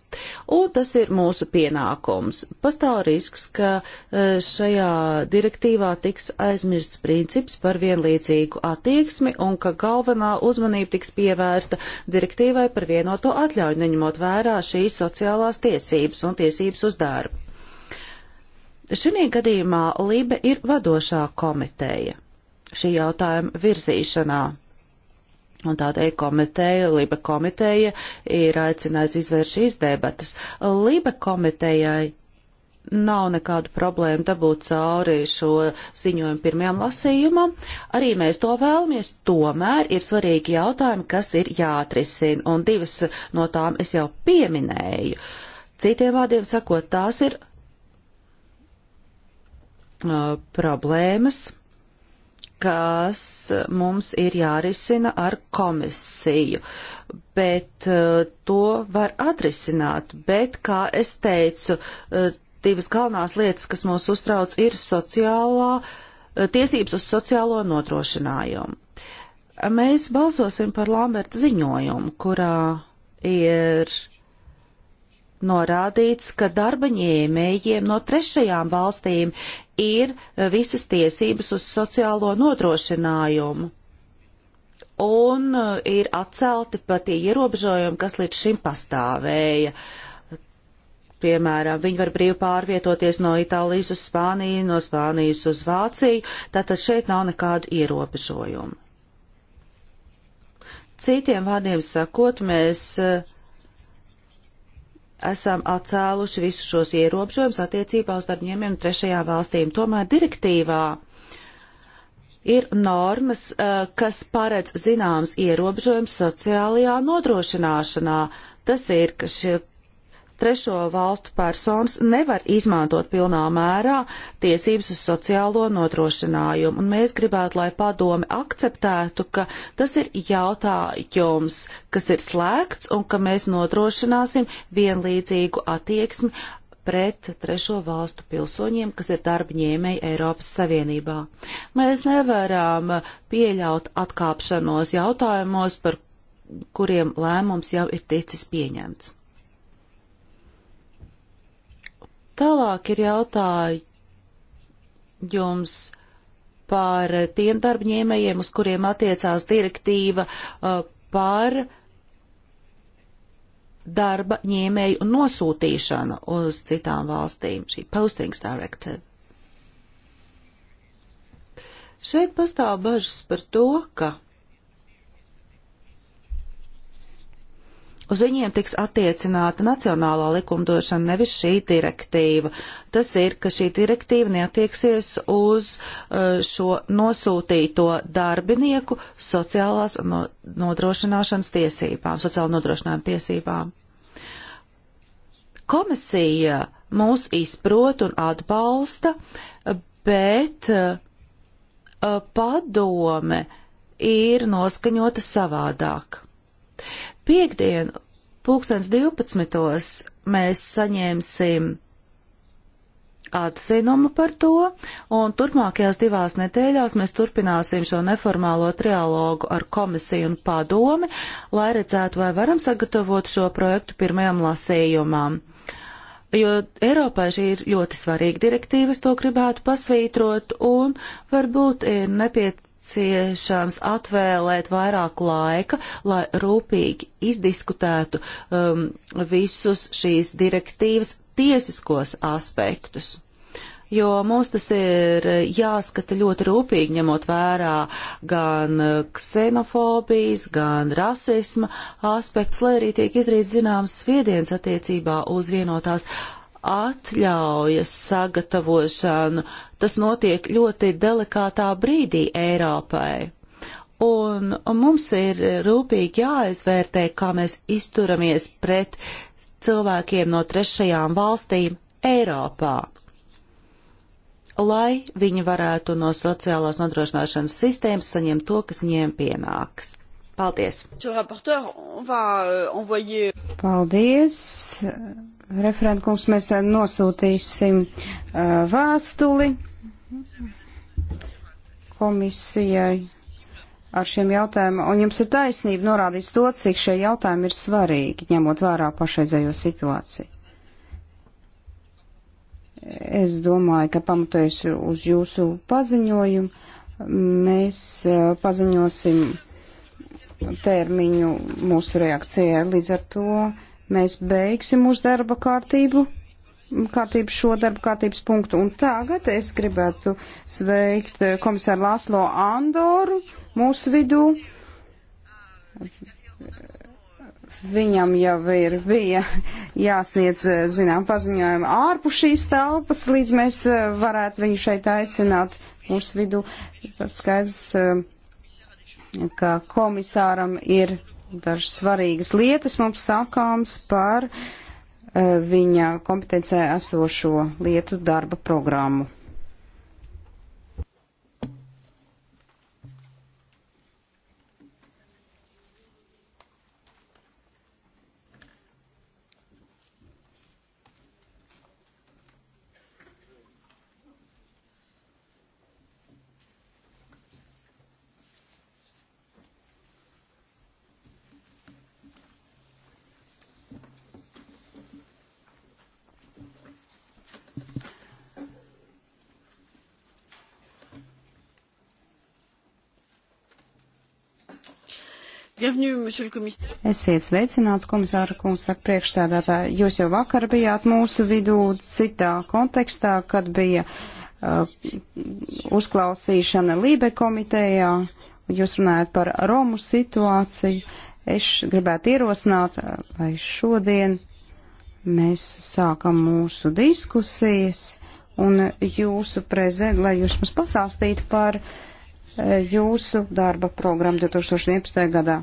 Un tas ir mūsu pienākums. Pastāv risks, ka e, šajā direktīvā tiks aizmirsts princips par vienlīdzīgu attieksmi un ka galvenā uzmanība tiks pievērsta direktīvai par vienoto atļauju, neņemot vērā šīs sociālās tiesības tiesības un tiesības uz darbu. Šī gadījumā Libe ir vadošā komiteja šī jautājuma virzīšanā. Un tādēļ komiteja, Liba komiteja ir aicinājusi izvērst šīs debatas. Liba komitejai nav nekādu problēmu dabūt cauri šo ziņojumu pirmajam lasījumam. Arī mēs to vēlamies, tomēr ir svarīgi jautājumi, kas ir jāatrisina, un divas no tām es jau pieminēju. Uh, Citiem vārdiem sakot, tās ir uh, problēmas, kas mums ir jārisina ar komisiju, bet uh, to var atrisināt. Bet, kā es teicu, uh, divas galvenās lietas, kas mūs uztrauc, ir sociālā, tiesības uz sociālo nodrošinājumu. Mēs balsosim par Lamberta ziņojumu, kurā ir norādīts, ka darba ņēmējiem no trešajām valstīm ir eh, visas tiesības uz sociālo nodrošinājumu. Un eh, ir atcelti pat tie ierobežojumi, kas līdz šim pastāvēja. Piemēram, viņi var brīvi pārvietoties no Itālijas uz Spāniju, no Spānijas uz Vāciju, tātad šeit nav nekādu ierobežojumu. Citiem vārdiem sakot, mēs uh, esam atcēluši visus šos ierobežojumus attiecībā uz darbņēmiem trešajām valstīm. Tomēr direktīvā ir normas, eh, kas paredz zināms ierobežojums sociālajā nodrošināšanā. Tas ir, ka šie trešo valstu personas nevar izmantot pilnā mērā tiesības uz sociālo nodrošinājumu. Un mēs gribētu, lai padomi akceptētu, ka tas ir jautājums, kas ir slēgts un ka mēs nodrošināsim vienlīdzīgu attieksmi pret trešo valstu pilsoņiem, kas ir darba ņēmēji Eiropas Savienībā. Mēs nevaram pieļaut atkāpšanos jautājumos, par kuriem lēmums jau ir ticis pieņemts. Tālāk ir jautājums par tiem darbņēmējiem, uz kuriem attiecās direktīva uh, par darba ņēmēju nosūtīšanu uz citām valstīm, šī postings directive. Šeit pastāv bažas par to, ka Uz viņiem tiks attiecināta nacionālā likumdošana, nevis šī direktīva. Tas ir, ka šī direktīva neatieksies uz eh, šo nosūtīto darbinieku sociālās nodrošināšanas tiesībām, sociāla nodrošinājuma tiesībām. Komisija mūs izprot un atbalsta, bet eh, padome ir noskaņota savādāk. Piektdien, pulkstens 12. mēs saņēmsim atzinumu par to, un turpmākajās divās nedēļās mēs turpināsim šo neformālo trialogu ar komisiju un padomi, lai redzētu, vai varam sagatavot šo projektu pirmajam lasījumam. Jo Eiropai šī ir ļoti svarīga direktīva, es to gribētu pasvītrot, un varbūt ir nepieciešams nepieciešams atvēlēt vairāk laika, lai rūpīgi izdiskutētu um, visus šīs direktīvas tiesiskos aspektus. Jo mums tas ir jāskata ļoti rūpīgi, ņemot vērā gan ksenofobijas, gan rasisma aspektus, lai arī tiek izdarīts zināms sviediens attiecībā uz vienotās atļaujas sagatavošanu Tas notiek ļoti delikātā brīdī Eiropai. Un, un mums ir rūpīgi jāizvērtē, kā mēs izturamies pret cilvēkiem no trešajām valstīm Eiropā lai viņi varētu no sociālās nodrošināšanas sistēmas saņemt to, kas viņiem pienāks. Paldies! Euh, Paldies! Referentkungs, mēs nosūtīsim uh, vēstuli komisijai ar šiem jautājumiem, un jums ir taisnība norādīt to, cik šie jautājumi ir svarīgi, ņemot vērā pašreizējo situāciju. Es domāju, ka pamatojas uz jūsu paziņojumu, mēs eh, paziņosim termiņu mūsu reakcijai. Līdz ar to mēs beigsim mūsu darba kārtību kārtību šo darbu kārtības punktu. Un tagad es gribētu sveikt eh, komisāru Lāslo Andoru mūsu vidū. Viņam jau ir bija jāsniedz, eh, zinām, paziņojumi ārpus šīs telpas, līdz mēs eh, varētu viņu šeit aicināt mūsu vidū. Tas skaidrs, ka komisāram ir dažas svarīgas lietas mums sakāms par uh, Eh, viņa kompetencē esošo lietu darba programmu. Esiet sveicināts, komisāra kungs, saka priekšsēdētāji. Jūs jau vakar bijāt mūsu vidū citā kontekstā, kad bija uh, uzklausīšana Lībe komitejā. Jūs runājat par Romu situāciju. Es gribētu ierosināt, uh, lai šodien mēs sākam mūsu diskusijas un jūsu prezent, lai jūs mums pastāstītu par uh, jūsu darba programmu 2011. gadā.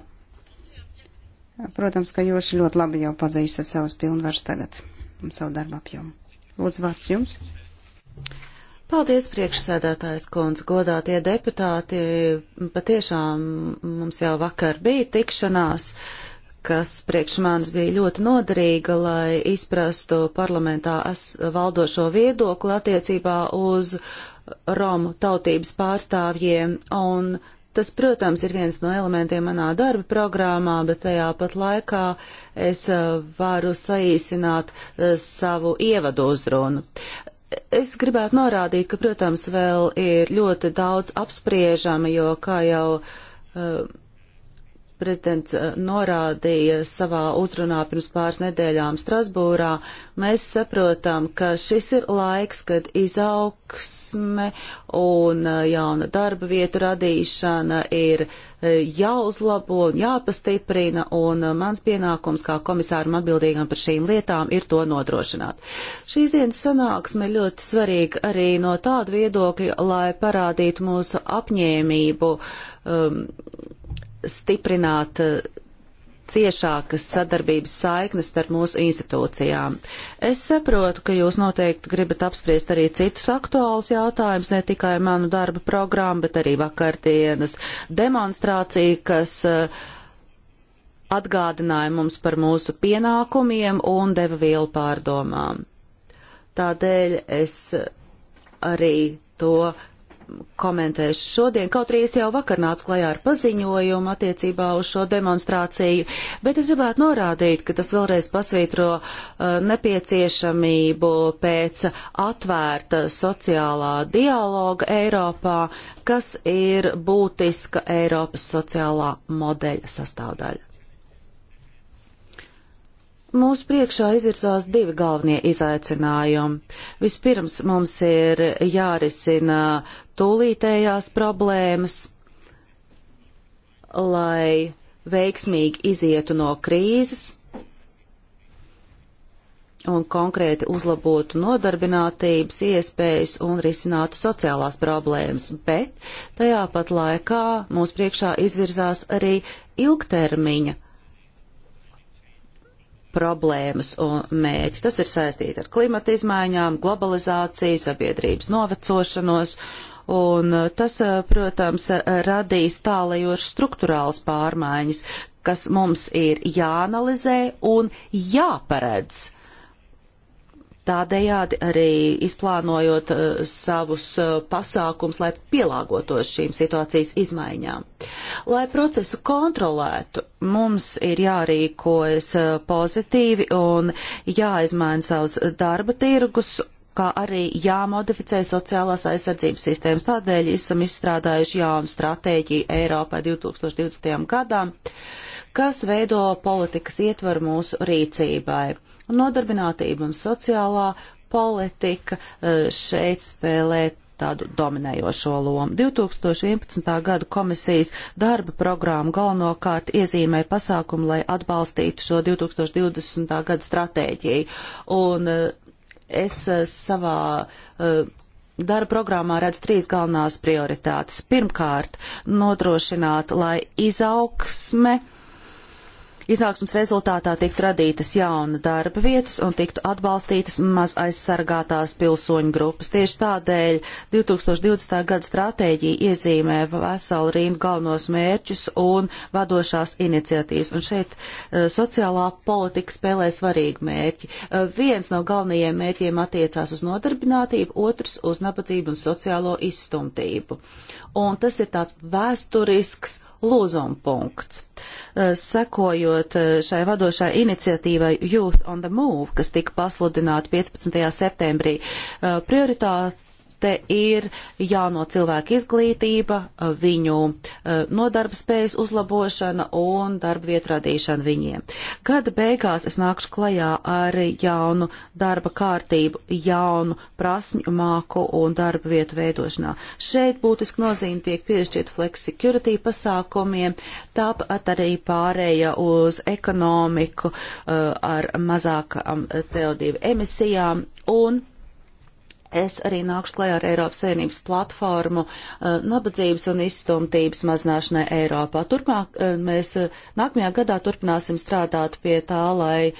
Protams, ka jūs ļoti labi jau pazīstat savas pilnvaras tagad un savu darbu apjomu. Lūdzu, vārds jums. Paldies, priekšsēdētājs kundze, godātie deputāti. Patiešām mums jau vakar bija tikšanās, kas priekš manis bija ļoti noderīga, lai izprastu parlamentā valdošo viedokli attiecībā uz Romu tautības pārstāvjiem un Tas, protams, ir viens no elementiem manā darba programmā, bet tajā pat laikā es uh, varu saīsināt uh, savu ievadu uzrunu. Es gribētu norādīt, ka, protams, vēl ir ļoti daudz apspriežama, jo, kā jau uh, prezidents eh, norādīja savā uzrunā pirms pāris nedēļām Strasbūrā, mēs saprotam, ka šis ir laiks, kad izaugsme un eh, jauna darba vietu radīšana ir eh, jāuzlabo un jāpastiprina, un mans pienākums kā komisāram atbildīgam par šīm lietām ir to nodrošināt. Šīs dienas sanāksme ļoti svarīga arī no tāda viedokļa, lai parādītu mūsu apņēmību. Um, stiprināt eh, ciešākas sadarbības saiknes starp mūsu institūcijām. Es saprotu, ka jūs noteikti gribat apspriest arī citus aktuālus jautājumus, ne tikai manu darba programmu, bet arī vakardienas demonstrāciju, kas eh, atgādināja mums par mūsu pienākumiem un deva vielu pārdomām. Tādēļ es eh, arī to komentēšu šodien, kaut arī es jau vakar nācu klajā ar paziņojumu attiecībā uz šo demonstrāciju, bet es gribētu norādīt, ka tas vēlreiz pasvītro uh, nepieciešamību pēc atvērta sociālā dialoga Eiropā, kas ir būtiska Eiropas sociālā modeļa sastāvdaļa. Mūsu priekšā izvirzās divi galvenie izaicinājumi. Vispirms mums ir jārisina tūlītējās problēmas, lai veiksmīgi izietu no krīzes un konkrēti uzlabotu nodarbinātības iespējas un risinātu sociālās problēmas, bet tajā pat laikā mūsu priekšā izvirzās arī ilgtermiņa problēmas un mēķi. Tas ir saistīti ar klimata izmaiņām, globalizāciju, sabiedrības novecošanos, un tas, eh, protams, radīs tālajošas struktūrāls pārmaiņas, kas mums ir jāanalizē un jāparedz tādējādi arī izplānojot eh, savus eh, pasākums, lai pielāgotos šīm situācijas izmaiņām. Lai procesu kontrolētu, mums ir jārīkojas eh, pozitīvi un jāizmaina savus darba tirgus kā arī jāmodificē sociālās aizsardzības sistēmas. Tādēļ esam izstrādājuši jaunu stratēģiju Eiropai 2020. gadam kas veido politikas ietvaru mūsu rīcībai. Nodarbinātība un sociālā politika e, šeit spēlē tādu dominējošo lomu. 2011. gada komisijas darba programma galvenokārt iezīmē pasākumu, lai atbalstītu šo 2020. gada stratēģiju. Un e, es e, savā darba programmā redzu trīs galvenās prioritātes. Pirmkārt, nodrošināt, lai izaugsme Izaugsmas rezultātā tiktu radītas jauna darba vietas un tiktu atbalstītas maz aizsargātās pilsoņu grupas. Tieši tādēļ 2020. gada stratēģija iezīmē veselu rindu galvenos mērķus un vadošās iniciatīvas. Un šeit uh, sociālā politika spēlē svarīgu mērķi. Uh, viens no galvenajiem mērķiem attiecās uz nodarbinātību, otrs uz nabadzību un sociālo izstumtību. Un tas ir tāds vēsturisks lūzumpunkts. Eh, sekojot eh, šai vadošai iniciatīvai Youth on the Move, kas tika pasludināta 15. septembrī, eh, prioritāte te ir jauno cilvēku izglītība, viņu eh, nodarbspējas uzlabošana un darba vietu radīšana viņiem. Gada beigās es nākšu klajā ar jaunu darba kārtību, jaunu prasmju māku un darba vietu veidošanā. Šeit būtiski nozīme tiek piešķirt flexicurity pasākumiem, tāpat arī pārēja uz ekonomiku eh, ar mazākām eh, CO2 emisijām un Es arī nākšu klajā ar Eiropas Savienības platformu uh, nabadzības un izstumtības mazināšanai Eiropā. Turpmāk uh, mēs uh, nākamajā gadā turpināsim strādāt pie tā, lai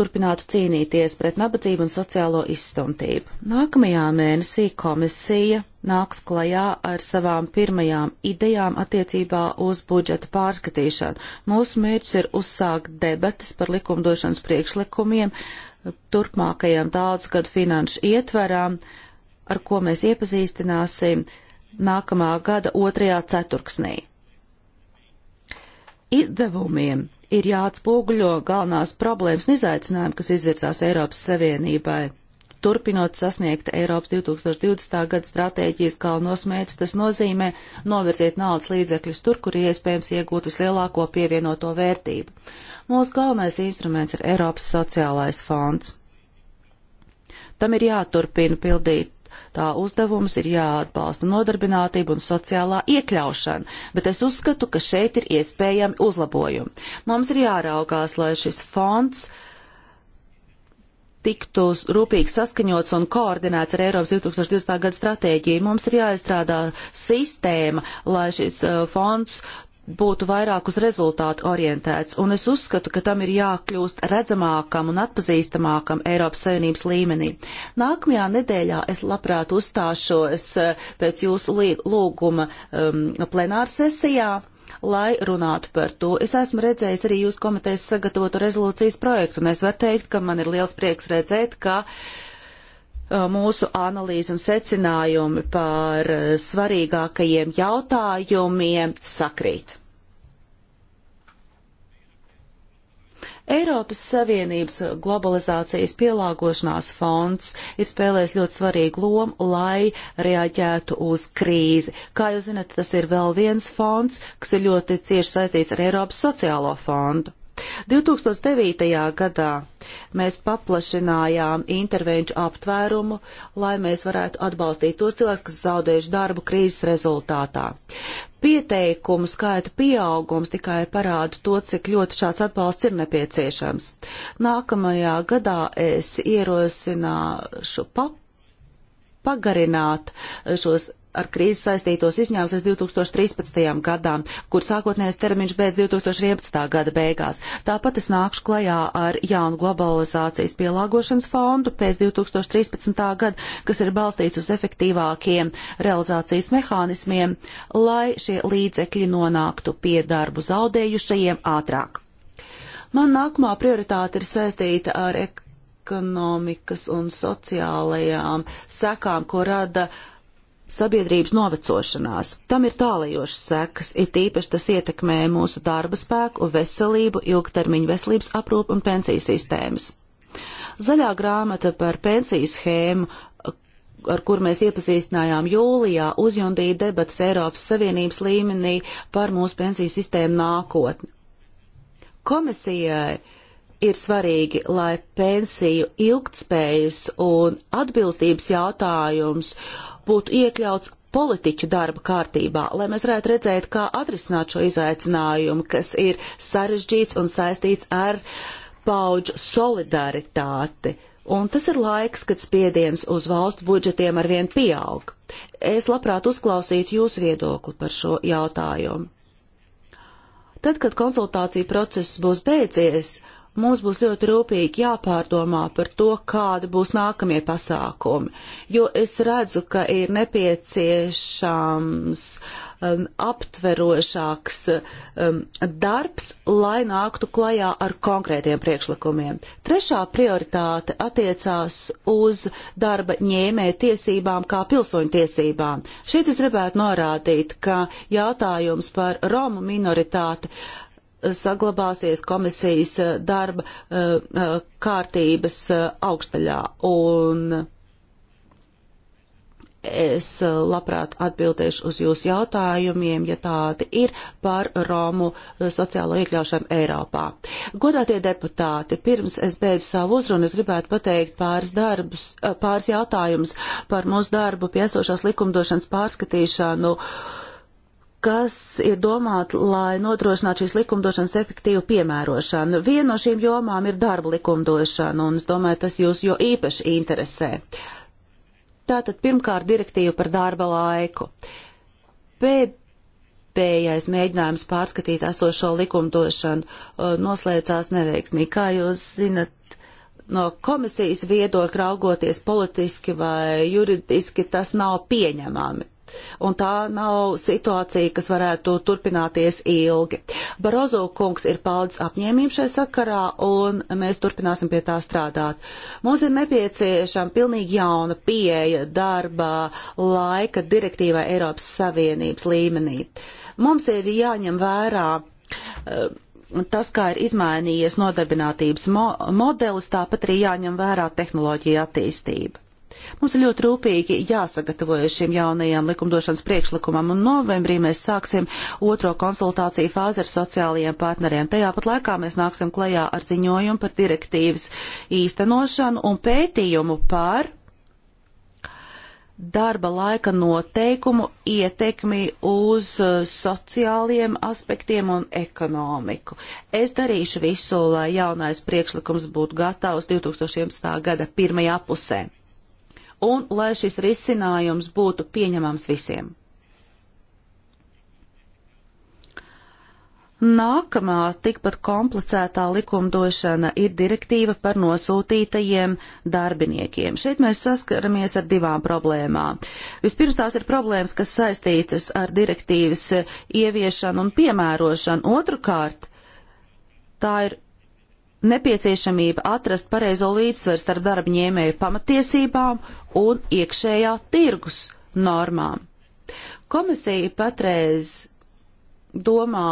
turpinātu cīnīties pret nabadzību un sociālo izstumtību. Nākamajā mēnesī komisija nāks klajā ar savām pirmajām idejām attiecībā uz budžeta pārskatīšanu. Mūsu mērķis ir uzsākt debatas par likumdošanas priekšlikumiem, uh, turpmākajam daudzgadu finanšu ietveram, ar ko mēs iepazīstināsim nākamā gada otrajā ceturksnī. Izdevumiem ir jāatspoguļo galvenās problēmas un izaicinājumi, kas izvirzās Eiropas Savienībai turpinot sasniegt Eiropas 2020. gada stratēģijas galvenos mērķus. Tas nozīmē novirziet naudas līdzekļus tur, kur iespējams iegūt vislielāko pievienoto vērtību. Mūsu galvenais instruments ir Eiropas sociālais fonds. Tam ir jāturpina pildīt Tā uzdevums ir jāatbalsta nodarbinātība un sociālā iekļaušana, bet es uzskatu, ka šeit ir iespējami uzlabojumi. Mums ir jāraugās, lai šis fonds uh, tiktu rūpīgi saskaņots un koordinēts ar Eiropas 2020. gada stratēģiju. Mums ir jāizstrādā sistēma, lai šis uh, fonds būtu vairāk uz rezultātu orientēts, un es uzskatu, ka tam ir jākļūst redzamākam un atpazīstamākam Eiropas Savienības līmenī. Nākamajā nedēļā es labprāt uzstāšos uh, pēc jūsu lūguma um, plenārsesijā. sesijā lai runātu par to. Es esmu redzējis arī jūsu komitejas sagatavotu rezolūcijas projektu, un es varu teikt, ka man ir liels prieks redzēt, ka uh, mūsu analīze un secinājumi par uh, svarīgākajiem jautājumiem sakrīt. Eiropas Savienības globalizācijas pielāgošanās fonds ir spēlējis ļoti svarīgu lomu, lai reaģētu uz krīzi. Kā jūs zinat, tas ir vēl viens fonds, kas ir ļoti cieši saistīts ar Eiropas sociālo fondu. 2009. gadā mēs paplašinājām intervenciju aptvērumu, lai mēs varētu atbalstīt tos cilvēkus, kas zaudējuši darbu krīzes rezultātā. Pieteikumu skaita pieaugums tikai parāda to, cik ļoti šāds atbalsts ir nepieciešams. Nākamajā gadā es ierosināšu pap pagarināt šos ar krīzi saistītos izņēmums līdz 2013. gadām, kur sākotnējais termiņš beidz 2011. gada beigās. Tāpat es nākšu klajā ar jaunu globalizācijas pielāgošanas fondu pēc 2013. gada, kas ir balstīts uz efektīvākiem realizācijas mehānismiem, lai šie līdzekļi nonāktu pie darbu zaudējušajiem ātrāk. Man nākamā prioritāte ir saistīta ar ekonomikas un sociālajām sekām, ko rada uh, sabiedrības novecošanās. Tam ir tālajošas sekas, it īpaši tas ietekmē mūsu darba spēku, veselību, ilgtermiņu veselības aprūpu un pensiju sistēmas. Zaļā grāmata par pensiju schēmu, ar kur mēs iepazīstinājām jūlijā, uzjundīja debatas Eiropas Savienības līmenī par mūsu pensiju sistēmu nākotni. Komisijai ir svarīgi, lai pensiju ilgtspējas un atbilstības jautājums uh, būtu iekļauts politiķu darba kārtībā, lai mēs varētu redzēt, kā atrisināt šo izaicinājumu, kas ir sarežģīts un saistīts ar paudžu solidaritāti. Un tas ir laiks, kad spiediens uz valstu budžetiem arvien pieaug. Es labprāt uzklausītu jūsu viedokli par šo jautājumu. Tad, kad konsultāciju process būs beidzies, mums būs ļoti rūpīgi jāpārdomā par to, kādi būs nākamie pasākumi, jo es redzu, ka ir nepieciešams um, aptverošāks um, darbs, lai nāktu klajā ar konkrētiem priekšlikumiem. Trešā prioritāte attiecās uz darba ņēmē tiesībām kā pilsoņu tiesībām. Šeit es gribētu norādīt, ka jautājums par Romu minoritāti uh, saglabāsies komisijas eh, darba eh, eh, kārtības augstaļā. Un es labprāt atbildēšu uz jūsu jautājumiem, ja tādi ir par Romu sociālo iekļaušanu Eiropā. Godātie deputāti, pirms es beidzu savu uzrunu, es gribētu pateikt pāris, darbus, pāris jautājumus par mūsu darbu piesošās likumdošanas pārskatīšanu. Uh, kas ir domāti, lai nodrošinātu šīs likumdošanas efektīvu piemērošanu. Viena no šīm jomām ir darba likumdošana, un es domāju, tas jūs jo īpaši interesē. Tātad pirmkārt direktīva par darba laiku. Pēdējais mēģinājums pārskatīt esošo likumdošanu uh, noslēdzās neveiksmī. Kā jūs zinat, no komisijas viedokļa raugoties politiski vai juridiski tas nav pieņemami Un tā nav situācija, kas varētu turpināties ilgi. Barozo kungs ir paudz apņēmību šai sakarā, un mēs turpināsim pie tā strādāt. Mums ir nepieciešama pilnīgi jauna pieeja darba laika direktīvai Eiropas Savienības līmenī. Mums ir jāņem vērā. Uh, tas, kā ir izmainījies nodarbinātības mo modelis, tāpat arī jāņem vērā tehnoloģija attīstība. Mums ir ļoti rūpīgi jāsagatavojas šim jaunajam likumdošanas priekšlikumam, un novembrī mēs sāksim otro konsultāciju fāzi ar sociālajiem partneriem. Tajā pat laikā mēs nāksim klajā ar ziņojumu par direktīvas īstenošanu un pētījumu par darba laika noteikumu ietekmi uz uh, sociāliem aspektiem un ekonomiku. Es darīšu visu, lai jaunais priekšlikums būtu gatavs 2011. gada pirmajā pusē un lai šis risinājums būtu pieņemams visiem. Nākamā tikpat komplicētā likumdošana ir direktīva par nosūtītajiem darbiniekiem. Šeit mēs saskaramies ar divām problēmām. Vispirms tās ir problēmas, kas saistītas ar direktīvas ieviešanu un piemērošanu. Otrukārt, tā ir nepieciešamība atrast pareizo līdzsvaru starp darba ņēmēju pamatiesībām un iekšējā tirgus normām. Komisija patreiz domā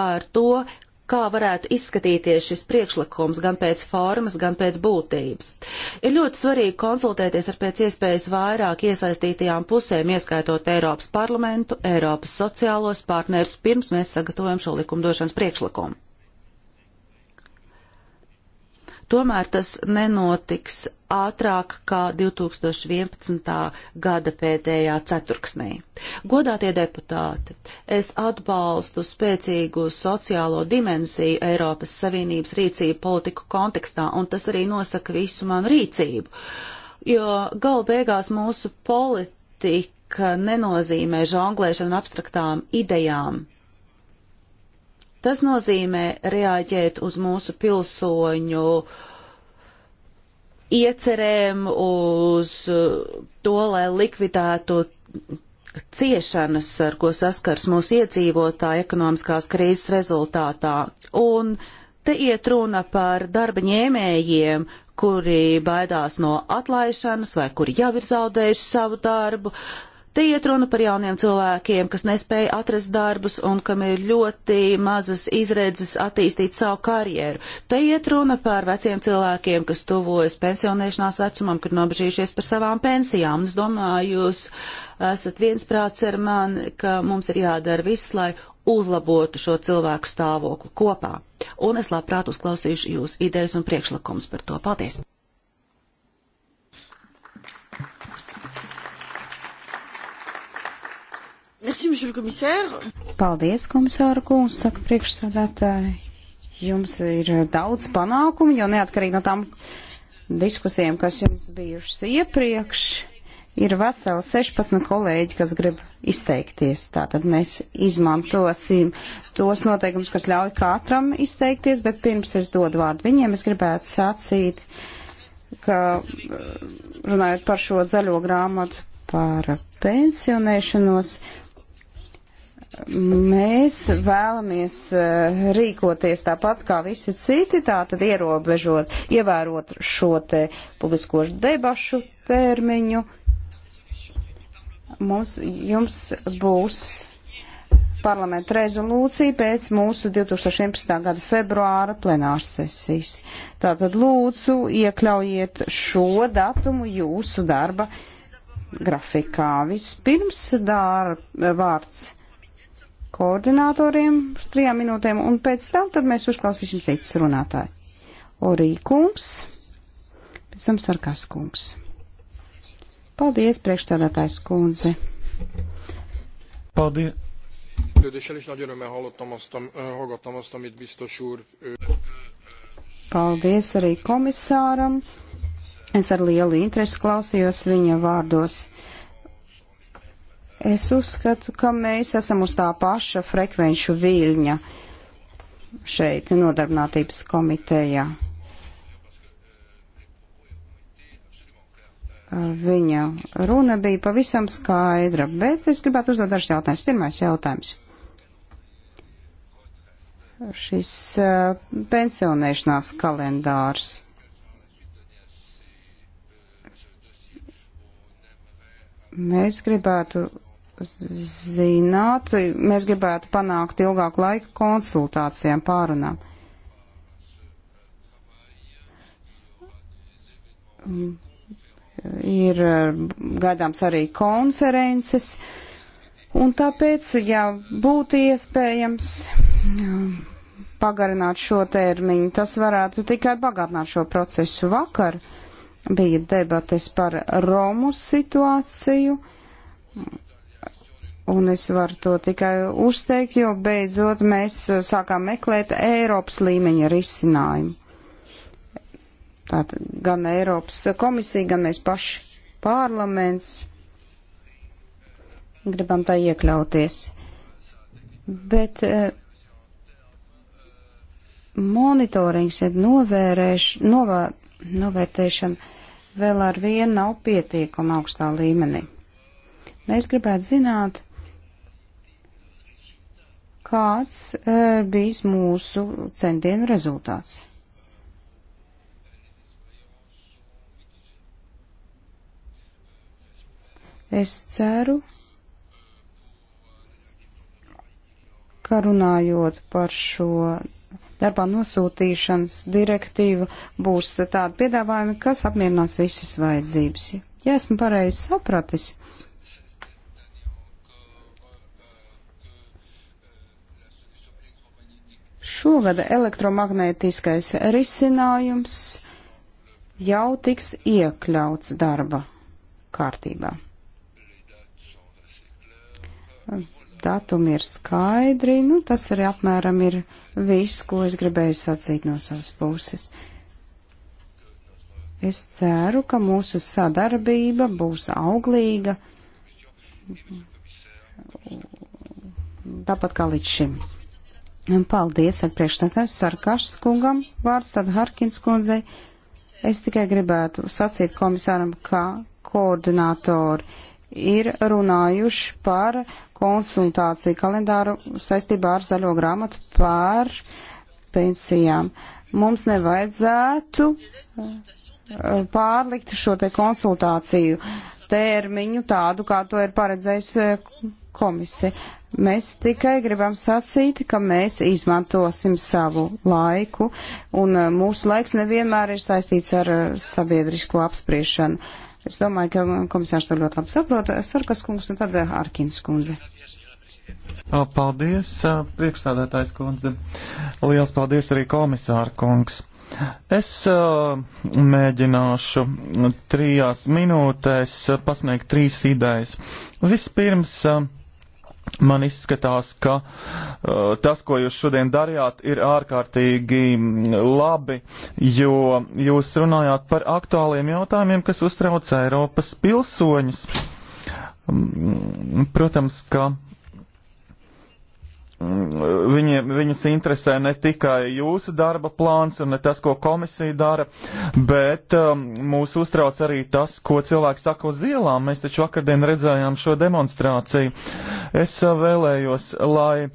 par to, kā varētu izskatīties šis priekšlikums gan pēc formas, gan pēc būtības. Ir ļoti svarīgi konsultēties ar pēc iespējas vairāk iesaistītajām pusēm, ieskaitot Eiropas parlamentu, Eiropas sociālos partnerus, pirms mēs sagatavojam šo likumdošanas priekšlikumu. Tomēr tas nenotiks ātrāk kā 2011. gada pēdējā ceturksnī. Godātie deputāti, es atbalstu spēcīgu sociālo dimensiju Eiropas Savienības rīcību politiku kontekstā, un tas arī nosaka visu manu rīcību, jo galu beigās mūsu politika nenozīmē žonglēšanu abstraktām idejām Tas nozīmē reaģēt uz mūsu pilsoņu iecerēm, uz uh, to, lai likvidētu ciešanas, ar ko saskars mūsu iedzīvotāji ekonomiskās krīzes rezultātā. Un te iet runa par darba ņēmējiem, kuri baidās no atlaišanas vai kuri jau ir zaudējuši savu darbu, Te iet runa par jauniem cilvēkiem, kas nespēja atrast darbus un kam ir ļoti mazas izredzes attīstīt savu karjeru. Te iet runa par veciem cilvēkiem, kas tuvojas pensionēšanās vecumam, kad nobežījušies par savām pensijām. Es domāju, jūs esat viensprāts ar mani, ka mums ir jādara viss, lai uzlabotu šo cilvēku stāvokli kopā. Un es labprāt uzklausīšu jūs idejas un priekšlikums par to. Paldies! Merci, monsieur le commissaire. Paldies, komisāra kungs, saka priekšsādātāji. Jums ir daudz panākumu, jo neatkarīgi no tām diskusijām, kas jums bijušas iepriekš, ir veseli 16 kolēģi, kas grib izteikties. Tātad mēs izmantosim tos noteikumus, kas ļauj katram izteikties, bet pirms es dodu vārdu viņiem, es gribētu sacīt, ka runājot par šo zaļo grāmatu par pensionēšanos, Mēs vēlamies eh, rīkoties tāpat kā visi citi, tātad ierobežot, ievērot šo te publisko debašu termiņu. Mums, jums būs parlamenta rezolūcija pēc mūsu 2011. gada februāra plenāras sesijas. Tātad lūdzu iekļaujiet šo datumu jūsu darba grafikā. Vispirms dar, eh, vārds koordinatoriem uz trijām minūtēm, un pēc tam tad mēs uzklausīsim citus runātāju. Orī kungs, pēc tam sarkas kungs. Paldies, priekšstādātājs kundze. Paldies. Érdeklődéssel is nagy örömmel hallottam azt, hallgattam azt, amit biztos úr. Paldies arī komisāram. Es ar lielu interesi klausījos viņa vārdos. Es uzskatu, ka mēs esam uz tā paša frekvenču viļņa šeit nodarbinātības komitejā. Viņa runa bija pavisam skaidra, bet es gribētu uzdot dažus jautājumus. Pirmais jautājums. Šis uh, pensionēšanās kalendārs. Mēs gribētu zināt, mēs gribētu panākt ilgāku laiku konsultācijām, pārunām. Ir gaidāms arī konferences, un tāpēc, ja būtu iespējams pagarināt šo termiņu, tas varētu tikai bagātināt šo procesu vakar. Bija debates par Romu situāciju Un es varu to tikai uzteikt, jo beidzot mēs uh, sākām meklēt Eiropas līmeņa risinājumu. Tātad gan Eiropas komisija, gan mēs paši parlaments gribam tā iekļauties. Bet uh, monitorings, ja novērēš, novā, novērtēšana vēl ar vienu nav pietiekama augstā līmenī. Mēs gribētu zināt, kāds uh, bijis mūsu centienu rezultāts. Es ceru, ka runājot par šo darbā nosūtīšanas direktīvu, būs tādi piedāvājumi, kas apmierinās visas vajadzības. Ja esmu pareizi sapratis, Šogad elektromagnētiskais risinājums jau tiks iekļauts darba kārtībā. Datumi ir skaidri, nu tas arī apmēram ir viss, ko es gribēju sacīt no savas puses. Es ceru, ka mūsu sadarbība būs auglīga, tāpat kā līdz šim. Paldies, ar priekšstādāju Sarkašas kungam, vārds tad Harkins kundzei. Es tikai gribētu sacīt komisāram, ka koordinātori ir runājuši par konsultāciju kalendāru saistībā ar zaļo grāmatu par pensijām. Mums nevajadzētu eh, pārlikt šo te konsultāciju termiņu tādu, kā to ir paredzējis eh, komisija. Mēs tikai gribam sacīt, ka mēs izmantosim savu laiku, un uh, mūsu laiks nevienmēr ir saistīts ar uh, sabiedrisko apspriešanu. Es domāju, ka uh, komisārs to ļoti labi saprot. Sarkas kungs un tad Arkins kundze. Paldies, priekšstādātājs kundze. Liels paldies arī komisāra kungs. Es uh, mēģināšu trijās minūtēs pasniegt trīs idejas. Vispirms. Uh, man izskatās, ka uh, tas, ko jūs šodien darījāt, ir ārkārtīgi mm, labi, jo jūs runājāt par aktuāliem jautājumiem, kas uztrauc Eiropas pilsoņus. Um, protams, ka Mm, viņi, viņus interesē ne tikai jūsu darba plāns un ne tas, ko komisija dara, bet um, mūs uztrauc arī tas, ko cilvēki saka uz ielām. Mēs taču vakardien redzējām šo demonstrāciju. Es uh, vēlējos, lai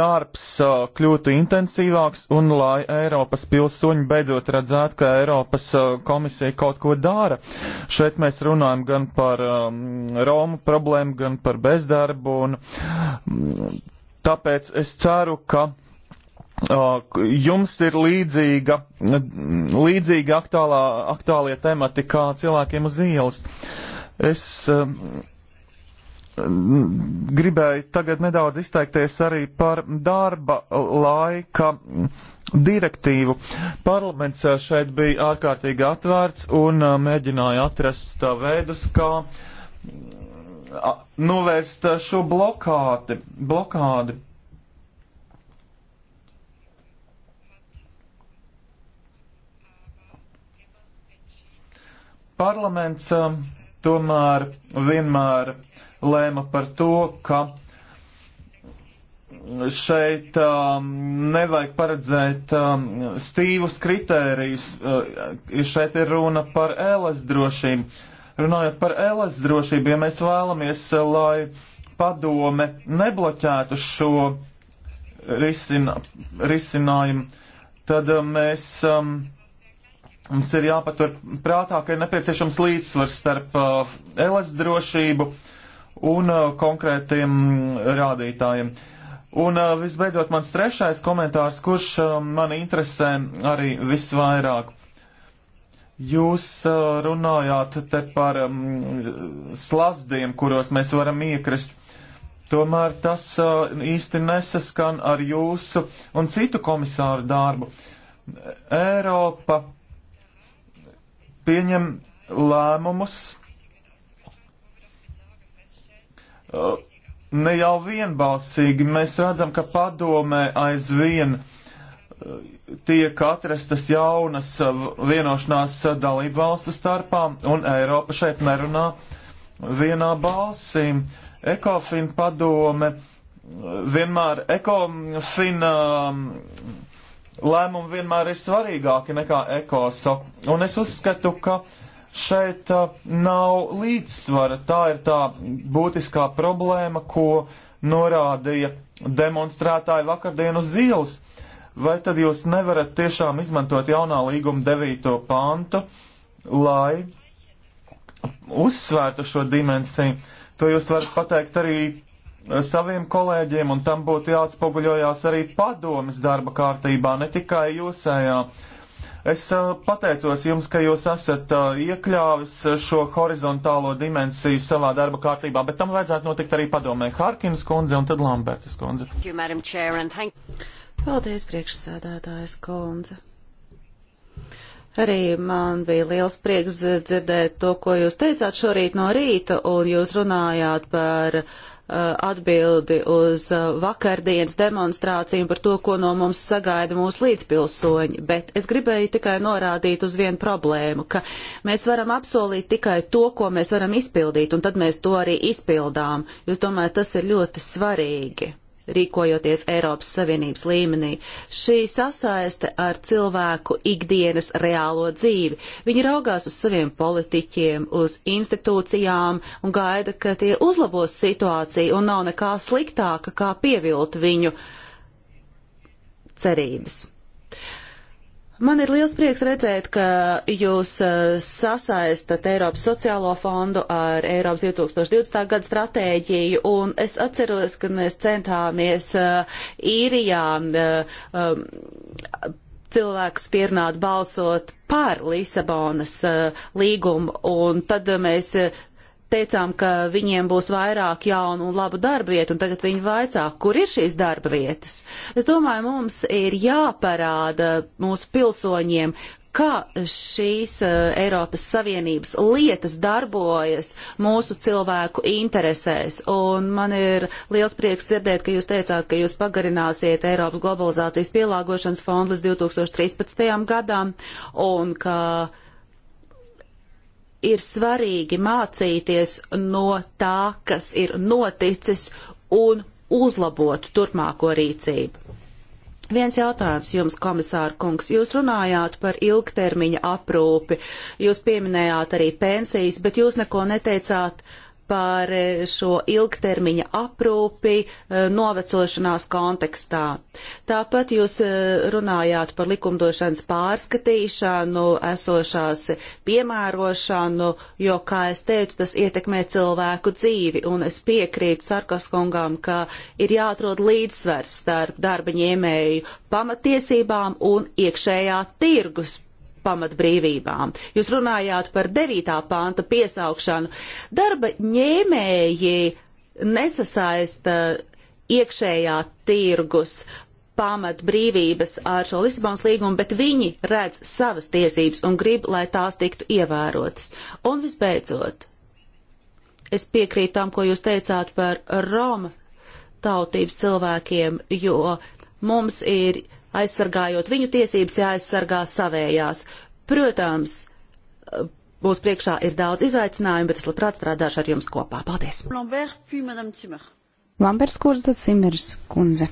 darbs uh, kļūtu intensīvāks un lai Eiropas pilsoņi beidzot redzētu, ka Eiropas uh, komisija kaut ko dara. Šeit mēs runājam gan par um, Romu problēmu, gan par bezdarbu. Un, um, Tāpēc es ceru, ka jums ir līdzīga, līdzīga aktuālā, aktuālie temati kā cilvēkiem uz ielas. Es gribēju tagad nedaudz izteikties arī par darba laika direktīvu. Parlaments šeit bija ārkārtīgi atvērts un mēģināja atrast veidus, kā novērst uh, šo blokādi. blokādi. Parlaments um, tomēr vienmēr lēma par to, ka šeit um, nevajag paredzēt um, stīvus kritērijus, uh, šeit ir runa par ēlas drošību. Uh, Runājot par LS drošību, ja mēs vēlamies, eh, lai padome nebloķētu šo risina, risinājumu, tad eh, mēs. Um, Mums ir jāpatur prātā, ka ir nepieciešams līdzsvars starp uh, eh, LS drošību un uh, konkrētiem rādītājiem. Un uh, visbeidzot, mans trešais komentārs, kurš uh, man interesē arī visvairāk. Uh, Jūs runājāt te par um, slazdiem, kuros mēs varam iekrist. Tomēr tas uh, īsti nesaskan ar jūsu un citu komisāru darbu. Eiropa pieņem lēmumus uh, ne jau vienbalsīgi. Mēs redzam, ka padomē aizvien uh, tiek atrastas jaunas eh, vienošanās eh, dalību valstu starpā, un Eiropa šeit nerunā vienā balsī. Ekofin padome eh, vienmēr, ekofin lēmumi vienmēr ir svarīgāki nekā ekosok, un es uzskatu, ka šeit nav līdzsvara. Tā ir tā būtiskā problēma, ko norādīja demonstrētāji vakardien uz ielas vai tad jūs nevarat tiešām izmantot jaunā līguma devīto pantu, lai uzsvērtu šo dimensiju? To jūs varat pateikt arī eh, saviem kolēģiem, un tam būtu jāatspoguļojās arī padomas darba kārtībā, ne tikai jūsējā. Es eh, pateicos jums, ka jūs esat eh, iekļāvis šo horizontālo dimensiju savā darba kārtībā, bet tam vajadzētu notikt arī padomē Harkins kundze un tad Lambertas kundze. Paldies, priekšsēdētājs Kondze. Arī man bija liels prieks dzirdēt to, ko jūs teicāt šorīt no rīta, un jūs runājāt par uh, atbildi uz uh, vakardienas demonstrāciju par to, ko no mums sagaida mūsu līdzpilsoņi, bet es gribēju tikai norādīt uz vienu problēmu, ka mēs varam apsolīt tikai to, ko mēs varam izpildīt, un tad mēs to arī izpildām. Jūs domājat, tas ir ļoti svarīgi rīkojoties Eiropas Savienības līmenī. Šī sasaiste ar cilvēku ikdienas reālo dzīvi. Viņi raugās uz saviem politiķiem, uz institūcijām un gaida, ka tie uzlabos situāciju un nav nekā sliktāka, kā pievilt viņu cerības. Man ir liels prieks redzēt, ka jūs uh, sasaistat Eiropas sociālo fondu ar Eiropas 2020. gada stratēģiju, un es atceros, ka mēs centāmies uh, īrijā uh, um, cilvēkus pierunāt balsot par Lisabonas līgumu, un tad mēs teicām, ka viņiem būs vairāk jaunu un labu darbvietu, un tagad viņi vaicā, kur ir šīs darbvietas. Es domāju, mums ir jāparāda mūsu pilsoņiem, kā šīs uh, Eiropas Savienības lietas darbojas mūsu cilvēku interesēs. Un man ir liels prieks dzirdēt, ka jūs teicāt, ka jūs pagarināsiet Eiropas globalizācijas pielāgošanas fondu līdz 2013. gadam un ka uh, ir svarīgi mācīties no tā, kas ir noticis un uzlabot turpmāko rīcību. Viens jautājums jums, komisāra kungs. Jūs runājāt par ilgtermiņa aprūpi, jūs pieminējāt arī pensijas, bet jūs neko neteicāt uh, par eh, šo ilgtermiņa aprūpi eh, novecošanās kontekstā. Tāpat jūs eh, runājāt par likumdošanas pārskatīšanu, esošās piemērošanu, jo, kā es teicu, tas ietekmē cilvēku dzīvi, un es piekrītu Sarkaskongām, ka ir jāatrod līdzsvers starp darba ņēmēju pamatiesībām un iekšējā tirgus pamatbrīvībām. Jūs runājāt par 9. panta piesaukšanu. Darba ņēmēji nesasaista iekšējā tirgus pamatbrīvības ar šo Lisabonas līgumu, bet viņi redz savas tiesības un grib, lai tās tiktu ievērotas. Un visbeidzot, es piekrītu tam, ko jūs teicāt par Roma tautības cilvēkiem, jo mums ir aizsargājot viņu tiesības, jāaizsargā savējās. Protams, būs priekšā ir daudz izaicinājumu, bet es labprāt strādāšu ar jums kopā. Paldies! Lamberts kundze, tad Simers kundze.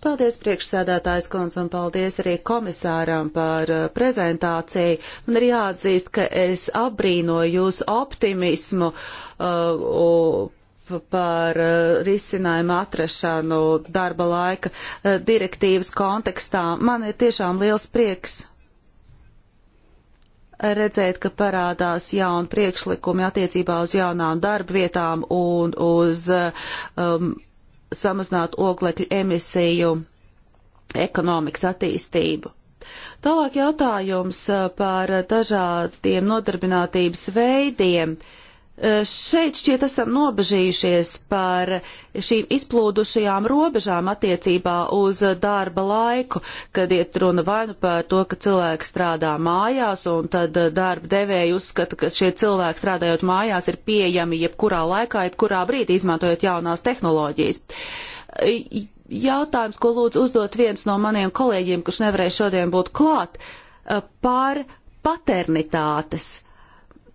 Paldies priekšsēdētājs kundze un paldies arī komisāram par uh, prezentāciju. Man ir jāatzīst, ka es apbrīnoju jūsu optimismu uh, par eh, risinājumu atrašanu darba laika eh, direktīvas kontekstā. Man ir tiešām liels prieks redzēt, ka parādās jauni priekšlikumi attiecībā uz jaunām darba vietām un uz eh, um, samazināt oglekļu emisiju ekonomikas attīstību. Tālāk jautājums par dažādiem nodarbinātības veidiem. Uh, Eh, šeit šķiet esam nobežījušies par šīm izplūdušajām robežām attiecībā uz darba laiku, kad iet runa vainu par to, ka cilvēki strādā mājās, un tad eh, darba devēji uzskata, ka šie cilvēki strādājot mājās ir pieejami jebkurā laikā, jebkurā brīdī, izmantojot jaunās tehnoloģijas eh, jautājums, ko lūdzu uzdot viens no maniem kolēģiem, kurš nevarēja šodien būt klāt, par paternitātes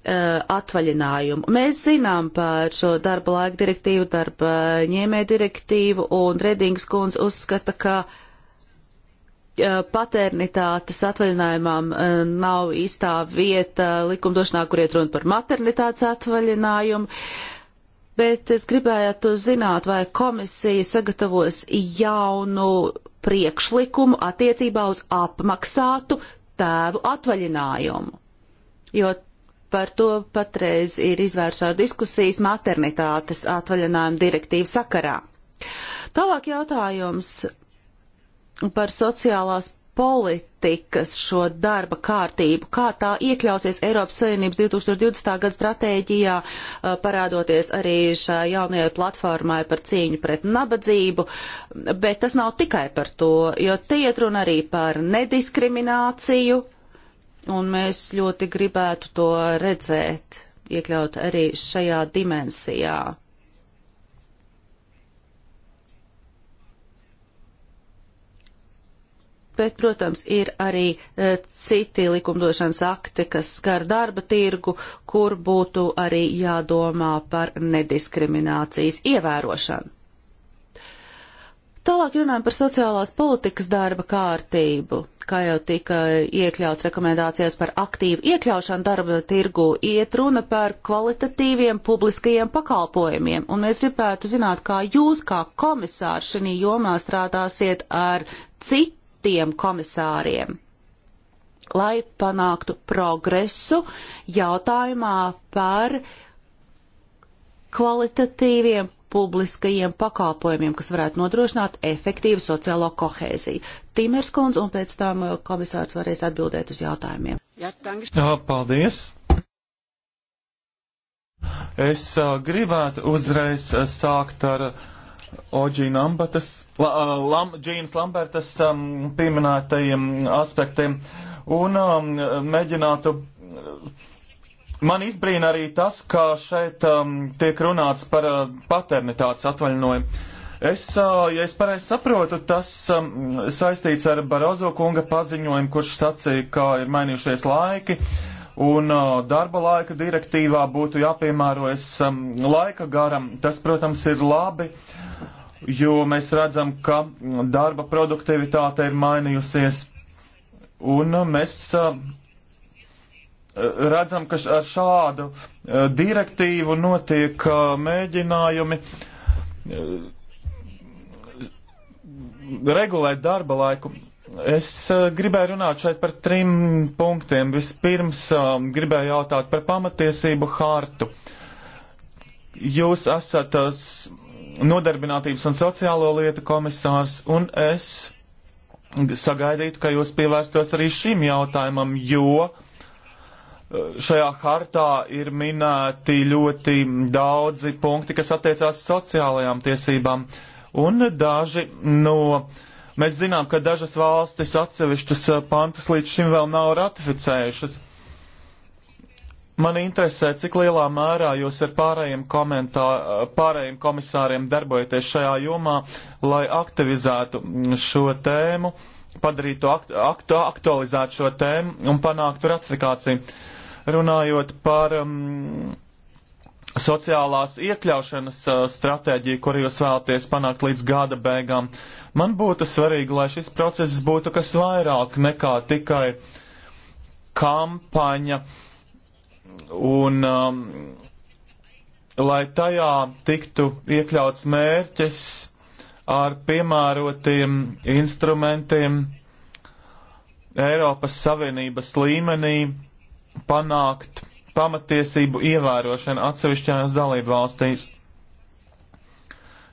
Uh, atvaļinājumu. Mēs zinām par šo darba laika direktīvu, darba ņēmē direktīvu, un Redings kundze uzskata, ka uh, paternitātes atvaļinājumam uh, nav īstā vieta likumdošanā, kur iet runa par maternitātes atvaļinājumu. Bet es gribētu zināt, vai komisija sagatavos jaunu priekšlikumu attiecībā uz apmaksātu tēvu atvaļinājumu. Jo Par to patreiz ir izvērsās diskusijas maternitātes atvaļinājuma direktīva sakarā. Tālāk jautājums par sociālās politikas šo darba kārtību, kā tā iekļausies Eiropas Savienības 2020. gada stratēģijā, parādoties arī šai jaunajai platformai par cīņu pret nabadzību, bet tas nav tikai par to, jo te iet runa arī par nediskrimināciju, un mēs ļoti gribētu to redzēt, iekļaut arī šajā dimensijā. Bet, protams, ir arī e, citi likumdošanas akti, kas skar darba tirgu, kur būtu arī jādomā par nediskriminācijas ievērošanu. Tālāk runājam par sociālās politikas darba kārtību, kā jau tika iekļauts rekomendācijās par aktīvu iekļaušanu darba tirgu, iet runa par kvalitatīviem publiskajiem pakalpojumiem, un mēs gribētu zināt, kā jūs kā komisārs šī jomā strādāsiet ar citiem komisāriem lai panāktu progresu jautājumā par kvalitatīviem publiskajiem pakāpojumiem, kas varētu nodrošināt efektīvu sociālo kohēziju. Tīmers kundze un pēc tam uh, komisārs varēs atbildēt uz jautājumiem. Jā, paldies! Es uh, gribētu uzreiz uh, sākt ar uh, Oģīna Ambatas, la, uh, lam, Džīnas Lambertas um, pieminētajiem aspektiem un um, mēģinātu uh, Man izbrīna arī tas, ka šeit um, tiek runāts par uh, paternitātes atvaļinājumu. Es, uh, ja es pareizi saprotu, tas um, saistīts ar Barozo kunga paziņojumu, kurš sacīja, ka ir mainījušies laiki un uh, darba laika direktīvā būtu jāpiemērojas um, laika garam. Tas, protams, ir labi, jo mēs redzam, ka darba produktivitāte ir mainījusies un uh, mēs. Uh, redzam, ka ar šādu e, direktīvu notiek e, mēģinājumi e, regulēt darba laiku. Es gribēju runāt šeit par trim punktiem. Vispirms gribēju jautāt par pamatiesību hārtu. Jūs esat nodarbinātības un sociālo lietu komisārs, un es sagaidītu, ka jūs pievērstos arī šim jautājumam, jo uh, šajā hartā ir minēti ļoti daudzi punkti, kas attiecās sociālajām tiesībām, un daži no. Mēs zinām, ka dažas valstis atsevišķas pantus līdz šim vēl nav ratificējušas. Man interesē, cik lielā mērā jūs ar pārējiem, komentā, pārējiem komisāriem darbojaties šajā jomā, lai aktivizētu šo tēmu, padarītu, aktu, aktualizētu šo tēmu un panāktu ratifikāciju. Uh, Runājot par um, sociālās iekļaušanas uh, stratēģiju, kur jūs vēlaties panākt līdz gada beigām, man būtu svarīgi, lai šis process būtu kas vairāk nekā tikai kampaņa un um, lai tajā tiktu iekļauts mērķis ar piemērotiem instrumentiem Eiropas Savienības līmenī panākt pamatiesību ievērošanu atsevišķās dalību valstīs.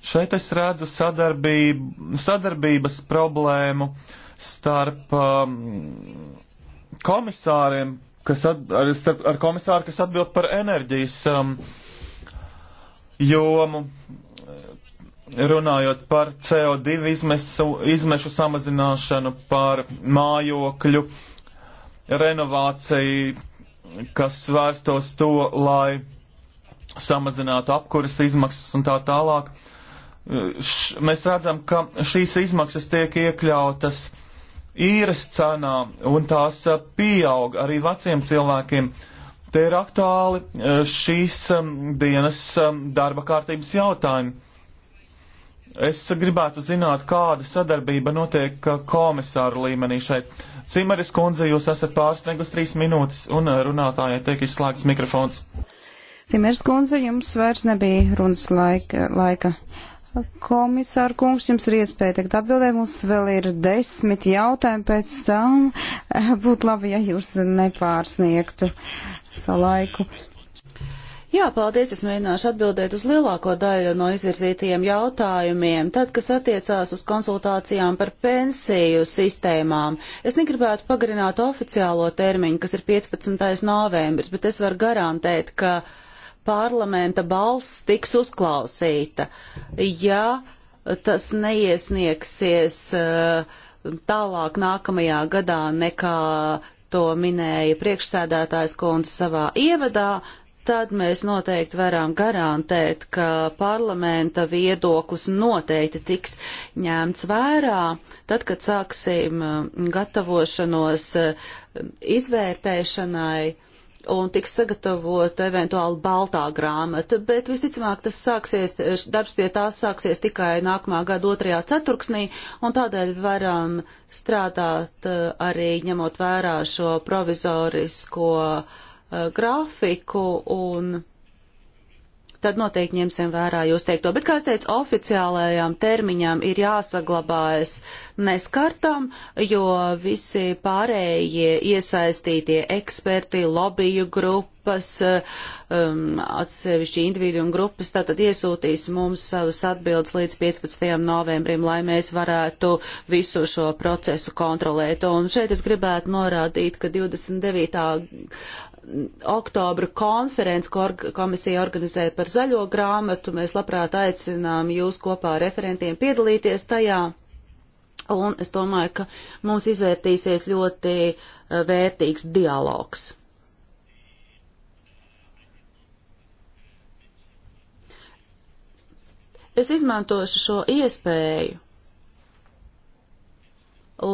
Šeit es redzu sadarbību, sadarbības problēmu starp um, komisāriem, kas at, ar, starp, ar komisāru, kas atbild par enerģijas um, jomu, runājot par CO2 izmesu, izmešu samazināšanu, par mājokļu renovāciju, kas vērstos to, lai samazinātu apkuras izmaksas un tā tālāk. Š, mēs redzam, ka šīs izmaksas tiek iekļautas īres cenā un tās pieaug arī veciem cilvēkiem. Tie ir aktuāli šīs dienas darba kārtības jautājumi. Es gribētu zināt, kāda sadarbība notiek komisāru līmenī šeit. Cimeris kundze, jūs esat pārsniegus trīs minūtes un eh, runātājai tiek izslēgts mikrofons. Cimeris kundze, jums vairs nebija runas laika. laika. Komisāra kungs, jums ir iespēja tagad atbildēt, mums vēl ir desmit jautājumi pēc tam. Eh, būtu labi, ja jūs nepārsniegtu savu laiku. Jā, paldies. Es mēģināšu atbildēt uz lielāko daļu no izvirzītajiem jautājumiem. Tad, kas attiecās uz konsultācijām par pensiju sistēmām, es negribētu pagarināt oficiālo termiņu, kas ir 15. novembris, bet es varu garantēt, ka parlamenta balss tiks uzklausīta. Ja tas neiesniegsies uh, tālāk nākamajā gadā nekā to minēja priekšsēdētājs kundze savā ievadā, tad mēs noteikti varam garantēt, ka parlamenta viedoklis noteikti tiks ņemts vērā, tad, kad sāksim mm, gatavošanos mm, izvērtēšanai un tiks sagatavota eventuāli baltā grāmata, bet visticamāk tas sāksies, darbs pie tās sāksies tikai nākamā gada otrajā ceturksnī, un tādēļ varam strādāt eh, arī ņemot vērā šo provizorisko uh, Uh, grafiku un tad noteikti ņemsim vērā jūs teikto. Bet, kā es teicu, oficiālajām termiņām ir jāsaglabājas neskartam, jo visi pārējie iesaistītie eksperti, lobiju grupas, um, atsevišķi individu un grupas, tātad iesūtīs mums savas atbildes līdz 15. novembrim, lai mēs varētu visu šo procesu kontrolēt. Un šeit es gribētu norādīt, ka 29 oktobra konferenci, ko org komisija organizē par zaļo grāmatu. Mēs labprāt aicinām jūs kopā ar referentiem piedalīties tajā. Un es domāju, ka mums izvērtīsies ļoti eh, vērtīgs dialogs. Es izmantošu šo iespēju,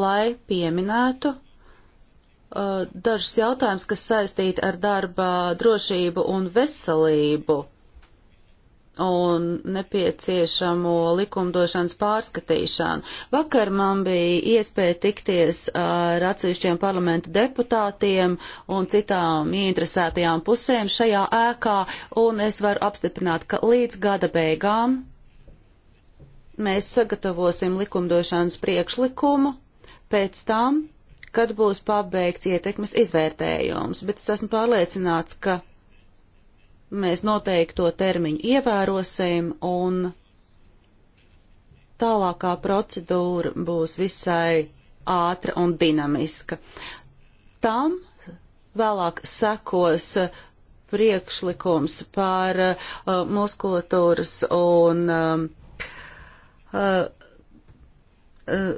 lai pieminētu Uh, dažus jautājumus, kas saistīti ar darba drošību un veselību un nepieciešamo likumdošanas pārskatīšanu. Vakar man bija iespēja tikties ar atsevišķiem parlamentu deputātiem un citām ieinteresētajām pusēm šajā ēkā, un es varu apstiprināt, ka līdz gada beigām mēs sagatavosim likumdošanas priekšlikumu, pēc tam kad būs pabeigts ietekmes izvērtējums, bet es esmu pārliecināts, ka mēs noteikto termiņu ievērosim un tālākā procedūra būs visai ātra un dinamiska. Tam vēlāk sekos priekšlikums par uh, muskulatūras un um, uh, uh,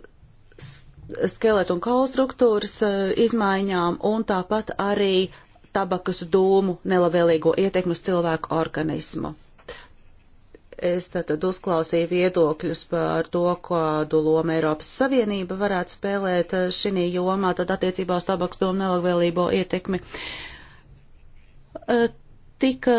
skeletu un kaulu struktūras e, izmaiņām un tāpat arī tabakas dūmu nelabvēlīgo ietekmi uz cilvēku organismu. Es tad uzklausīju viedokļus par to, kādu lomu Eiropas Savienība varētu spēlēt e, šī jomā, tad attiecībā uz tabaks domu nelabvēlīgo ietekmi. E, Tika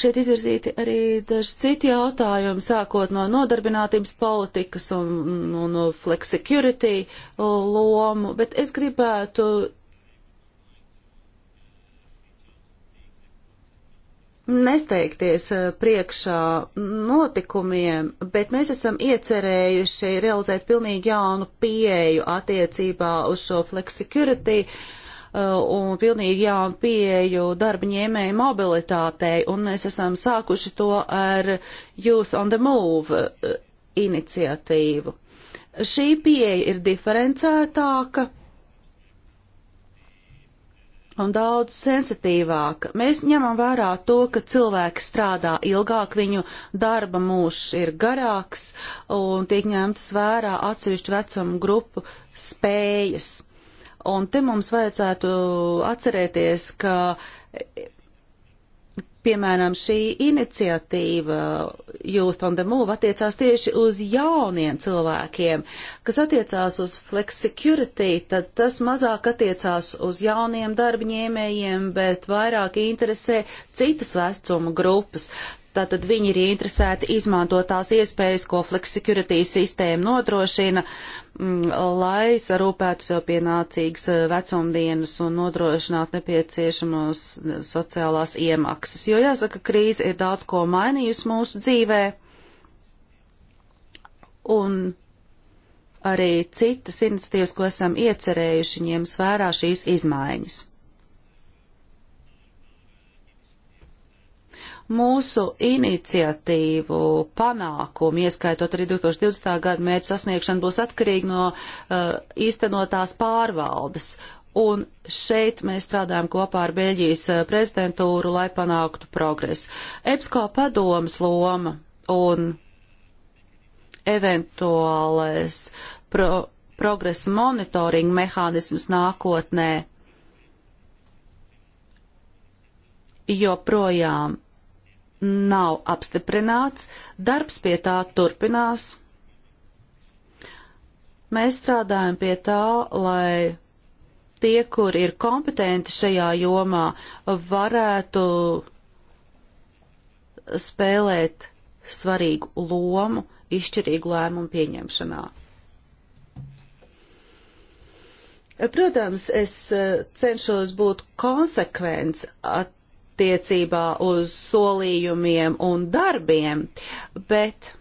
šeit izvirzīti arī daži citi jautājumi, sākot no nodarbinātības politikas un, un, nu, un flexicurity uh, lomu, bet es gribētu nesteigties uh, priekšā notikumiem, bet mēs esam iecerējuši realizēt pilnīgi jaunu pieeju attiecībā uz šo flexicurity. Uh, Eh, un pilnīgi jaunu pieeju darba ņēmēju mobilitātei, un mēs esam sākuši to ar Youth on the Move eh, iniciatīvu. Šī pieeja ir diferencētāka un daudz sensitīvāka. Mēs ņemam vērā to, ka cilvēki strādā ilgāk, viņu darba mūžs ir garāks un tiek ņemtas vērā atsevišķu vecumu grupu spējas. Un te mums vajadzētu atcerēties, ka, piemēram, šī iniciatīva Youth on the Move attiecās tieši uz jauniem cilvēkiem, kas attiecās uz flexicurity, tad tas mazāk attiecās uz jauniem darbiņēmējiem, bet vairāk interesē citas vecuma grupas. Tātad viņi ir interesēti izmantot tās iespējas, ko flexicurity sistēma nodrošina. Uh, Mm, lai sarūpētu sev pienācīgas eh, vecumdienas un nodrošinātu nepieciešamos eh, sociālās iemaksas. Jo jāsaka, krīze ir daudz ko mainījusi mūsu dzīvē, un arī citas iniciatīvas, ko esam iecerējuši, ņems vērā šīs izmaiņas. mūsu iniciatīvu panākumi, ieskaitot arī 2020. gada mērķu sasniegšanu, būs atkarīgi no uh, īstenotās pārvaldes. Un šeit mēs strādājam kopā ar Beļģijas uh, prezidentūru, lai panāktu progresu. EPSCO padomas loma un eventuālais pro progresa monitoringa mehānisms nākotnē joprojām nav apstiprināts, darbs pie tā turpinās. Mēs strādājam pie tā, lai tie, kur ir kompetenti šajā jomā, varētu spēlēt svarīgu lomu izšķirīgu lēmumu pieņemšanā. Protams, es eh, cenšos būt konsekvents at attiecībā uz solījumiem un darbiem, bet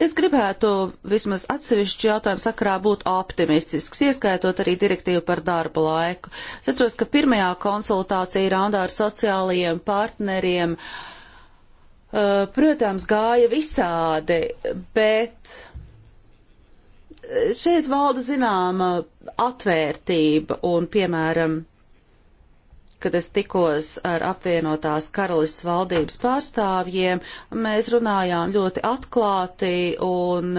Es gribētu vismaz atsevišķu jautājumu sakarā būt optimistisks, ieskaitot arī direktīvu par darba laiku. Es atceros, ka pirmajā konsultācija raundā ar sociālajiem partneriem, eh, protams, gāja visādi, bet šeit valda zināma atvērtība un, piemēram, kad es tikos ar apvienotās karalists valdības pārstāvjiem, mēs runājām ļoti atklāti un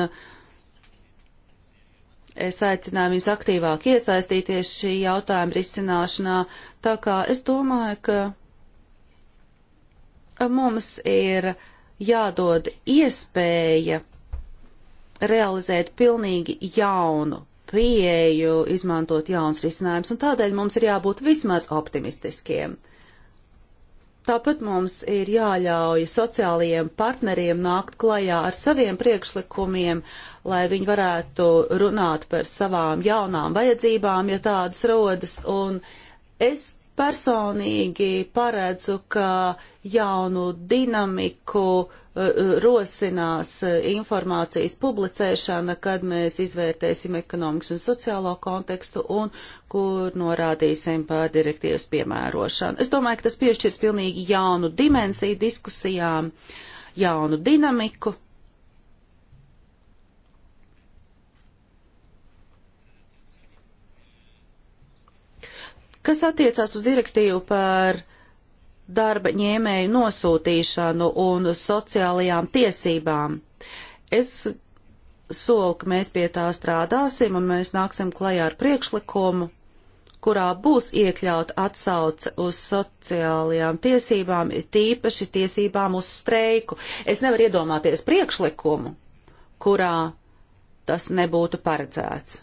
es aicināju viņus aktīvāk iesaistīties šī jautājuma risināšanā, tā kā es domāju, ka mums ir jādod iespēja realizēt pilnīgi jaunu pieeju, izmantot jauns risinājums, un tādēļ mums ir jābūt vismaz optimistiskiem. Tāpat mums ir jāļauj sociālajiem partneriem nākt klajā ar saviem priekšlikumiem, lai viņi varētu runāt par savām jaunām vajadzībām, ja tādas rodas, un es personīgi paredzu, ka jaunu dinamiku uh, Uh, uh, rosinās uh, informācijas publicēšana, kad mēs izvērtēsim ekonomikas un sociālo kontekstu un kur norādīsim par direktīvas piemērošanu. Es domāju, ka tas piešķirs pilnīgi jaunu dimensiju diskusijām, jaunu dinamiku. Kas attiecās uz direktīvu par darba ņēmēju nosūtīšanu un sociālajām tiesībām. Es solu, ka mēs pie tā strādāsim un mēs nāksim klajā ar priekšlikumu, kurā būs iekļaut atsauce uz sociālajām tiesībām, tīpaši tiesībām uz streiku. Es nevaru iedomāties priekšlikumu, kurā tas nebūtu paredzēts.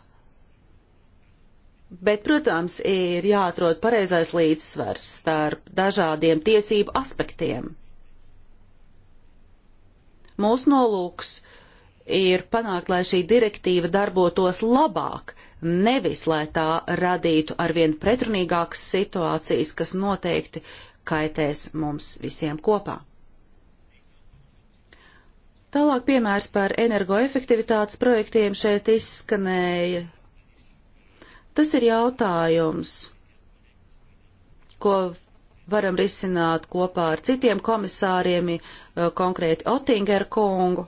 Bet, protams, ir jāatrod pareizais līdzsvars starp dažādiem tiesību aspektiem. Mūsu nolūks ir panākt, lai šī direktīva darbotos labāk, nevis lai tā radītu arvien pretrunīgākas situācijas, kas noteikti kaitēs mums visiem kopā. Tālāk piemērs par energoefektivitātes projektiem šeit izskanēja Tas ir jautājums, ko varam risināt kopā ar citiem komisāriem, eh, konkrēti Otingeru kungu.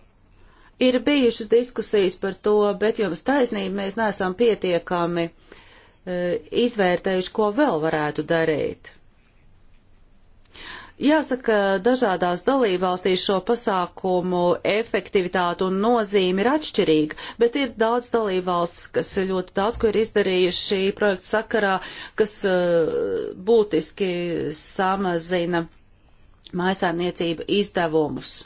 Ir bijušas diskusijas par to, bet jums taisnība mēs neesam pietiekami eh, izvērtējuši, ko vēl varētu darīt. Jāsaka, dažādās dalībvalstīs šo pasākumu efektivitāte un nozīme ir atšķirīga, bet ir daudz dalībvalsts, kas ļoti daudz ko ir izdarījuši projekta sakarā, kas eh, būtiski samazina mājasēmniecību izdevumus.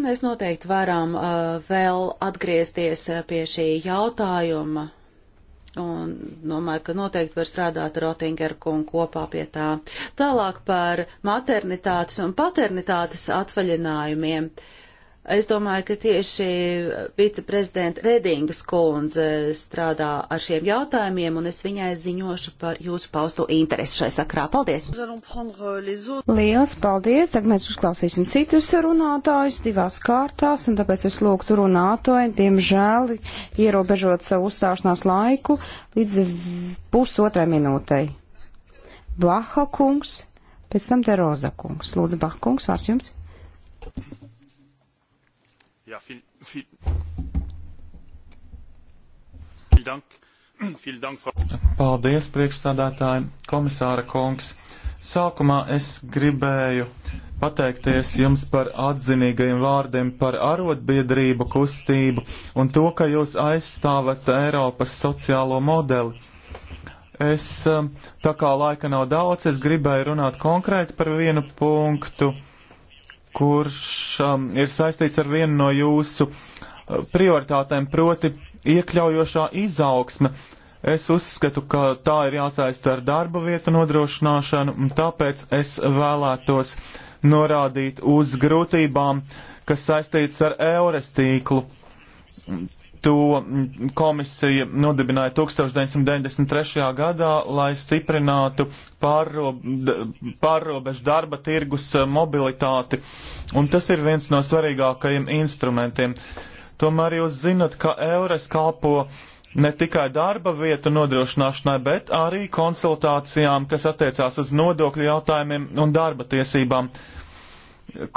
Mēs noteikti varam uh, vēl atgriezties eh, pie šī jautājuma Un domāju, ka noteikti var strādāt ar Otingeru kungu kopā pie tā. Tālāk par maternitātes un paternitātes atvaļinājumiem. Uh, Es domāju, ka tieši viceprezidenta Redingas kundze strādā ar šiem jautājumiem, un es viņai ziņošu par jūsu pausto interesi šai sakrā. Paldies! Euh, Lielas paldies! Tagad mēs uzklausīsim citus runātājus divās kārtās, un tāpēc es lūgtu runātāju, diemžēl, ierobežot savu uzstāšanās laiku līdz pusotrai minūtei. Baha kungs, pēc tam te Roza kungs. Lūdzu, Baha kungs, vārds jums! Thank you. Ja, viel, viel, viel dank. Viel dank for... Paldies, priekšstādātāji, komisāra kungs. Sākumā es gribēju pateikties jums par atzinīgajiem vārdiem par arotbiedrību kustību un to, ka jūs aizstāvat Eiropas sociālo modeli. Es, tā kā laika nav daudz, es gribēju runāt konkrēti par vienu punktu, kurš um, ir saistīts ar vienu no jūsu uh, prioritātēm, proti iekļaujošā izaugsme. Es uzskatu, ka tā ir jāsaista ar darba vietu nodrošināšanu, un tāpēc es vēlētos norādīt uz grūtībām, kas saistīts ar eures tīklu. To komisija nodibināja 1993. gadā, lai stiprinātu pārro, pārrobežu darba tirgus eh, mobilitāti, un tas ir viens no svarīgākajiem instrumentiem. Tomēr jūs zinat, ka eures kalpo ne tikai darba vietu nodrošināšanai, bet arī konsultācijām, kas attiecās uz nodokļu jautājumiem un darba tiesībām.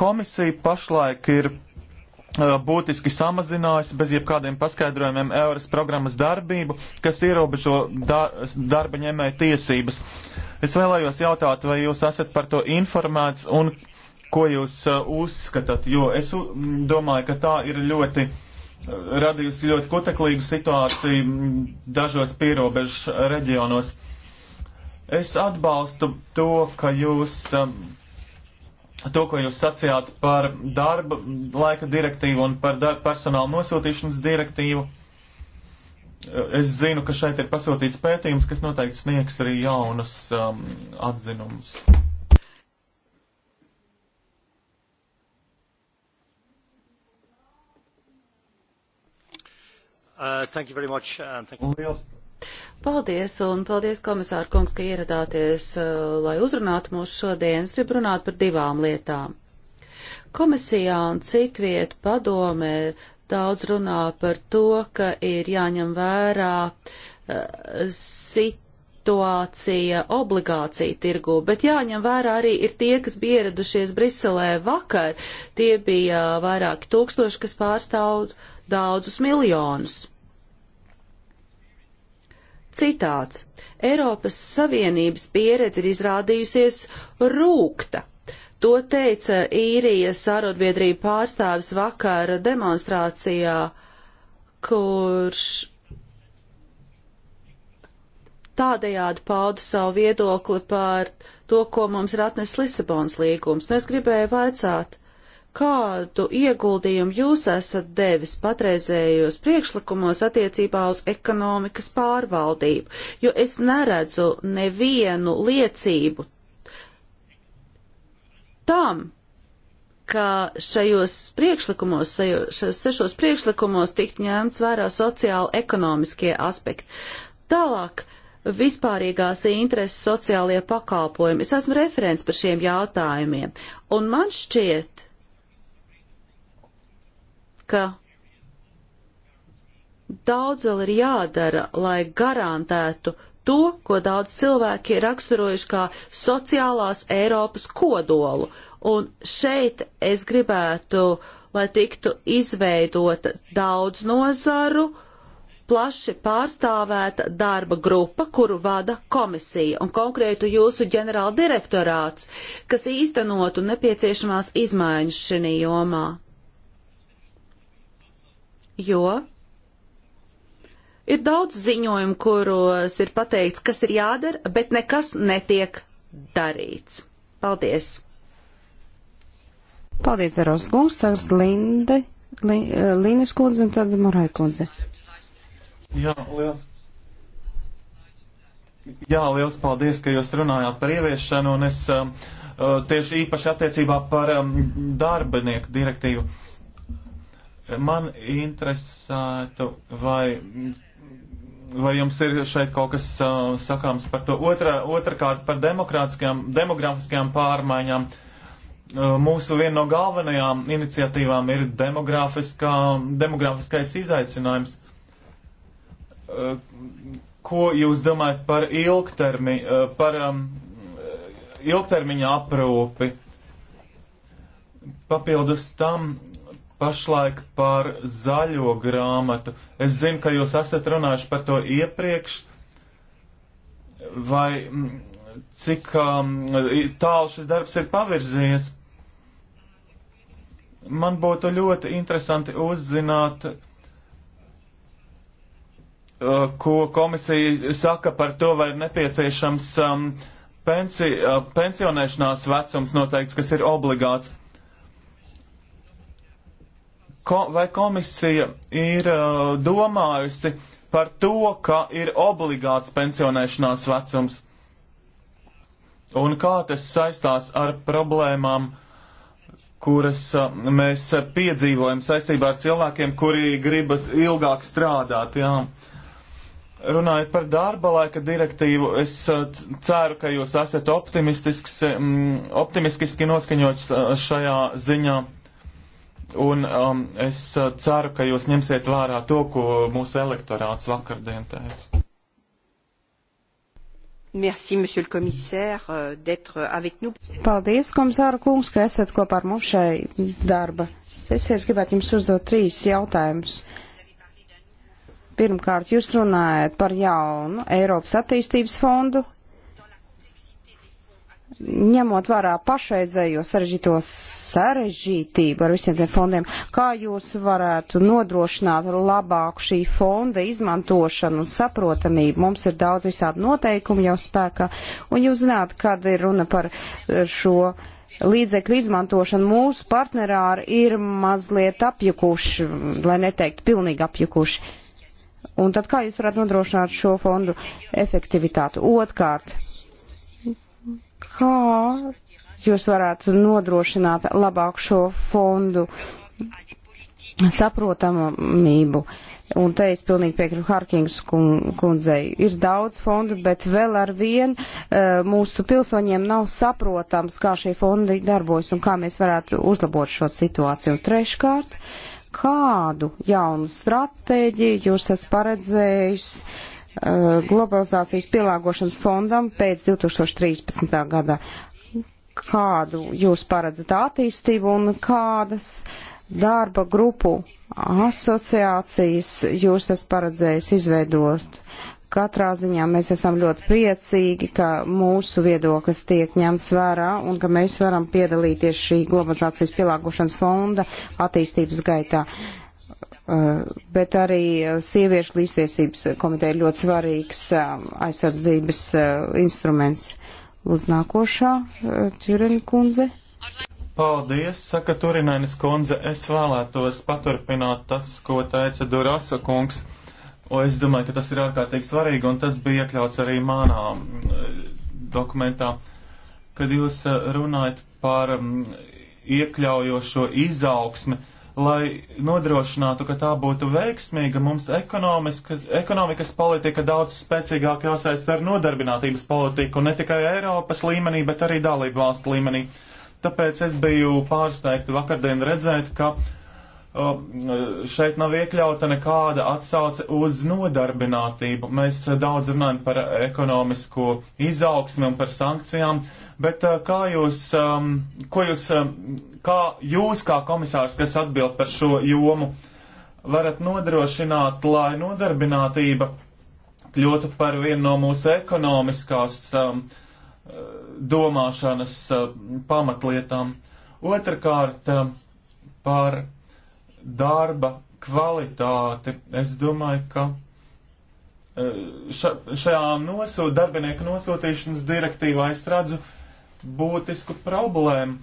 Komisija pašlaik ir Uh, būtiski samazinājis bez jebkādiem paskaidrojumiem Euras programmas darbību, kas ierobežo da darba ņēmēja tiesības. Es vēlējos jautāt, vai jūs esat par to informēts un ko jūs uh, uzskatāt, jo es domāju, ka tā ir ļoti uh, radījusi ļoti kuteklīgu situāciju dažos pierobežu reģionos. Es atbalstu to, ka jūs um, to, ko jūs sacījāt par darba laika direktīvu un par personāla nosūtīšanas direktīvu. Es zinu, ka šeit ir pasūtīts pētījums, kas noteikti sniegs arī jaunus um, atzinumus. Uh, thank you very much. Uh, thank you. Liels. Paldies, un paldies, komisāra kungs, ka ieradāties, uh, lai uzrunātu mūs šodien. Es gribu runāt par divām lietām. Komisijā un citviet padomē daudz runā par to, ka ir jāņem vērā uh, sit situācija obligācija tirgu, bet jāņem vērā arī ir tie, kas bija ieradušies Briselē vakar. Tie bija vairāki tūkstoši, kas pārstāv daudzus miljonus. Citāts Eiropas Savienības pieredze ir izrādījusies rūkta. To teica īrijas arotbiedrība pārstāvis vakara demonstrācijā, kurš tādējādi pauda savu viedokli par to, ko mums ir atnesis Lisabonas līgums. Un nu, es gribēju vaicāt, kādu ieguldījumu jūs esat devis patreizējos priekšlikumos attiecībā uz ekonomikas pārvaldību, jo es neredzu nevienu liecību tam, ka šajos priekšlikumos, šajos sešos priekšlikumos tikt ņemts vērā sociāli ekonomiskie aspekti. Tālāk vispārīgās intereses sociālie pakalpojumi. Es esmu referents par šiem jautājumiem, un man šķiet, ka daudz vēl ir jādara, lai garantētu to, ko daudz cilvēki ir raksturojuši kā sociālās Eiropas kodolu. Un šeit es gribētu, lai tiktu izveidota daudz nozaru, plaši pārstāvēta darba grupa, kuru vada komisija un konkrētu jūsu ģenerāldirektorāts, kas īstenotu nepieciešamās izmaiņas šajā jomā jo ir daudz ziņojumu, kuros ir pateikts, kas ir jādara, bet nekas netiek darīts. Paldies! Paldies, Eros Kungs, tās Linde, Līnes eh, kundze un tad Marai kundze. Jā, liels. Jā, liels paldies, ka jūs runājāt par ieviešanu un es um, uh, tieši īpaši attiecībā par um, darbinieku direktīvu. Uh, Man interesētu, vai, vai jums ir šeit kaut kas uh, sakāms par to. Otra, otrakārt par demografiskajām pārmaiņām. Uh, mūsu viena no galvenajām iniciatīvām ir demografiskais izaicinājums. Uh, ko jūs domājat par, ilgtermi, par um, ilgtermiņa aprūpi? Papildus tam pašlaik par zaļo grāmatu. Es zinu, ka jūs esat runājuši par to iepriekš, vai mm, cik um, tālu šis darbs ir pavirzījies. Man būtu ļoti interesanti uzzināt, uh, ko komisija saka par to, vai ir nepieciešams um, pensi, uh, pensionēšanās vecums noteikts, kas ir obligāts ko, vai komisija ir uh, domājusi par to, ka ir obligāts pensionēšanās vecums? Un kā tas saistās ar problēmām, kuras uh, mēs piedzīvojam saistībā ar cilvēkiem, kuri gribas ilgāk strādāt? Jā. Runājot par darba laika direktīvu, es uh, ceru, ka jūs esat optimistisks, mm, optimistiski noskaņots uh, šajā ziņā. Un um, es uh, ceru, ka jūs ņemsiet vērā to, ko mūsu elektorāts vakardien teica. Merci, monsieur le commissaire, euh, d'être avec nous. Paldies, komisāra kungs, ka esat kopā ar mums šai darba. Es, es gribētu jums uzdot trīs jautājumus. Pirmkārt, jūs runājat par jaunu Eiropas attīstības fondu, ņemot vērā pašreizējo sarežģīto sarežģītību ar visiem tiem fondiem, kā jūs varētu nodrošināt labāku šī fonda izmantošanu un saprotamību? Mums ir daudz visādi noteikumi jau spēkā, un jūs zināt, kad ir runa par šo līdzekļu izmantošanu mūsu partnerāri ir mazliet apjukuši, lai neteikt pilnīgi apjukuši. Un tad kā jūs varat nodrošināt šo fondu efektivitāti? Otkārt, Kā jūs varētu nodrošināt labāku šo fondu saprotamību? Un te es pilnīgi piekrītu Harkings kundzei. Ir daudz fondu, bet vēl ar vienu uh, eh, mūsu pilsoņiem nav saprotams, kā šie fondi darbojas un kā mēs varētu uzlabot šo situāciju. Un treškārt, kādu jaunu stratēģiju jūs esat paredzējis uh, Uh, globalizācijas pielāgošanas fondam pēc 2013. gada. Kādu jūs paredzat attīstību un kādas darba grupu asociācijas jūs esat paredzējis izveidot? Katrā ziņā mēs esam ļoti priecīgi, ka mūsu viedoklis tiek ņemts vērā un ka mēs varam piedalīties šī globalizācijas pielāgošanas fonda attīstības gaitā. Uh, Eh, bet arī eh, sieviešu līdztiesības komiteja ir ļoti svarīgs eh, aizsardzības instruments. Lūdzu, nākošā Čurina kundze. Paldies, saka Turinainis kundze. Es vēlētos paturpināt tas, ko teica Durasa kungs. O, es domāju, ka tas ir ārkārtīgi svarīgi, un tas bija iekļauts arī manā dokumentā, kad jūs runājat par mm, iekļaujošo izaugsmi. Uh, lai nodrošinātu, ka tā būtu veiksmīga, mums ekonomikas politika daudz spēcīgāk jāsaist ar nodarbinātības politiku, ne tikai Eiropas līmenī, bet arī dalību valstu līmenī. Tāpēc es biju pārsteigta vakardien redzēt, ka um, šeit nav iekļauta nekāda atsauce uz nodarbinātību. Mēs daudz runājam par ekonomisko izaugsmi un par sankcijām, bet uh, kā jūs, um, ko jūs um, kā jūs, kā komisārs, kas atbild par šo jomu, varat nodrošināt, lai nodarbinātība kļūtu par vienu no mūsu ekonomiskās um, domāšanas um, pamatlietām. Otrakārt, um, par darba kvalitāti. Es domāju, ka uh, ša, šajā nosūt, darbinieku nosūtīšanas direktīvā es redzu būtisku problēmu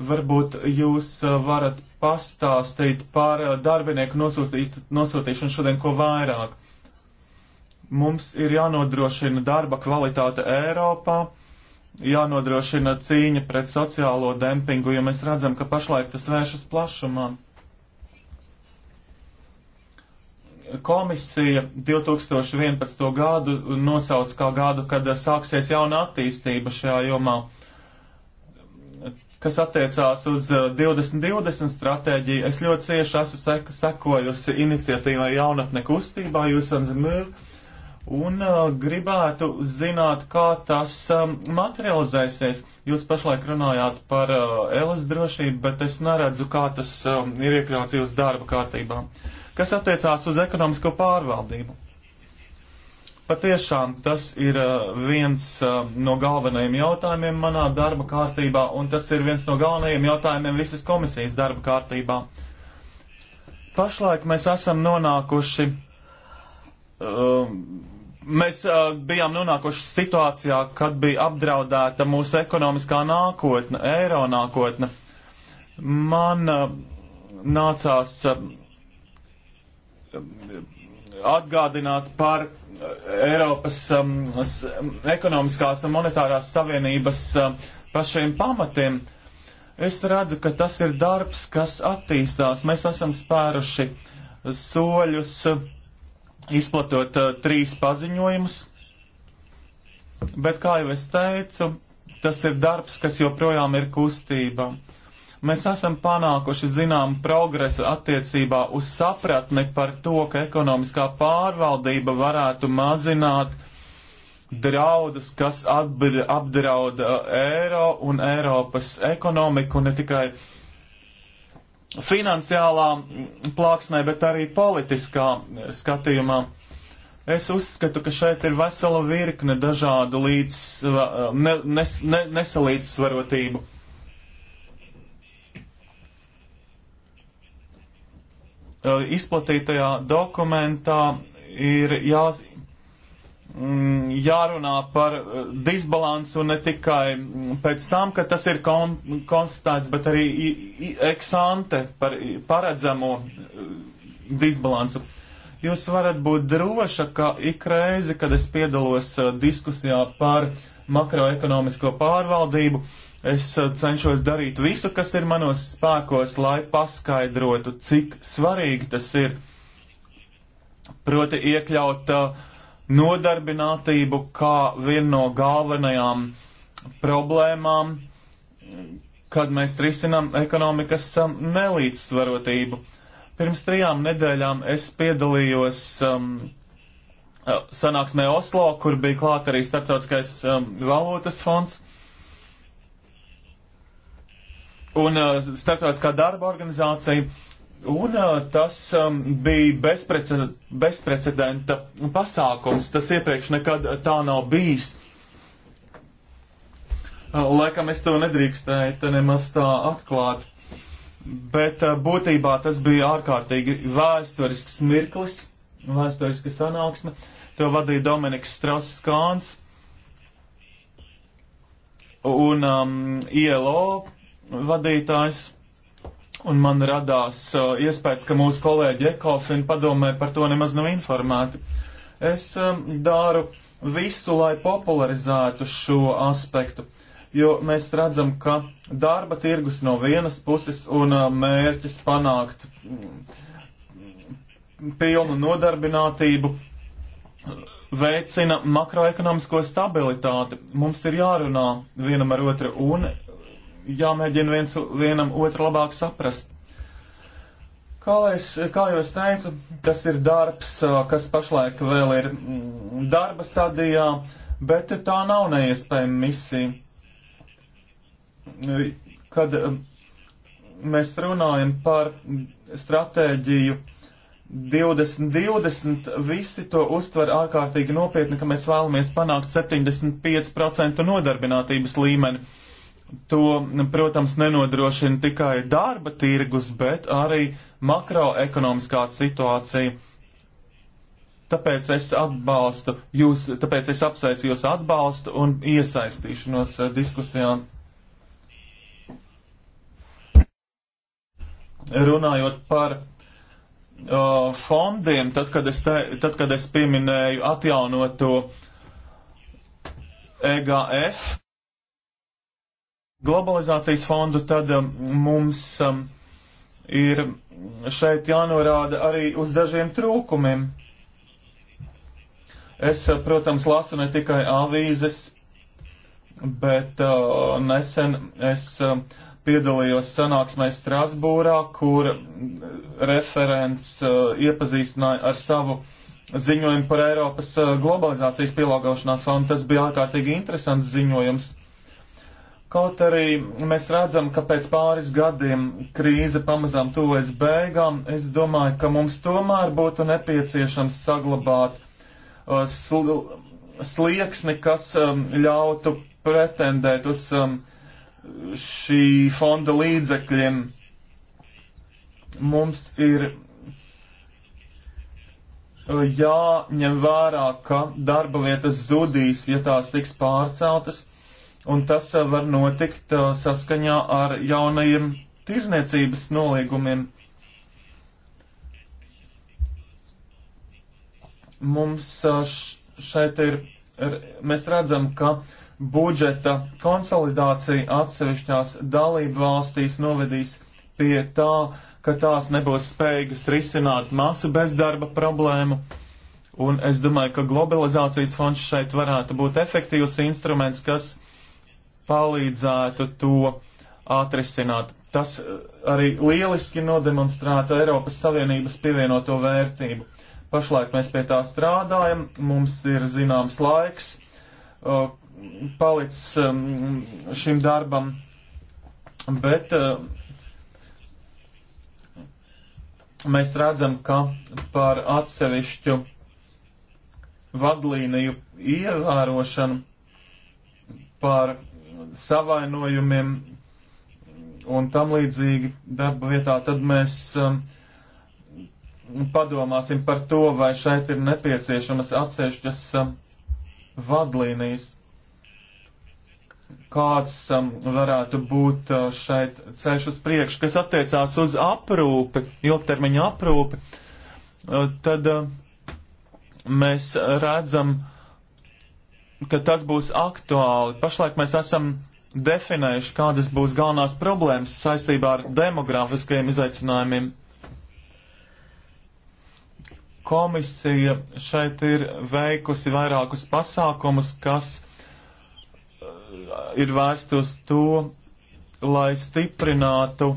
Varbūt jūs uh, varat pastāstīt par uh, darbinieku nosūtīšanu šodien ko vairāk. Mums ir jānodrošina darba kvalitāte Eiropā, jānodrošina cīņa pret sociālo dempingu, jo mēs redzam, ka pašlaik tas vēršas plašumā. Komisija 2011. gadu nosauc kā gadu, kad sāksies jauna attīstība šajā jomā kas attiecās uz 2020 eh, stratēģiju. Es ļoti cieši esmu sek sekojusi iniciatīvai jaunatne kustībā, jūs un Zemir, un uh, gribētu zināt, kā tas um, materializēsies. Jūs pašlaik runājāt par uh, eh, elas drošību, bet es neredzu, kā tas um, ir iekļauts jūsu darba kārtībā. Kas attiecās uz ekonomisko pārvaldību? Patiešām tas ir uh, viens uh, no galvenajiem jautājumiem manā darba kārtībā, un tas ir viens no galvenajiem jautājumiem visas komisijas darba kārtībā. Pašlaik mēs esam nonākuši, um, mēs uh, bijām nonākuši situācijā, kad bija apdraudēta mūsu ekonomiskā nākotne, eiro nākotne. Man nācās atgādināt par eh, Eiropas um, um, ekonomiskās un monetārās savienības um, pašiem pamatiem. Es redzu, ka tas ir darbs, kas attīstās. Mēs esam spēruši soļus, izplatot uh, trīs paziņojumus, bet, kā jau es teicu, tas ir darbs, kas joprojām ir kustībā. Uh, Mēs esam panākuši zinām progresu attiecībā uz sapratni par to, ka ekonomiskā pārvaldība varētu mazināt draudus, kas apdrauda eiro un Eiropas ekonomiku ne tikai finansiālā plāksnē, bet arī politiskā skatījumā. Es uzskatu, ka šeit ir vesela virkne dažādu līdz, ne, nes, ne, nesalīdzsvarotību. Eh, izplatītajā dokumentā ir jā, mm, jārunā par eh, disbalansu ne tikai pēc tam, ka tas ir kon, konstatēts, bet arī eksante par paredzamo eh, disbalansu. Jūs varat būt droša, ka ik reizi, kad es piedalos diskusijā par makroekonomisko pārvaldību, uh, Es uh, cenšos darīt visu, kas ir manos spēkos, lai paskaidrotu, cik svarīgi tas ir. Proti iekļaut uh, nodarbinātību kā vienu no galvenajām problēmām, kad mēs risinām ekonomikas um, nelīdzsvarotību. Pirms trijām nedēļām es piedalījos um, uh, sanāksmē Oslo, kur bija klāt arī Startautiskais um, valūtas fonds. un uh, starptautiskā darba organizācija. Un uh, tas um, bija bezprecedenta, bezprecedenta pasākums. Tas iepriekš nekad tā nav bijis. Uh, laikam es to nedrīkstēju te nemaz tā atklāt. Bet uh, būtībā tas bija ārkārtīgi vēsturisks mirklis, vēsturiska sanāksme. To vadīja Dominiks Strauss Kāns un um, ILO vadītājs. Un man radās uh, iespējas, ka mūsu kolēģi Ekofina padomē par to nemaz nav informēti. Es um, dāru visu, lai popularizētu šo aspektu, jo mēs redzam, ka darba tirgus no vienas puses un uh, mērķis panākt mm, pilnu nodarbinātību veicina makroekonomisko stabilitāti. Mums ir jārunā vienam ar otru un jāmēģina viens, vienam otru labāk saprast. Kā, es, kā jau es teicu, tas ir darbs, kas pašlaik vēl ir mm, darba stadijā, bet tā nav neiespējama misija. Kad mēs runājam par stratēģiju 2020, visi to uztver ārkārtīgi nopietni, ka mēs vēlamies panākt 75% nodarbinātības līmeni to, protams, nenodrošina tikai darba tirgus, bet arī makroekonomiskā situācija. Tāpēc es atbalstu jūs, tāpēc es apsveicu jūs atbalstu un iesaistīšanos eh, diskusijām. Runājot par uh, fondiem, tad, kad es, te, tad, kad es pieminēju atjaunoto EGF, globalizācijas fondu, tad um, mums um, ir šeit jānorāda arī uz dažiem trūkumiem. Es, uh, protams, lasu ne tikai avīzes, bet uh, nesen es uh, piedalījos sanāksmē Strasbūrā, kur uh, referents uh, iepazīstināja ar savu ziņojumu par Eiropas uh, globalizācijas pielāgošanās fondu. Tas bija ārkārtīgi interesants ziņojums. Kaut arī mēs redzam, ka pēc pāris gadiem krīze pamazām tuvojas beigām, es domāju, ka mums tomēr būtu nepieciešams saglabāt uh, sl slieksni, kas um, ļautu pretendēt uz um, šī fonda līdzekļiem. Mums ir uh, jāņem vērā, ka darba vietas zudīs, ja tās tiks pārceltas un tas eh, var notikt eh, saskaņā ar jaunajiem tirzniecības nolīgumiem. Mums eh, šeit ir, mēs redzam, ka budžeta konsolidācija atsevišķās dalību valstīs novedīs pie tā, ka tās nebūs spējīgas risināt masu bezdarba problēmu. Un es domāju, ka globalizācijas fonds šeit varētu būt efektīvs instruments, kas palīdzētu to atrisināt. Tas eh, arī lieliski nodemonstrētu Eiropas Savienības pievienoto vērtību. Pašlaik mēs pie tā strādājam, mums ir zināms laiks eh, palicis ehm, šim darbam, bet eh, mēs redzam, ka par atsevišķu vadlīniju ievērošanu par savainojumiem un tam līdzīgi darba vietā, tad mēs um, padomāsim par to, vai šeit ir nepieciešamas atsevišķas um, vadlīnijas, kāds um, varētu būt uh, šeit ceļš uz priekšu, kas attiecās uz aprūpi, ilgtermiņa aprūpi, uh, tad uh, mēs redzam, uh, ka tas būs aktuāli. Pašlaik mēs esam definējuši, kādas būs galvenās problēmas saistībā ar demografiskajiem izaicinājumiem. Komisija šeit ir veikusi vairākus pasākumus, kas uh, ir vērsti uz to, lai stiprinātu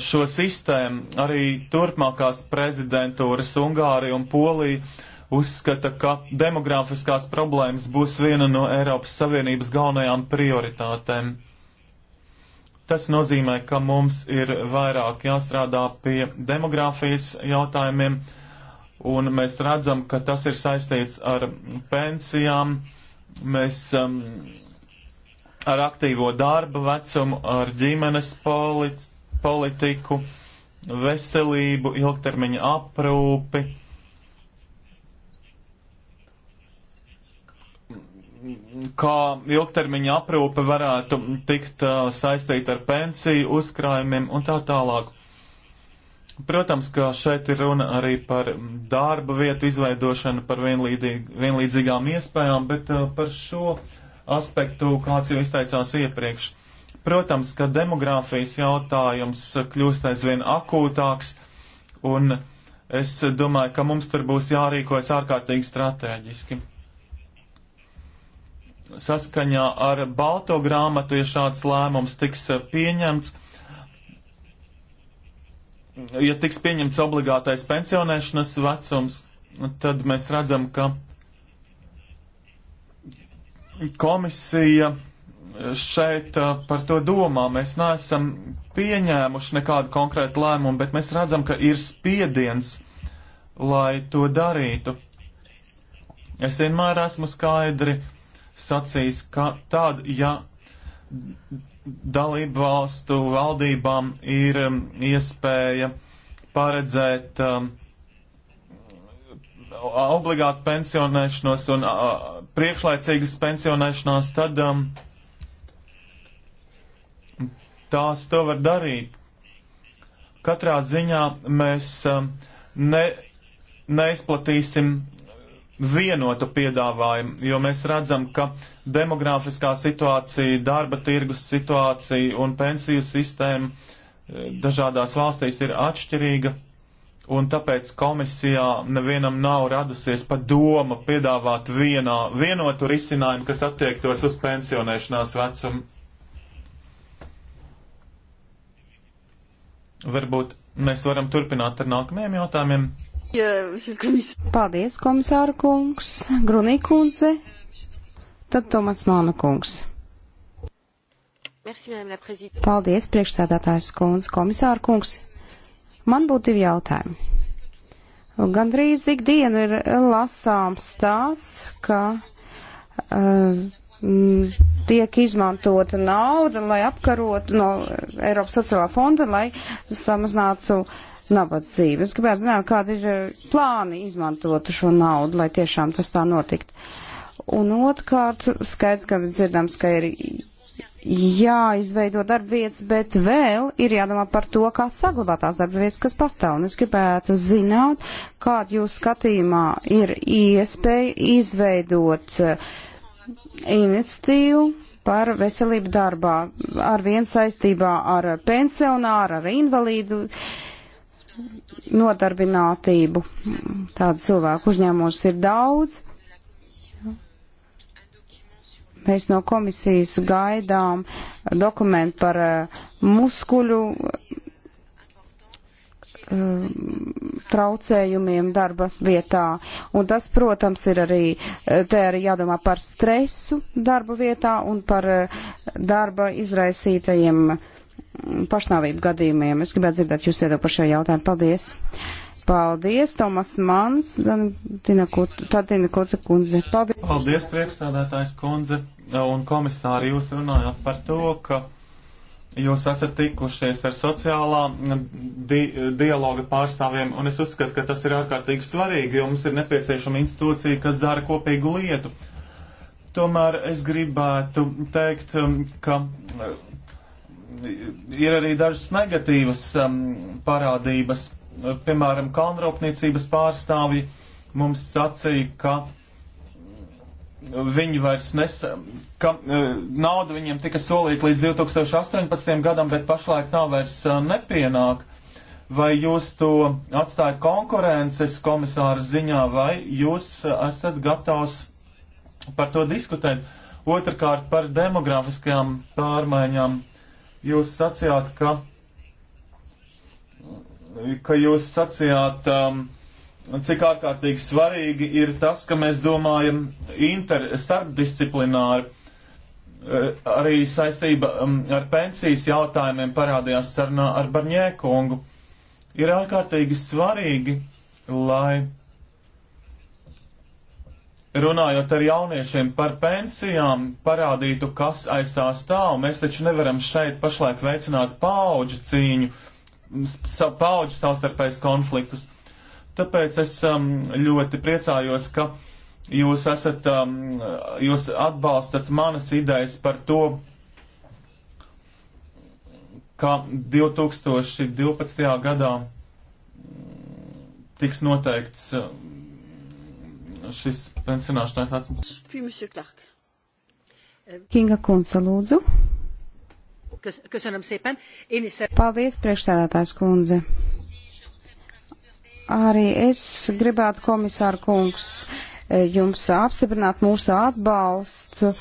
šo sistēmu arī turpmākās prezidentūras Ungārija un Polija uzskata, ka demografiskās problēmas būs viena no Eiropas Savienības galvenajām prioritātēm. Tas nozīmē, ka mums ir vairāk jāstrādā pie demografijas jautājumiem, un mēs redzam, ka tas ir saistīts ar pensijām, mēs um, ar aktīvo darba vecumu, ar ģimenes polit politiku, veselību, ilgtermiņa aprūpi kā ilgtermiņa aprūpe varētu tikt uh, saistīta ar pensiju uzkrājumiem un tā tālāk. Protams, ka šeit ir runa arī par darba vietu izveidošanu, par vienlīdzīgām iespējām, bet uh, par šo aspektu kāds jau izteicās iepriekš. Protams, ka demogrāfijas jautājums kļūst aizvien akūtāks, un es domāju, ka mums tur būs jārīkojas ārkārtīgi strateģiski saskaņā ar balto grāmatu, ja šāds lēmums tiks eh, pieņemts, ja tiks pieņemts obligātais pensionēšanas vecums, tad mēs redzam, ka komisija šeit eh, par to domā. Mēs neesam pieņēmuši nekādu konkrētu lēmumu, bet mēs redzam, ka ir spiediens, lai to darītu. Es vienmēr esmu skaidri sacījis, ka tad, ja dalību valstu valdībām ir um, iespēja paredzēt um, obligātu pensionēšanos un uh, priekšlaicīgas pensionēšanās, tad um, tās to var darīt. Katrā ziņā mēs um, ne, neizplatīsim vienotu piedāvājumu, jo mēs redzam, ka demografiskā situācija, darba tirgus situācija un pensiju sistēma eh, dažādās valstīs ir atšķirīga, un tāpēc komisijā nevienam nav radusies pa doma piedāvāt vienā, vienotu risinājumu, kas attiektos uz pensionēšanās vecumu. Varbūt mēs varam turpināt ar nākamajiem jautājumiem. Paldies, komisāra kungs, Grunī kundze, tad Tomats Nona kungs. Paldies, priekšstādātājs kundze, komisāra kungs. Man būtu divi jautājumi. Gandrīz ikdienu ir lasāms tās, ka uh, tiek izmantota nauda, lai apkarotu no Eiropas sociālā fonda, lai samazinātu uh, nabadzību. Es gribētu zināt, kādi ir eh, plāni izmantot šo naudu, lai tiešām tas tā notikt. Un otrkārt, skaidrs, ka dzirdams, ka ir jāizveido darba vietas, bet vēl ir jādomā par to, kā saglabāt tās darba vietas, kas pastāv. Un es gribētu zināt, kāda jūs skatījumā ir iespēja izveidot eh, iniciatīvu par veselību darbā ar vien saistībā ar pensionāru, ar invalīdu. Uh, nodarbinātību. Tādu cilvēku uzņēmumos ir daudz. Mēs no komisijas gaidām dokumentu par eh, muskuļu eh, traucējumiem darba vietā. Un tas, protams, ir arī, eh, te arī jādomā par stresu darba vietā un par darba izraisītajiem uh, pašnāvību gadījumiem. Es gribētu dzirdēt jūs viedokli par šo jautājumu. Paldies! Paldies, Tomas Mans, Tina Kuta kundze. Paldies, Paldies priekšstādātājs kundze un komisāri, jūs runājāt par to, ka jūs esat tikušies ar sociālā di dialoga pārstāvjiem, un es uzskatu, ka tas ir ārkārtīgi svarīgi, jo mums ir nepieciešama institūcija, kas dara kopīgu lietu. Tomēr es gribētu teikt, um, ka ir arī dažas negatīvas um, parādības. Piemēram, kalnrūpniecības pārstāvji mums sacīja, ka viņi vairs nes, ka uh, nauda viņiem tika solīta līdz 2018. gadam, bet pašlaik tā vairs uh, nepienāk. Vai jūs to atstājat konkurences komisāra ziņā, vai jūs uh, esat gatavs par to diskutēt? Otrakārt par demografiskajām pārmaiņām Jūs sacījāt, ka, ka jūs sacījāt, um, cik ārkārtīgi svarīgi ir tas, ka mēs domājam inter, starpdisciplināri. E, arī saistība um, ar pensijas jautājumiem parādījās sarunā ar Barņēkungu. Ir ārkārtīgi svarīgi, lai runājot ar jauniešiem par pensijām, parādītu, kas aiz tā stāv. Mēs taču nevaram šeit pašlaik veicināt paauģu cīņu, paauģu savstarpējas konfliktus. Tāpēc es um, ļoti priecājos, ka jūs, esat, um, jūs atbalstat manas idejas par to, ka 2012. gadā tiks noteikts. Uh, šis pensionāšanās atmaksas. Euh, Kinga Kunca, lūdzu. Köszönöm szépen. Én is Paldies, priekšsēdētājs kundze. Arī es gribētu, komisāra kungs, eh, jums apstiprināt mūsu atbalstu. Eh,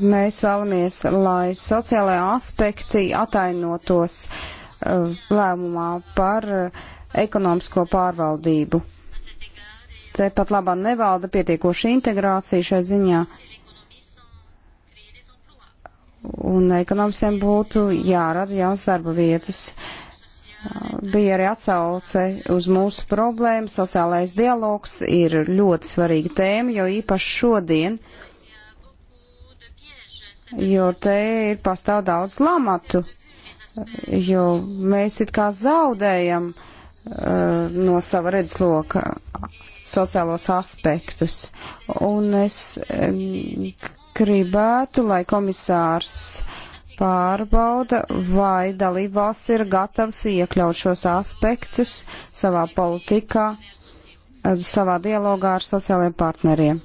mēs vēlamies, lai sociālajie aspekti atainotos eh, lēmumā par ekonomisko pārvaldību te pat labā nevalda pietiekoša integrācija šai ziņā. Un ekonomistiem būtu jārada jauns darba vietas. Bija arī atsauce uz mūsu problēmu. Sociālais dialogs ir ļoti svarīga tēma, jo īpaši šodien, jo te ir pastāv daudz lamatu, jo mēs it kā zaudējam uh, Uh, no sava redzesloka sociālos aspektus. Un es um, gribētu, lai komisārs pārbauda, vai dalībvalsts ir gatavs iekļaut šos aspektus savā politikā, uh, savā dialogā ar sociālajiem partneriem.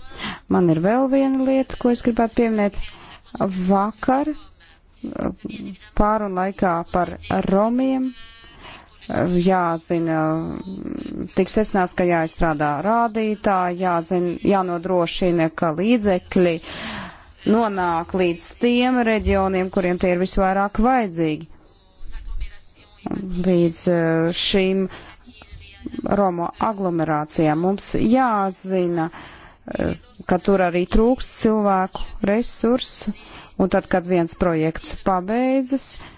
Man ir vēl viena lieta, ko es gribētu pieminēt. Vakar uh, pāru laikā par romiem jāzina, tik sesnās, ka jāizstrādā rādītāji, jāzina, jānodrošina, ka līdzekļi nonāk līdz tiem reģioniem, kuriem tie ir visvairāk vajadzīgi. Līdz e, šīm Romo aglomerācijām mums jāzina, e, ka tur arī trūks cilvēku resursu, un tad, kad viens projekts pabeidzas, uh,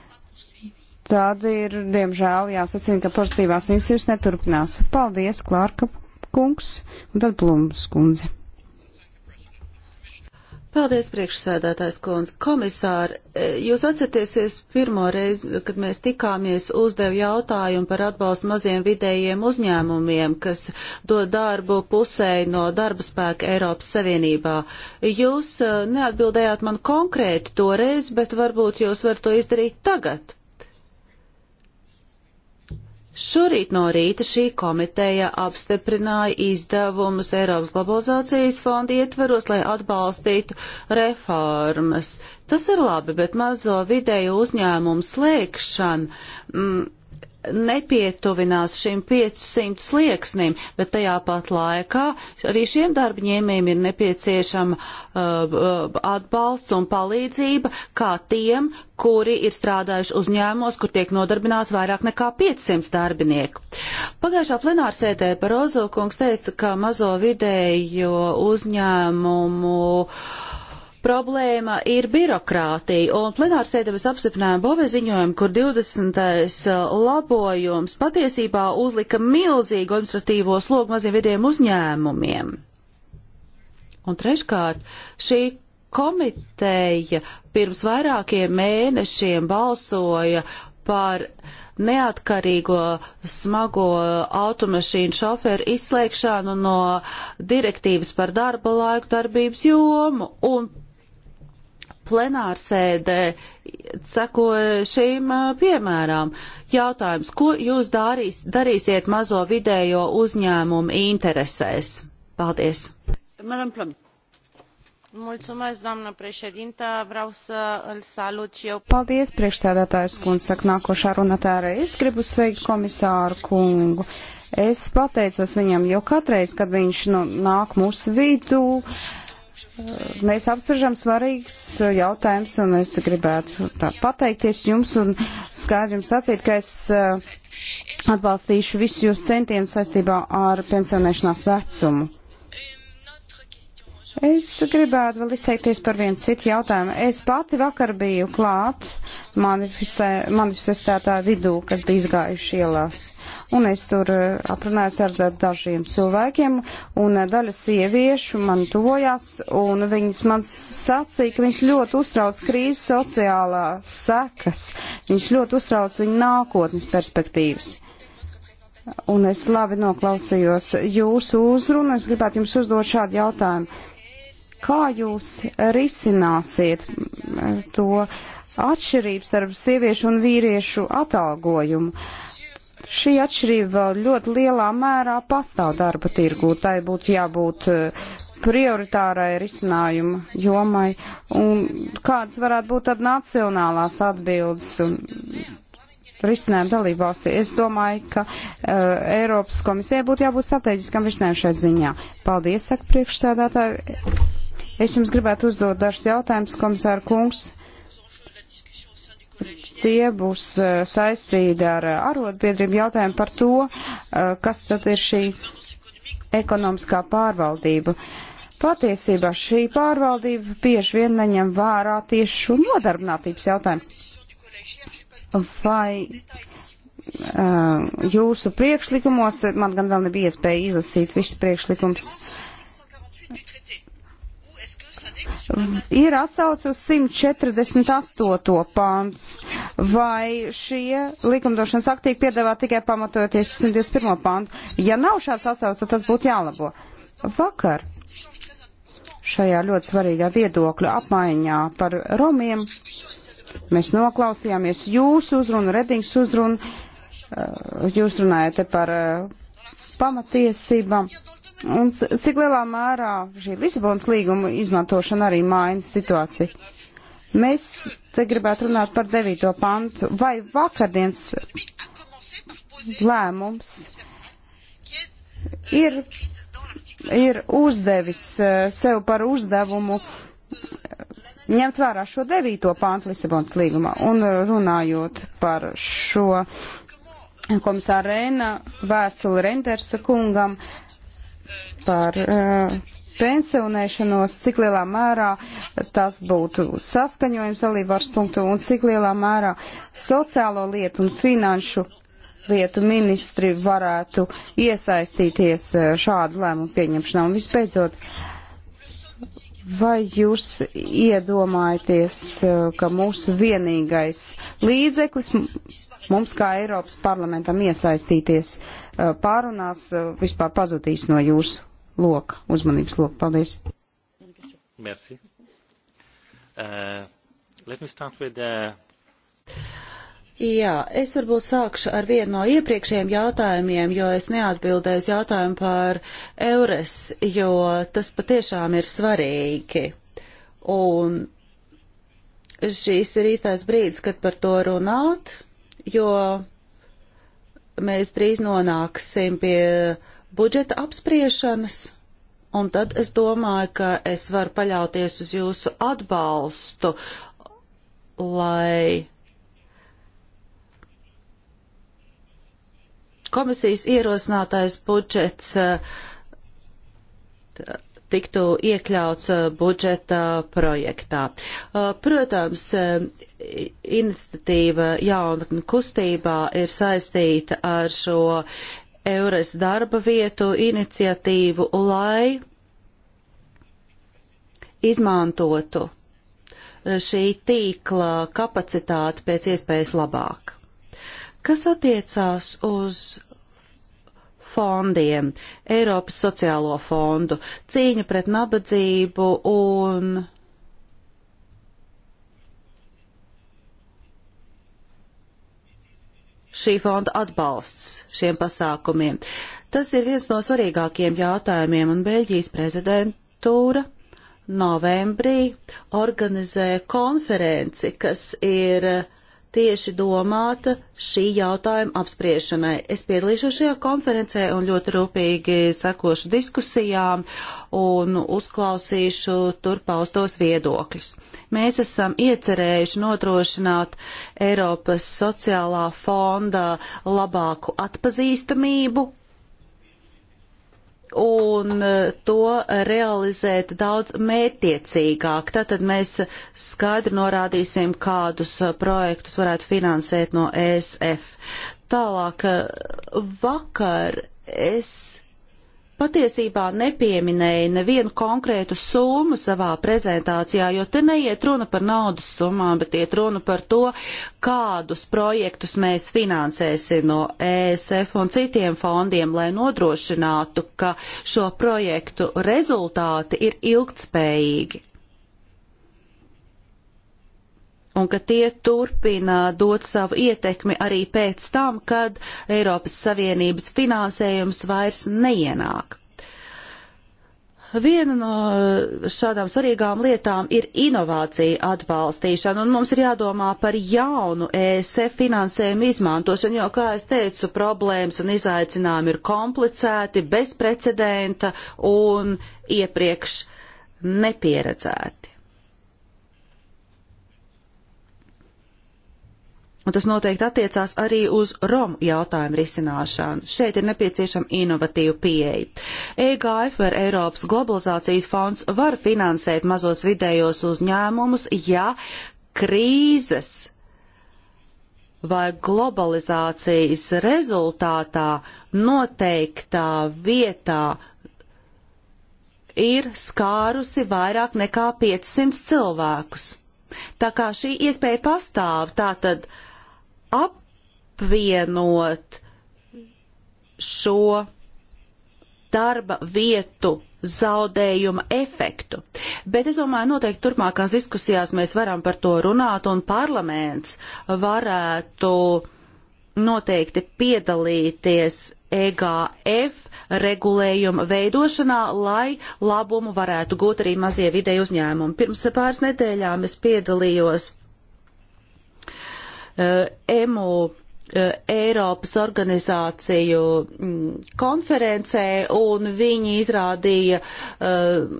tad ir, diemžēl, jāsacina, ka pozitīvās institūcijas neturpinās. Paldies, Klārka kungs, un tad Plums kundze. Paldies, priekšsēdētājs kundze. Komisāri, e, jūs atcerieties pirmo reizi, kad mēs tikāmies uzdev jautājumu par atbalstu maziem vidējiem uzņēmumiem, kas dod darbu pusēji no darba spēka Eiropas Savienībā. Jūs e, neatbildējāt man konkrēti toreiz, bet varbūt jūs varat to izdarīt tagad. Šorīt no rīta šī komiteja apstiprināja izdevumus Eiropas globalizācijas fonda ietveros, lai atbalstītu reformas. Tas ir labi, bet mazo vidēju uzņēmumu slēgšana. Mm, nepietuvinās šim 500 slieksnim, bet tajā pat laikā arī šiem darbņēmējiem ir nepieciešama uh, uh, atbalsts un palīdzība kā tiem, kuri ir strādājuši uzņēmumos, kur tiek nodarbināti vairāk nekā 500 darbinieku. Pagājušā plenārsēdē Barozo kungs teica, ka mazo vidējo uzņēmumu uh, Problēma ir birokrātija, un plenārsēde mēs apstiprinājām Bove ziņojumu, kur 20. Uh, labojums patiesībā uzlika milzīgu administratīvo slogu maziem vidiem uzņēmumiem. Un treškārt, šī komiteja pirms vairākiem mēnešiem balsoja par neatkarīgo smago automašīnu šoferu izslēgšanu no direktīvas par darba laiku darbības jomu. Un plenārsēdē sekoja šīm piemērām. Jautājums, ko jūs darīs, darīsiet mazo vidējo uzņēmumu interesēs? Paldies. Madam Plum. Mulțumesc, doamnă președintă, vreau să îl salut și eu. Paldies, priekšstādātājs kundze, saka nākošā runātāra. Es gribu sveikt komisāru kungu. Es pateicos viņam, jo katreiz, kad viņš nu, nāk mūsu vidū, uh, Mēs apsveržam svarīgs uh, jautājums, un es gribētu pateikties jums un skaidri jums sacīt, ka es uh, atbalstīšu visus jūs centienus saistībā ar pensionēšanās vecumu. Es gribētu vēl izteikties par vienu citu jautājumu. Es pati vakar biju klāt manifestētāju vidū, kas bija izgājuši ielās. Un es tur eh, aprunājos ar dažiem cilvēkiem, un eh, daļa sieviešu man tojās, un viņas man sacīja, ka viņš ļoti uztrauc krīzes sociālā sekas. Viņš ļoti uztrauc viņu nākotnes perspektīvas. Un es labi noklausījos jūsu uzrunu, es gribētu jums uzdot šādu jautājumu Kā jūs risināsiet mm, to atšķirības starp sieviešu un vīriešu atalgojumu? Šī atšķirība vēl ļoti lielā mērā pastāv darba tirgū. Tai būtu jābūt eh, prioritārai risinājuma jomai. Un kādas varētu būt tad nacionālās atbildes un risinājumu dalībvalstī. Es domāju, ka uh, Eiropas komisijai būtu jābūt strateģiskam risinājumam šai ziņā. Paldies, saka priekšsēdētāji. Es jums gribētu uzdot dažus jautājumus, komisāra kungs. Tie būs eh, saistīti ar eh, arotbiedrību jautājumu par to, eh, kas tad ir šī ekonomiskā pārvaldība. Patiesībā šī pārvaldība bieži vien neņem vērā tieši šo nodarbinātības jautājumu. Vai uh, jūsu priekšlikumos, man gan vēl nebija iespēja izlasīt visus priekšlikumus, uh, ir atsauce uz 148. pāntu. Vai šie likumdošanas akti tiek piedāvāti tikai pamatojoties uz 121. pāntu? Ja nav šāds atsauce, tad tas būtu jālabo. Vakar šajā ļoti svarīgā viedokļa apmaiņā par romiem mēs noklausījāmies jūsu uzrunu, Redings uzrunu, uh, jūs runājat par uh, pamatiesībām. Un cik lielā mērā šī Lisabonas līguma izmantošana arī maina situāciju? Mēs te gribētu runāt par devīto pantu. Vai vakardienas lēmums ir, ir uzdevis e, sev par uzdevumu e, ņemt vērā šo devīto pantu Lisabonas līgumā un runājot par šo komisāra Rēna vēstuli Rendersa kungam, par uh, pensionēšanos, cik lielā mērā tas būtu saskaņojums dalībvārds punktu un cik lielā mērā sociālo lietu un finanšu lietu ministri varētu iesaistīties šādu lēmumu pieņemšanā. Un visbeidzot, vai jūs iedomājaties, ka mūsu vienīgais līdzeklis mums kā Eiropas parlamentam iesaistīties pārunās vispār pazudīs no jūsu loka, uzmanības loka. Paldies. Merci. Uh, let me start with the... Uh, Jā, es varbūt sākšu ar vienu no iepriekšējiem jautājumiem, jo es neatbildēju uz jautājumu par eures, jo tas patiešām ir svarīgi. Un šīs ir īstais brīdis, kad par to runāt, jo mēs drīz nonāksim pie uh, budžeta apspriešanas, un tad es domāju, ka es varu paļauties uz jūsu atbalstu, lai komisijas ierosinātais budžets eh, tiktu iekļauts eh, budžeta projektā. Eh, protams, iniciatīva jaunatni kustībā ir saistīta ar šo Eures darba vietu iniciatīvu, lai izmantotu šī tīkla kapacitāti pēc iespējas labāk. Kas attiecās uz fondiem, Eiropas sociālo fondu, cīņu pret nabadzību un šī fonda atbalsts šiem pasākumiem. Tas ir viens no svarīgākiem jautājumiem, un Beļģijas prezidentūra novembrī organizē konferenci, kas ir tieši domāta šī jautājuma apspriešanai. Es piedalīšos šajā konferencē un ļoti rūpīgi sekošu diskusijām un uzklausīšu tur paustos viedokļus. Mēs esam iecerējuši nodrošināt Eiropas sociālā fonda labāku atpazīstamību un e, to realizēt daudz mētiecīgāk. Tātad mēs skaidri norādīsim, kādus e, projektus varētu finansēt no ESF. Tālāk e, vakar es patiesībā nepieminēja nevienu konkrētu summu savā prezentācijā, jo te neiet runa par naudas summām, bet iet runa par to, kādus projektus mēs finansēsim no ESF un citiem fondiem, lai nodrošinātu, ka šo projektu rezultāti ir ilgtspējīgi un ka tie turpina dot savu ietekmi arī pēc tam, kad Eiropas Savienības finansējums vairs neienāk. Viena no šādām svarīgām lietām ir inovācija atbalstīšana, un mums ir jādomā par jaunu ESF finansējumu izmantošanu, jo, kā es teicu, problēmas un izaicinājumi ir komplicēti, bezprecedenta un iepriekš nepieredzēti. Un tas noteikti attiecās arī uz Romu jautājumu risināšanu. Šeit ir nepieciešama inovatīva pieeja. EGF var Eiropas globalizācijas fonds var finansēt mazos vidējos uzņēmumus, ja krīzes vai globalizācijas rezultātā noteiktā vietā ir skārusi vairāk nekā 500 cilvēkus. Tā kā šī iespēja pastāv, tā tad uh, apvienot šo darba vietu zaudējuma efektu. Bet es domāju, noteikti turpmākās diskusijās mēs varam par to runāt un parlaments varētu noteikti piedalīties EGF regulējuma veidošanā, lai labumu varētu gūt arī mazie vidēji uzņēmumi. Pirms pāris nedēļām es piedalījos Eh, EMU eh, Eiropas organizāciju mm, konferencē, un viņi izrādīja eh,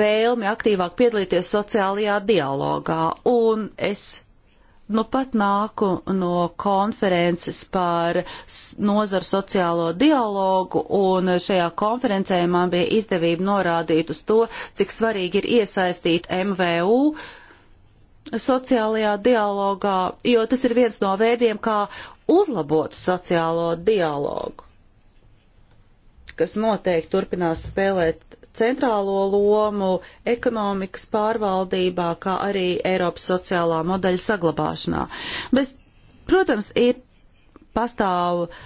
vēlmi aktīvāk piedalīties sociālajā dialogā. Un es nu pat nāku no konferences par nozaru sociālo dialogu, un šajā konferencē man bija izdevība norādīt uz to, cik svarīgi ir iesaistīt MVU sociālajā dialogā, jo tas ir viens no veidiem, kā uzlabot sociālo dialogu, kas noteikti turpinās spēlēt centrālo lomu ekonomikas pārvaldībā, kā arī Eiropas sociālā modeļa saglabāšanā. Bez, protams, ir pastāv uh,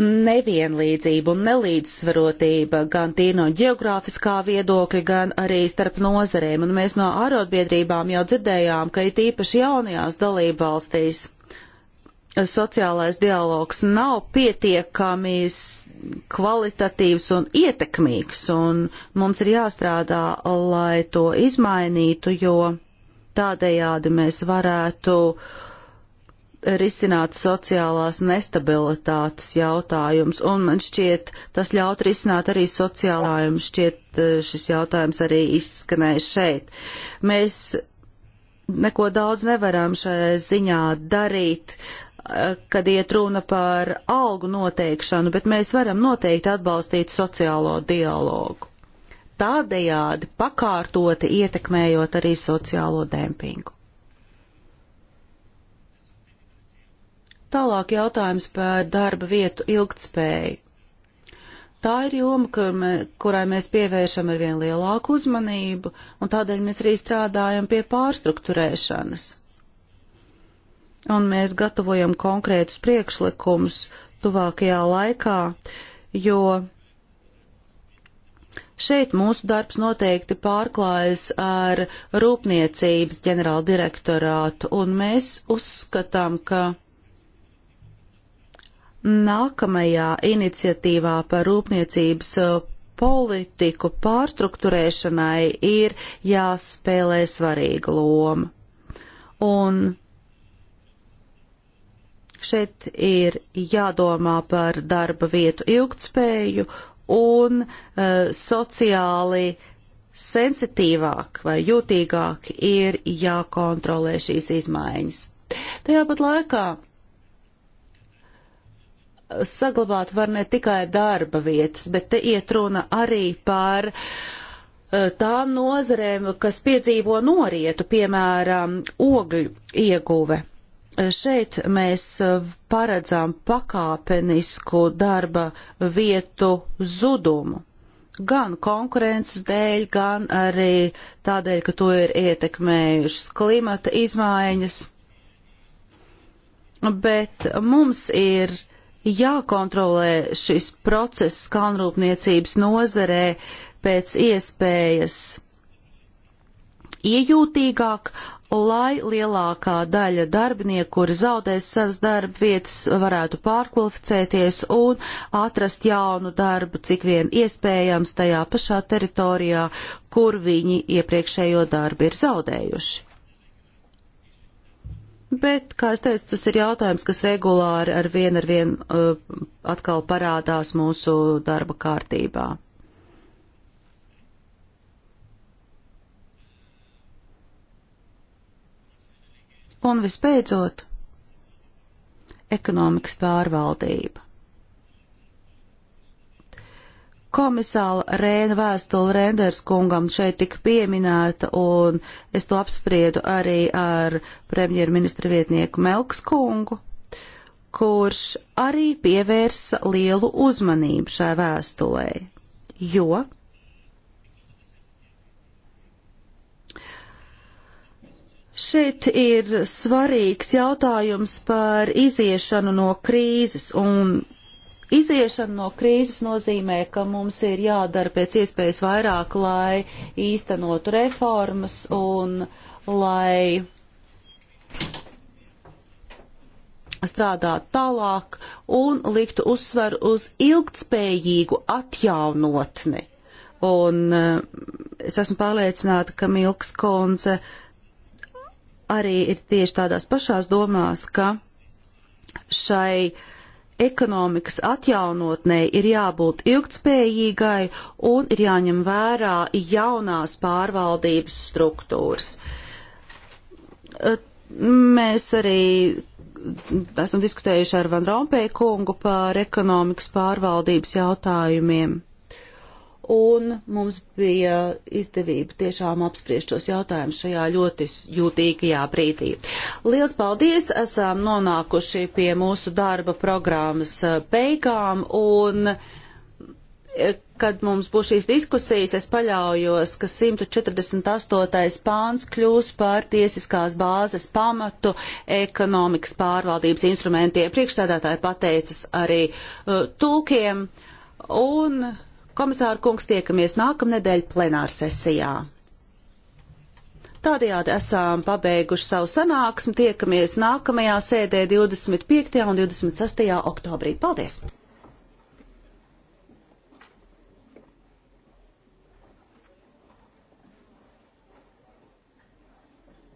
nevienlīdzība un nelīdzsvarotība gan tīri no geogrāfiskā viedokļa, gan arī starp nozarēm, un mēs no ārotbiedrībām jau dzirdējām, ka it īpaši jaunajās dalība valstīs sociālais dialogs nav pietiekami kvalitatīvs un ietekmīgs, un mums ir jāstrādā, lai to izmainītu, jo tādējādi mēs varētu uh, risināt sociālās nestabilitātes jautājums, un man šķiet, tas ļaut risināt arī sociālājumu, šķiet eh, šis jautājums arī izskanēja šeit. Mēs neko daudz nevaram šajā ziņā darīt, eh, kad iet runa par algu noteikšanu, bet mēs varam noteikti atbalstīt sociālo dialogu. Tādējādi pakārtoti ietekmējot arī sociālo dempingu. Tālāk jautājums par darba vietu ilgtspēju. Tā ir joma, kur mē, kurai mēs pievēršam ar vien lielāku uzmanību, un tādēļ mēs arī strādājam pie pārstruktūrēšanas. Un mēs gatavojam konkrētus priekšlikumus tuvākajā laikā, jo šeit mūsu darbs noteikti pārklājas ar rūpniecības ģenerāldirektorātu, un mēs uzskatām, ka nākamajā iniciatīvā par rūpniecības uh, politiku pārstruktūrēšanai ir jāspēlē svarīga loma. Un šeit ir jādomā par darba vietu ilgtspēju un uh, sociāli sensitīvāk vai jūtīgāk ir jākontrolē šīs izmaiņas. Tajāpat laikā saglabāt var ne tikai darba vietas, bet te iet runa arī par e, tām nozarēm, kas piedzīvo norietu, piemēram, ogļu ieguve. E, šeit mēs e, paredzām pakāpenisku darba vietu zudumu. Gan konkurences dēļ, gan arī tādēļ, ka to ir ietekmējušas klimata izmaiņas. Bet mums ir uh, jākontrolē šis process kalnrūpniecības nozarē pēc iespējas iejūtīgāk, lai lielākā daļa darbinieku, kuri zaudēs savas darba vietas, varētu pārkvalificēties un atrast jaunu darbu, cik vien iespējams tajā pašā teritorijā, kur viņi iepriekšējo darbu ir zaudējuši. Bet, kā es teicu, tas ir jautājums, kas regulāri ar vienu ar vienu uh, atkal parādās mūsu darba kārtībā. Un visbeidzot, ekonomikas pārvaldība. komisāla Rēna vēstule Renders kungam šeit tika pieminēta, un es to apspriedu arī ar premjerministra vietnieku Melks kungu, kurš arī pievērsa lielu uzmanību šai vēstulē, jo Šeit ir svarīgs jautājums par iziešanu no krīzes, un Iziešana no krīzes nozīmē, ka mums ir jādara pēc iespējas vairāk, lai īstenotu reformas un lai strādātu tālāk un liktu uzsvaru uz ilgtspējīgu atjaunotni. Un eh, es esmu pārliecināta, ka Milks Konze arī ir tieši tādās pašās domās, ka šai uh, ekonomikas atjaunotnei ir jābūt ilgtspējīgai un ir jāņem vērā jaunās pārvaldības struktūras. Mēs arī esam diskutējuši ar Van Rompēju kungu par ekonomikas pārvaldības jautājumiem un mums bija izdevība tiešām apspriest šos jautājumus šajā ļoti jūtīgajā brīdī. Liels paldies! Esam nonākuši pie mūsu darba programmas eh, beigām un eh, kad mums būs šīs diskusijas, es paļaujos, ka 148. pāns kļūs par tiesiskās bāzes pamatu ekonomikas pārvaldības instrumentiem. Priekšsēdētāji pateicas arī uh, tulkiem un Komisāra kungs tiekamies nākamnedēļ plenārsesijā. Tādējādi esam pabeiguši savu sanāksmi, tiekamies nākamajā sēdē 25. un 26. oktobrī. Paldies!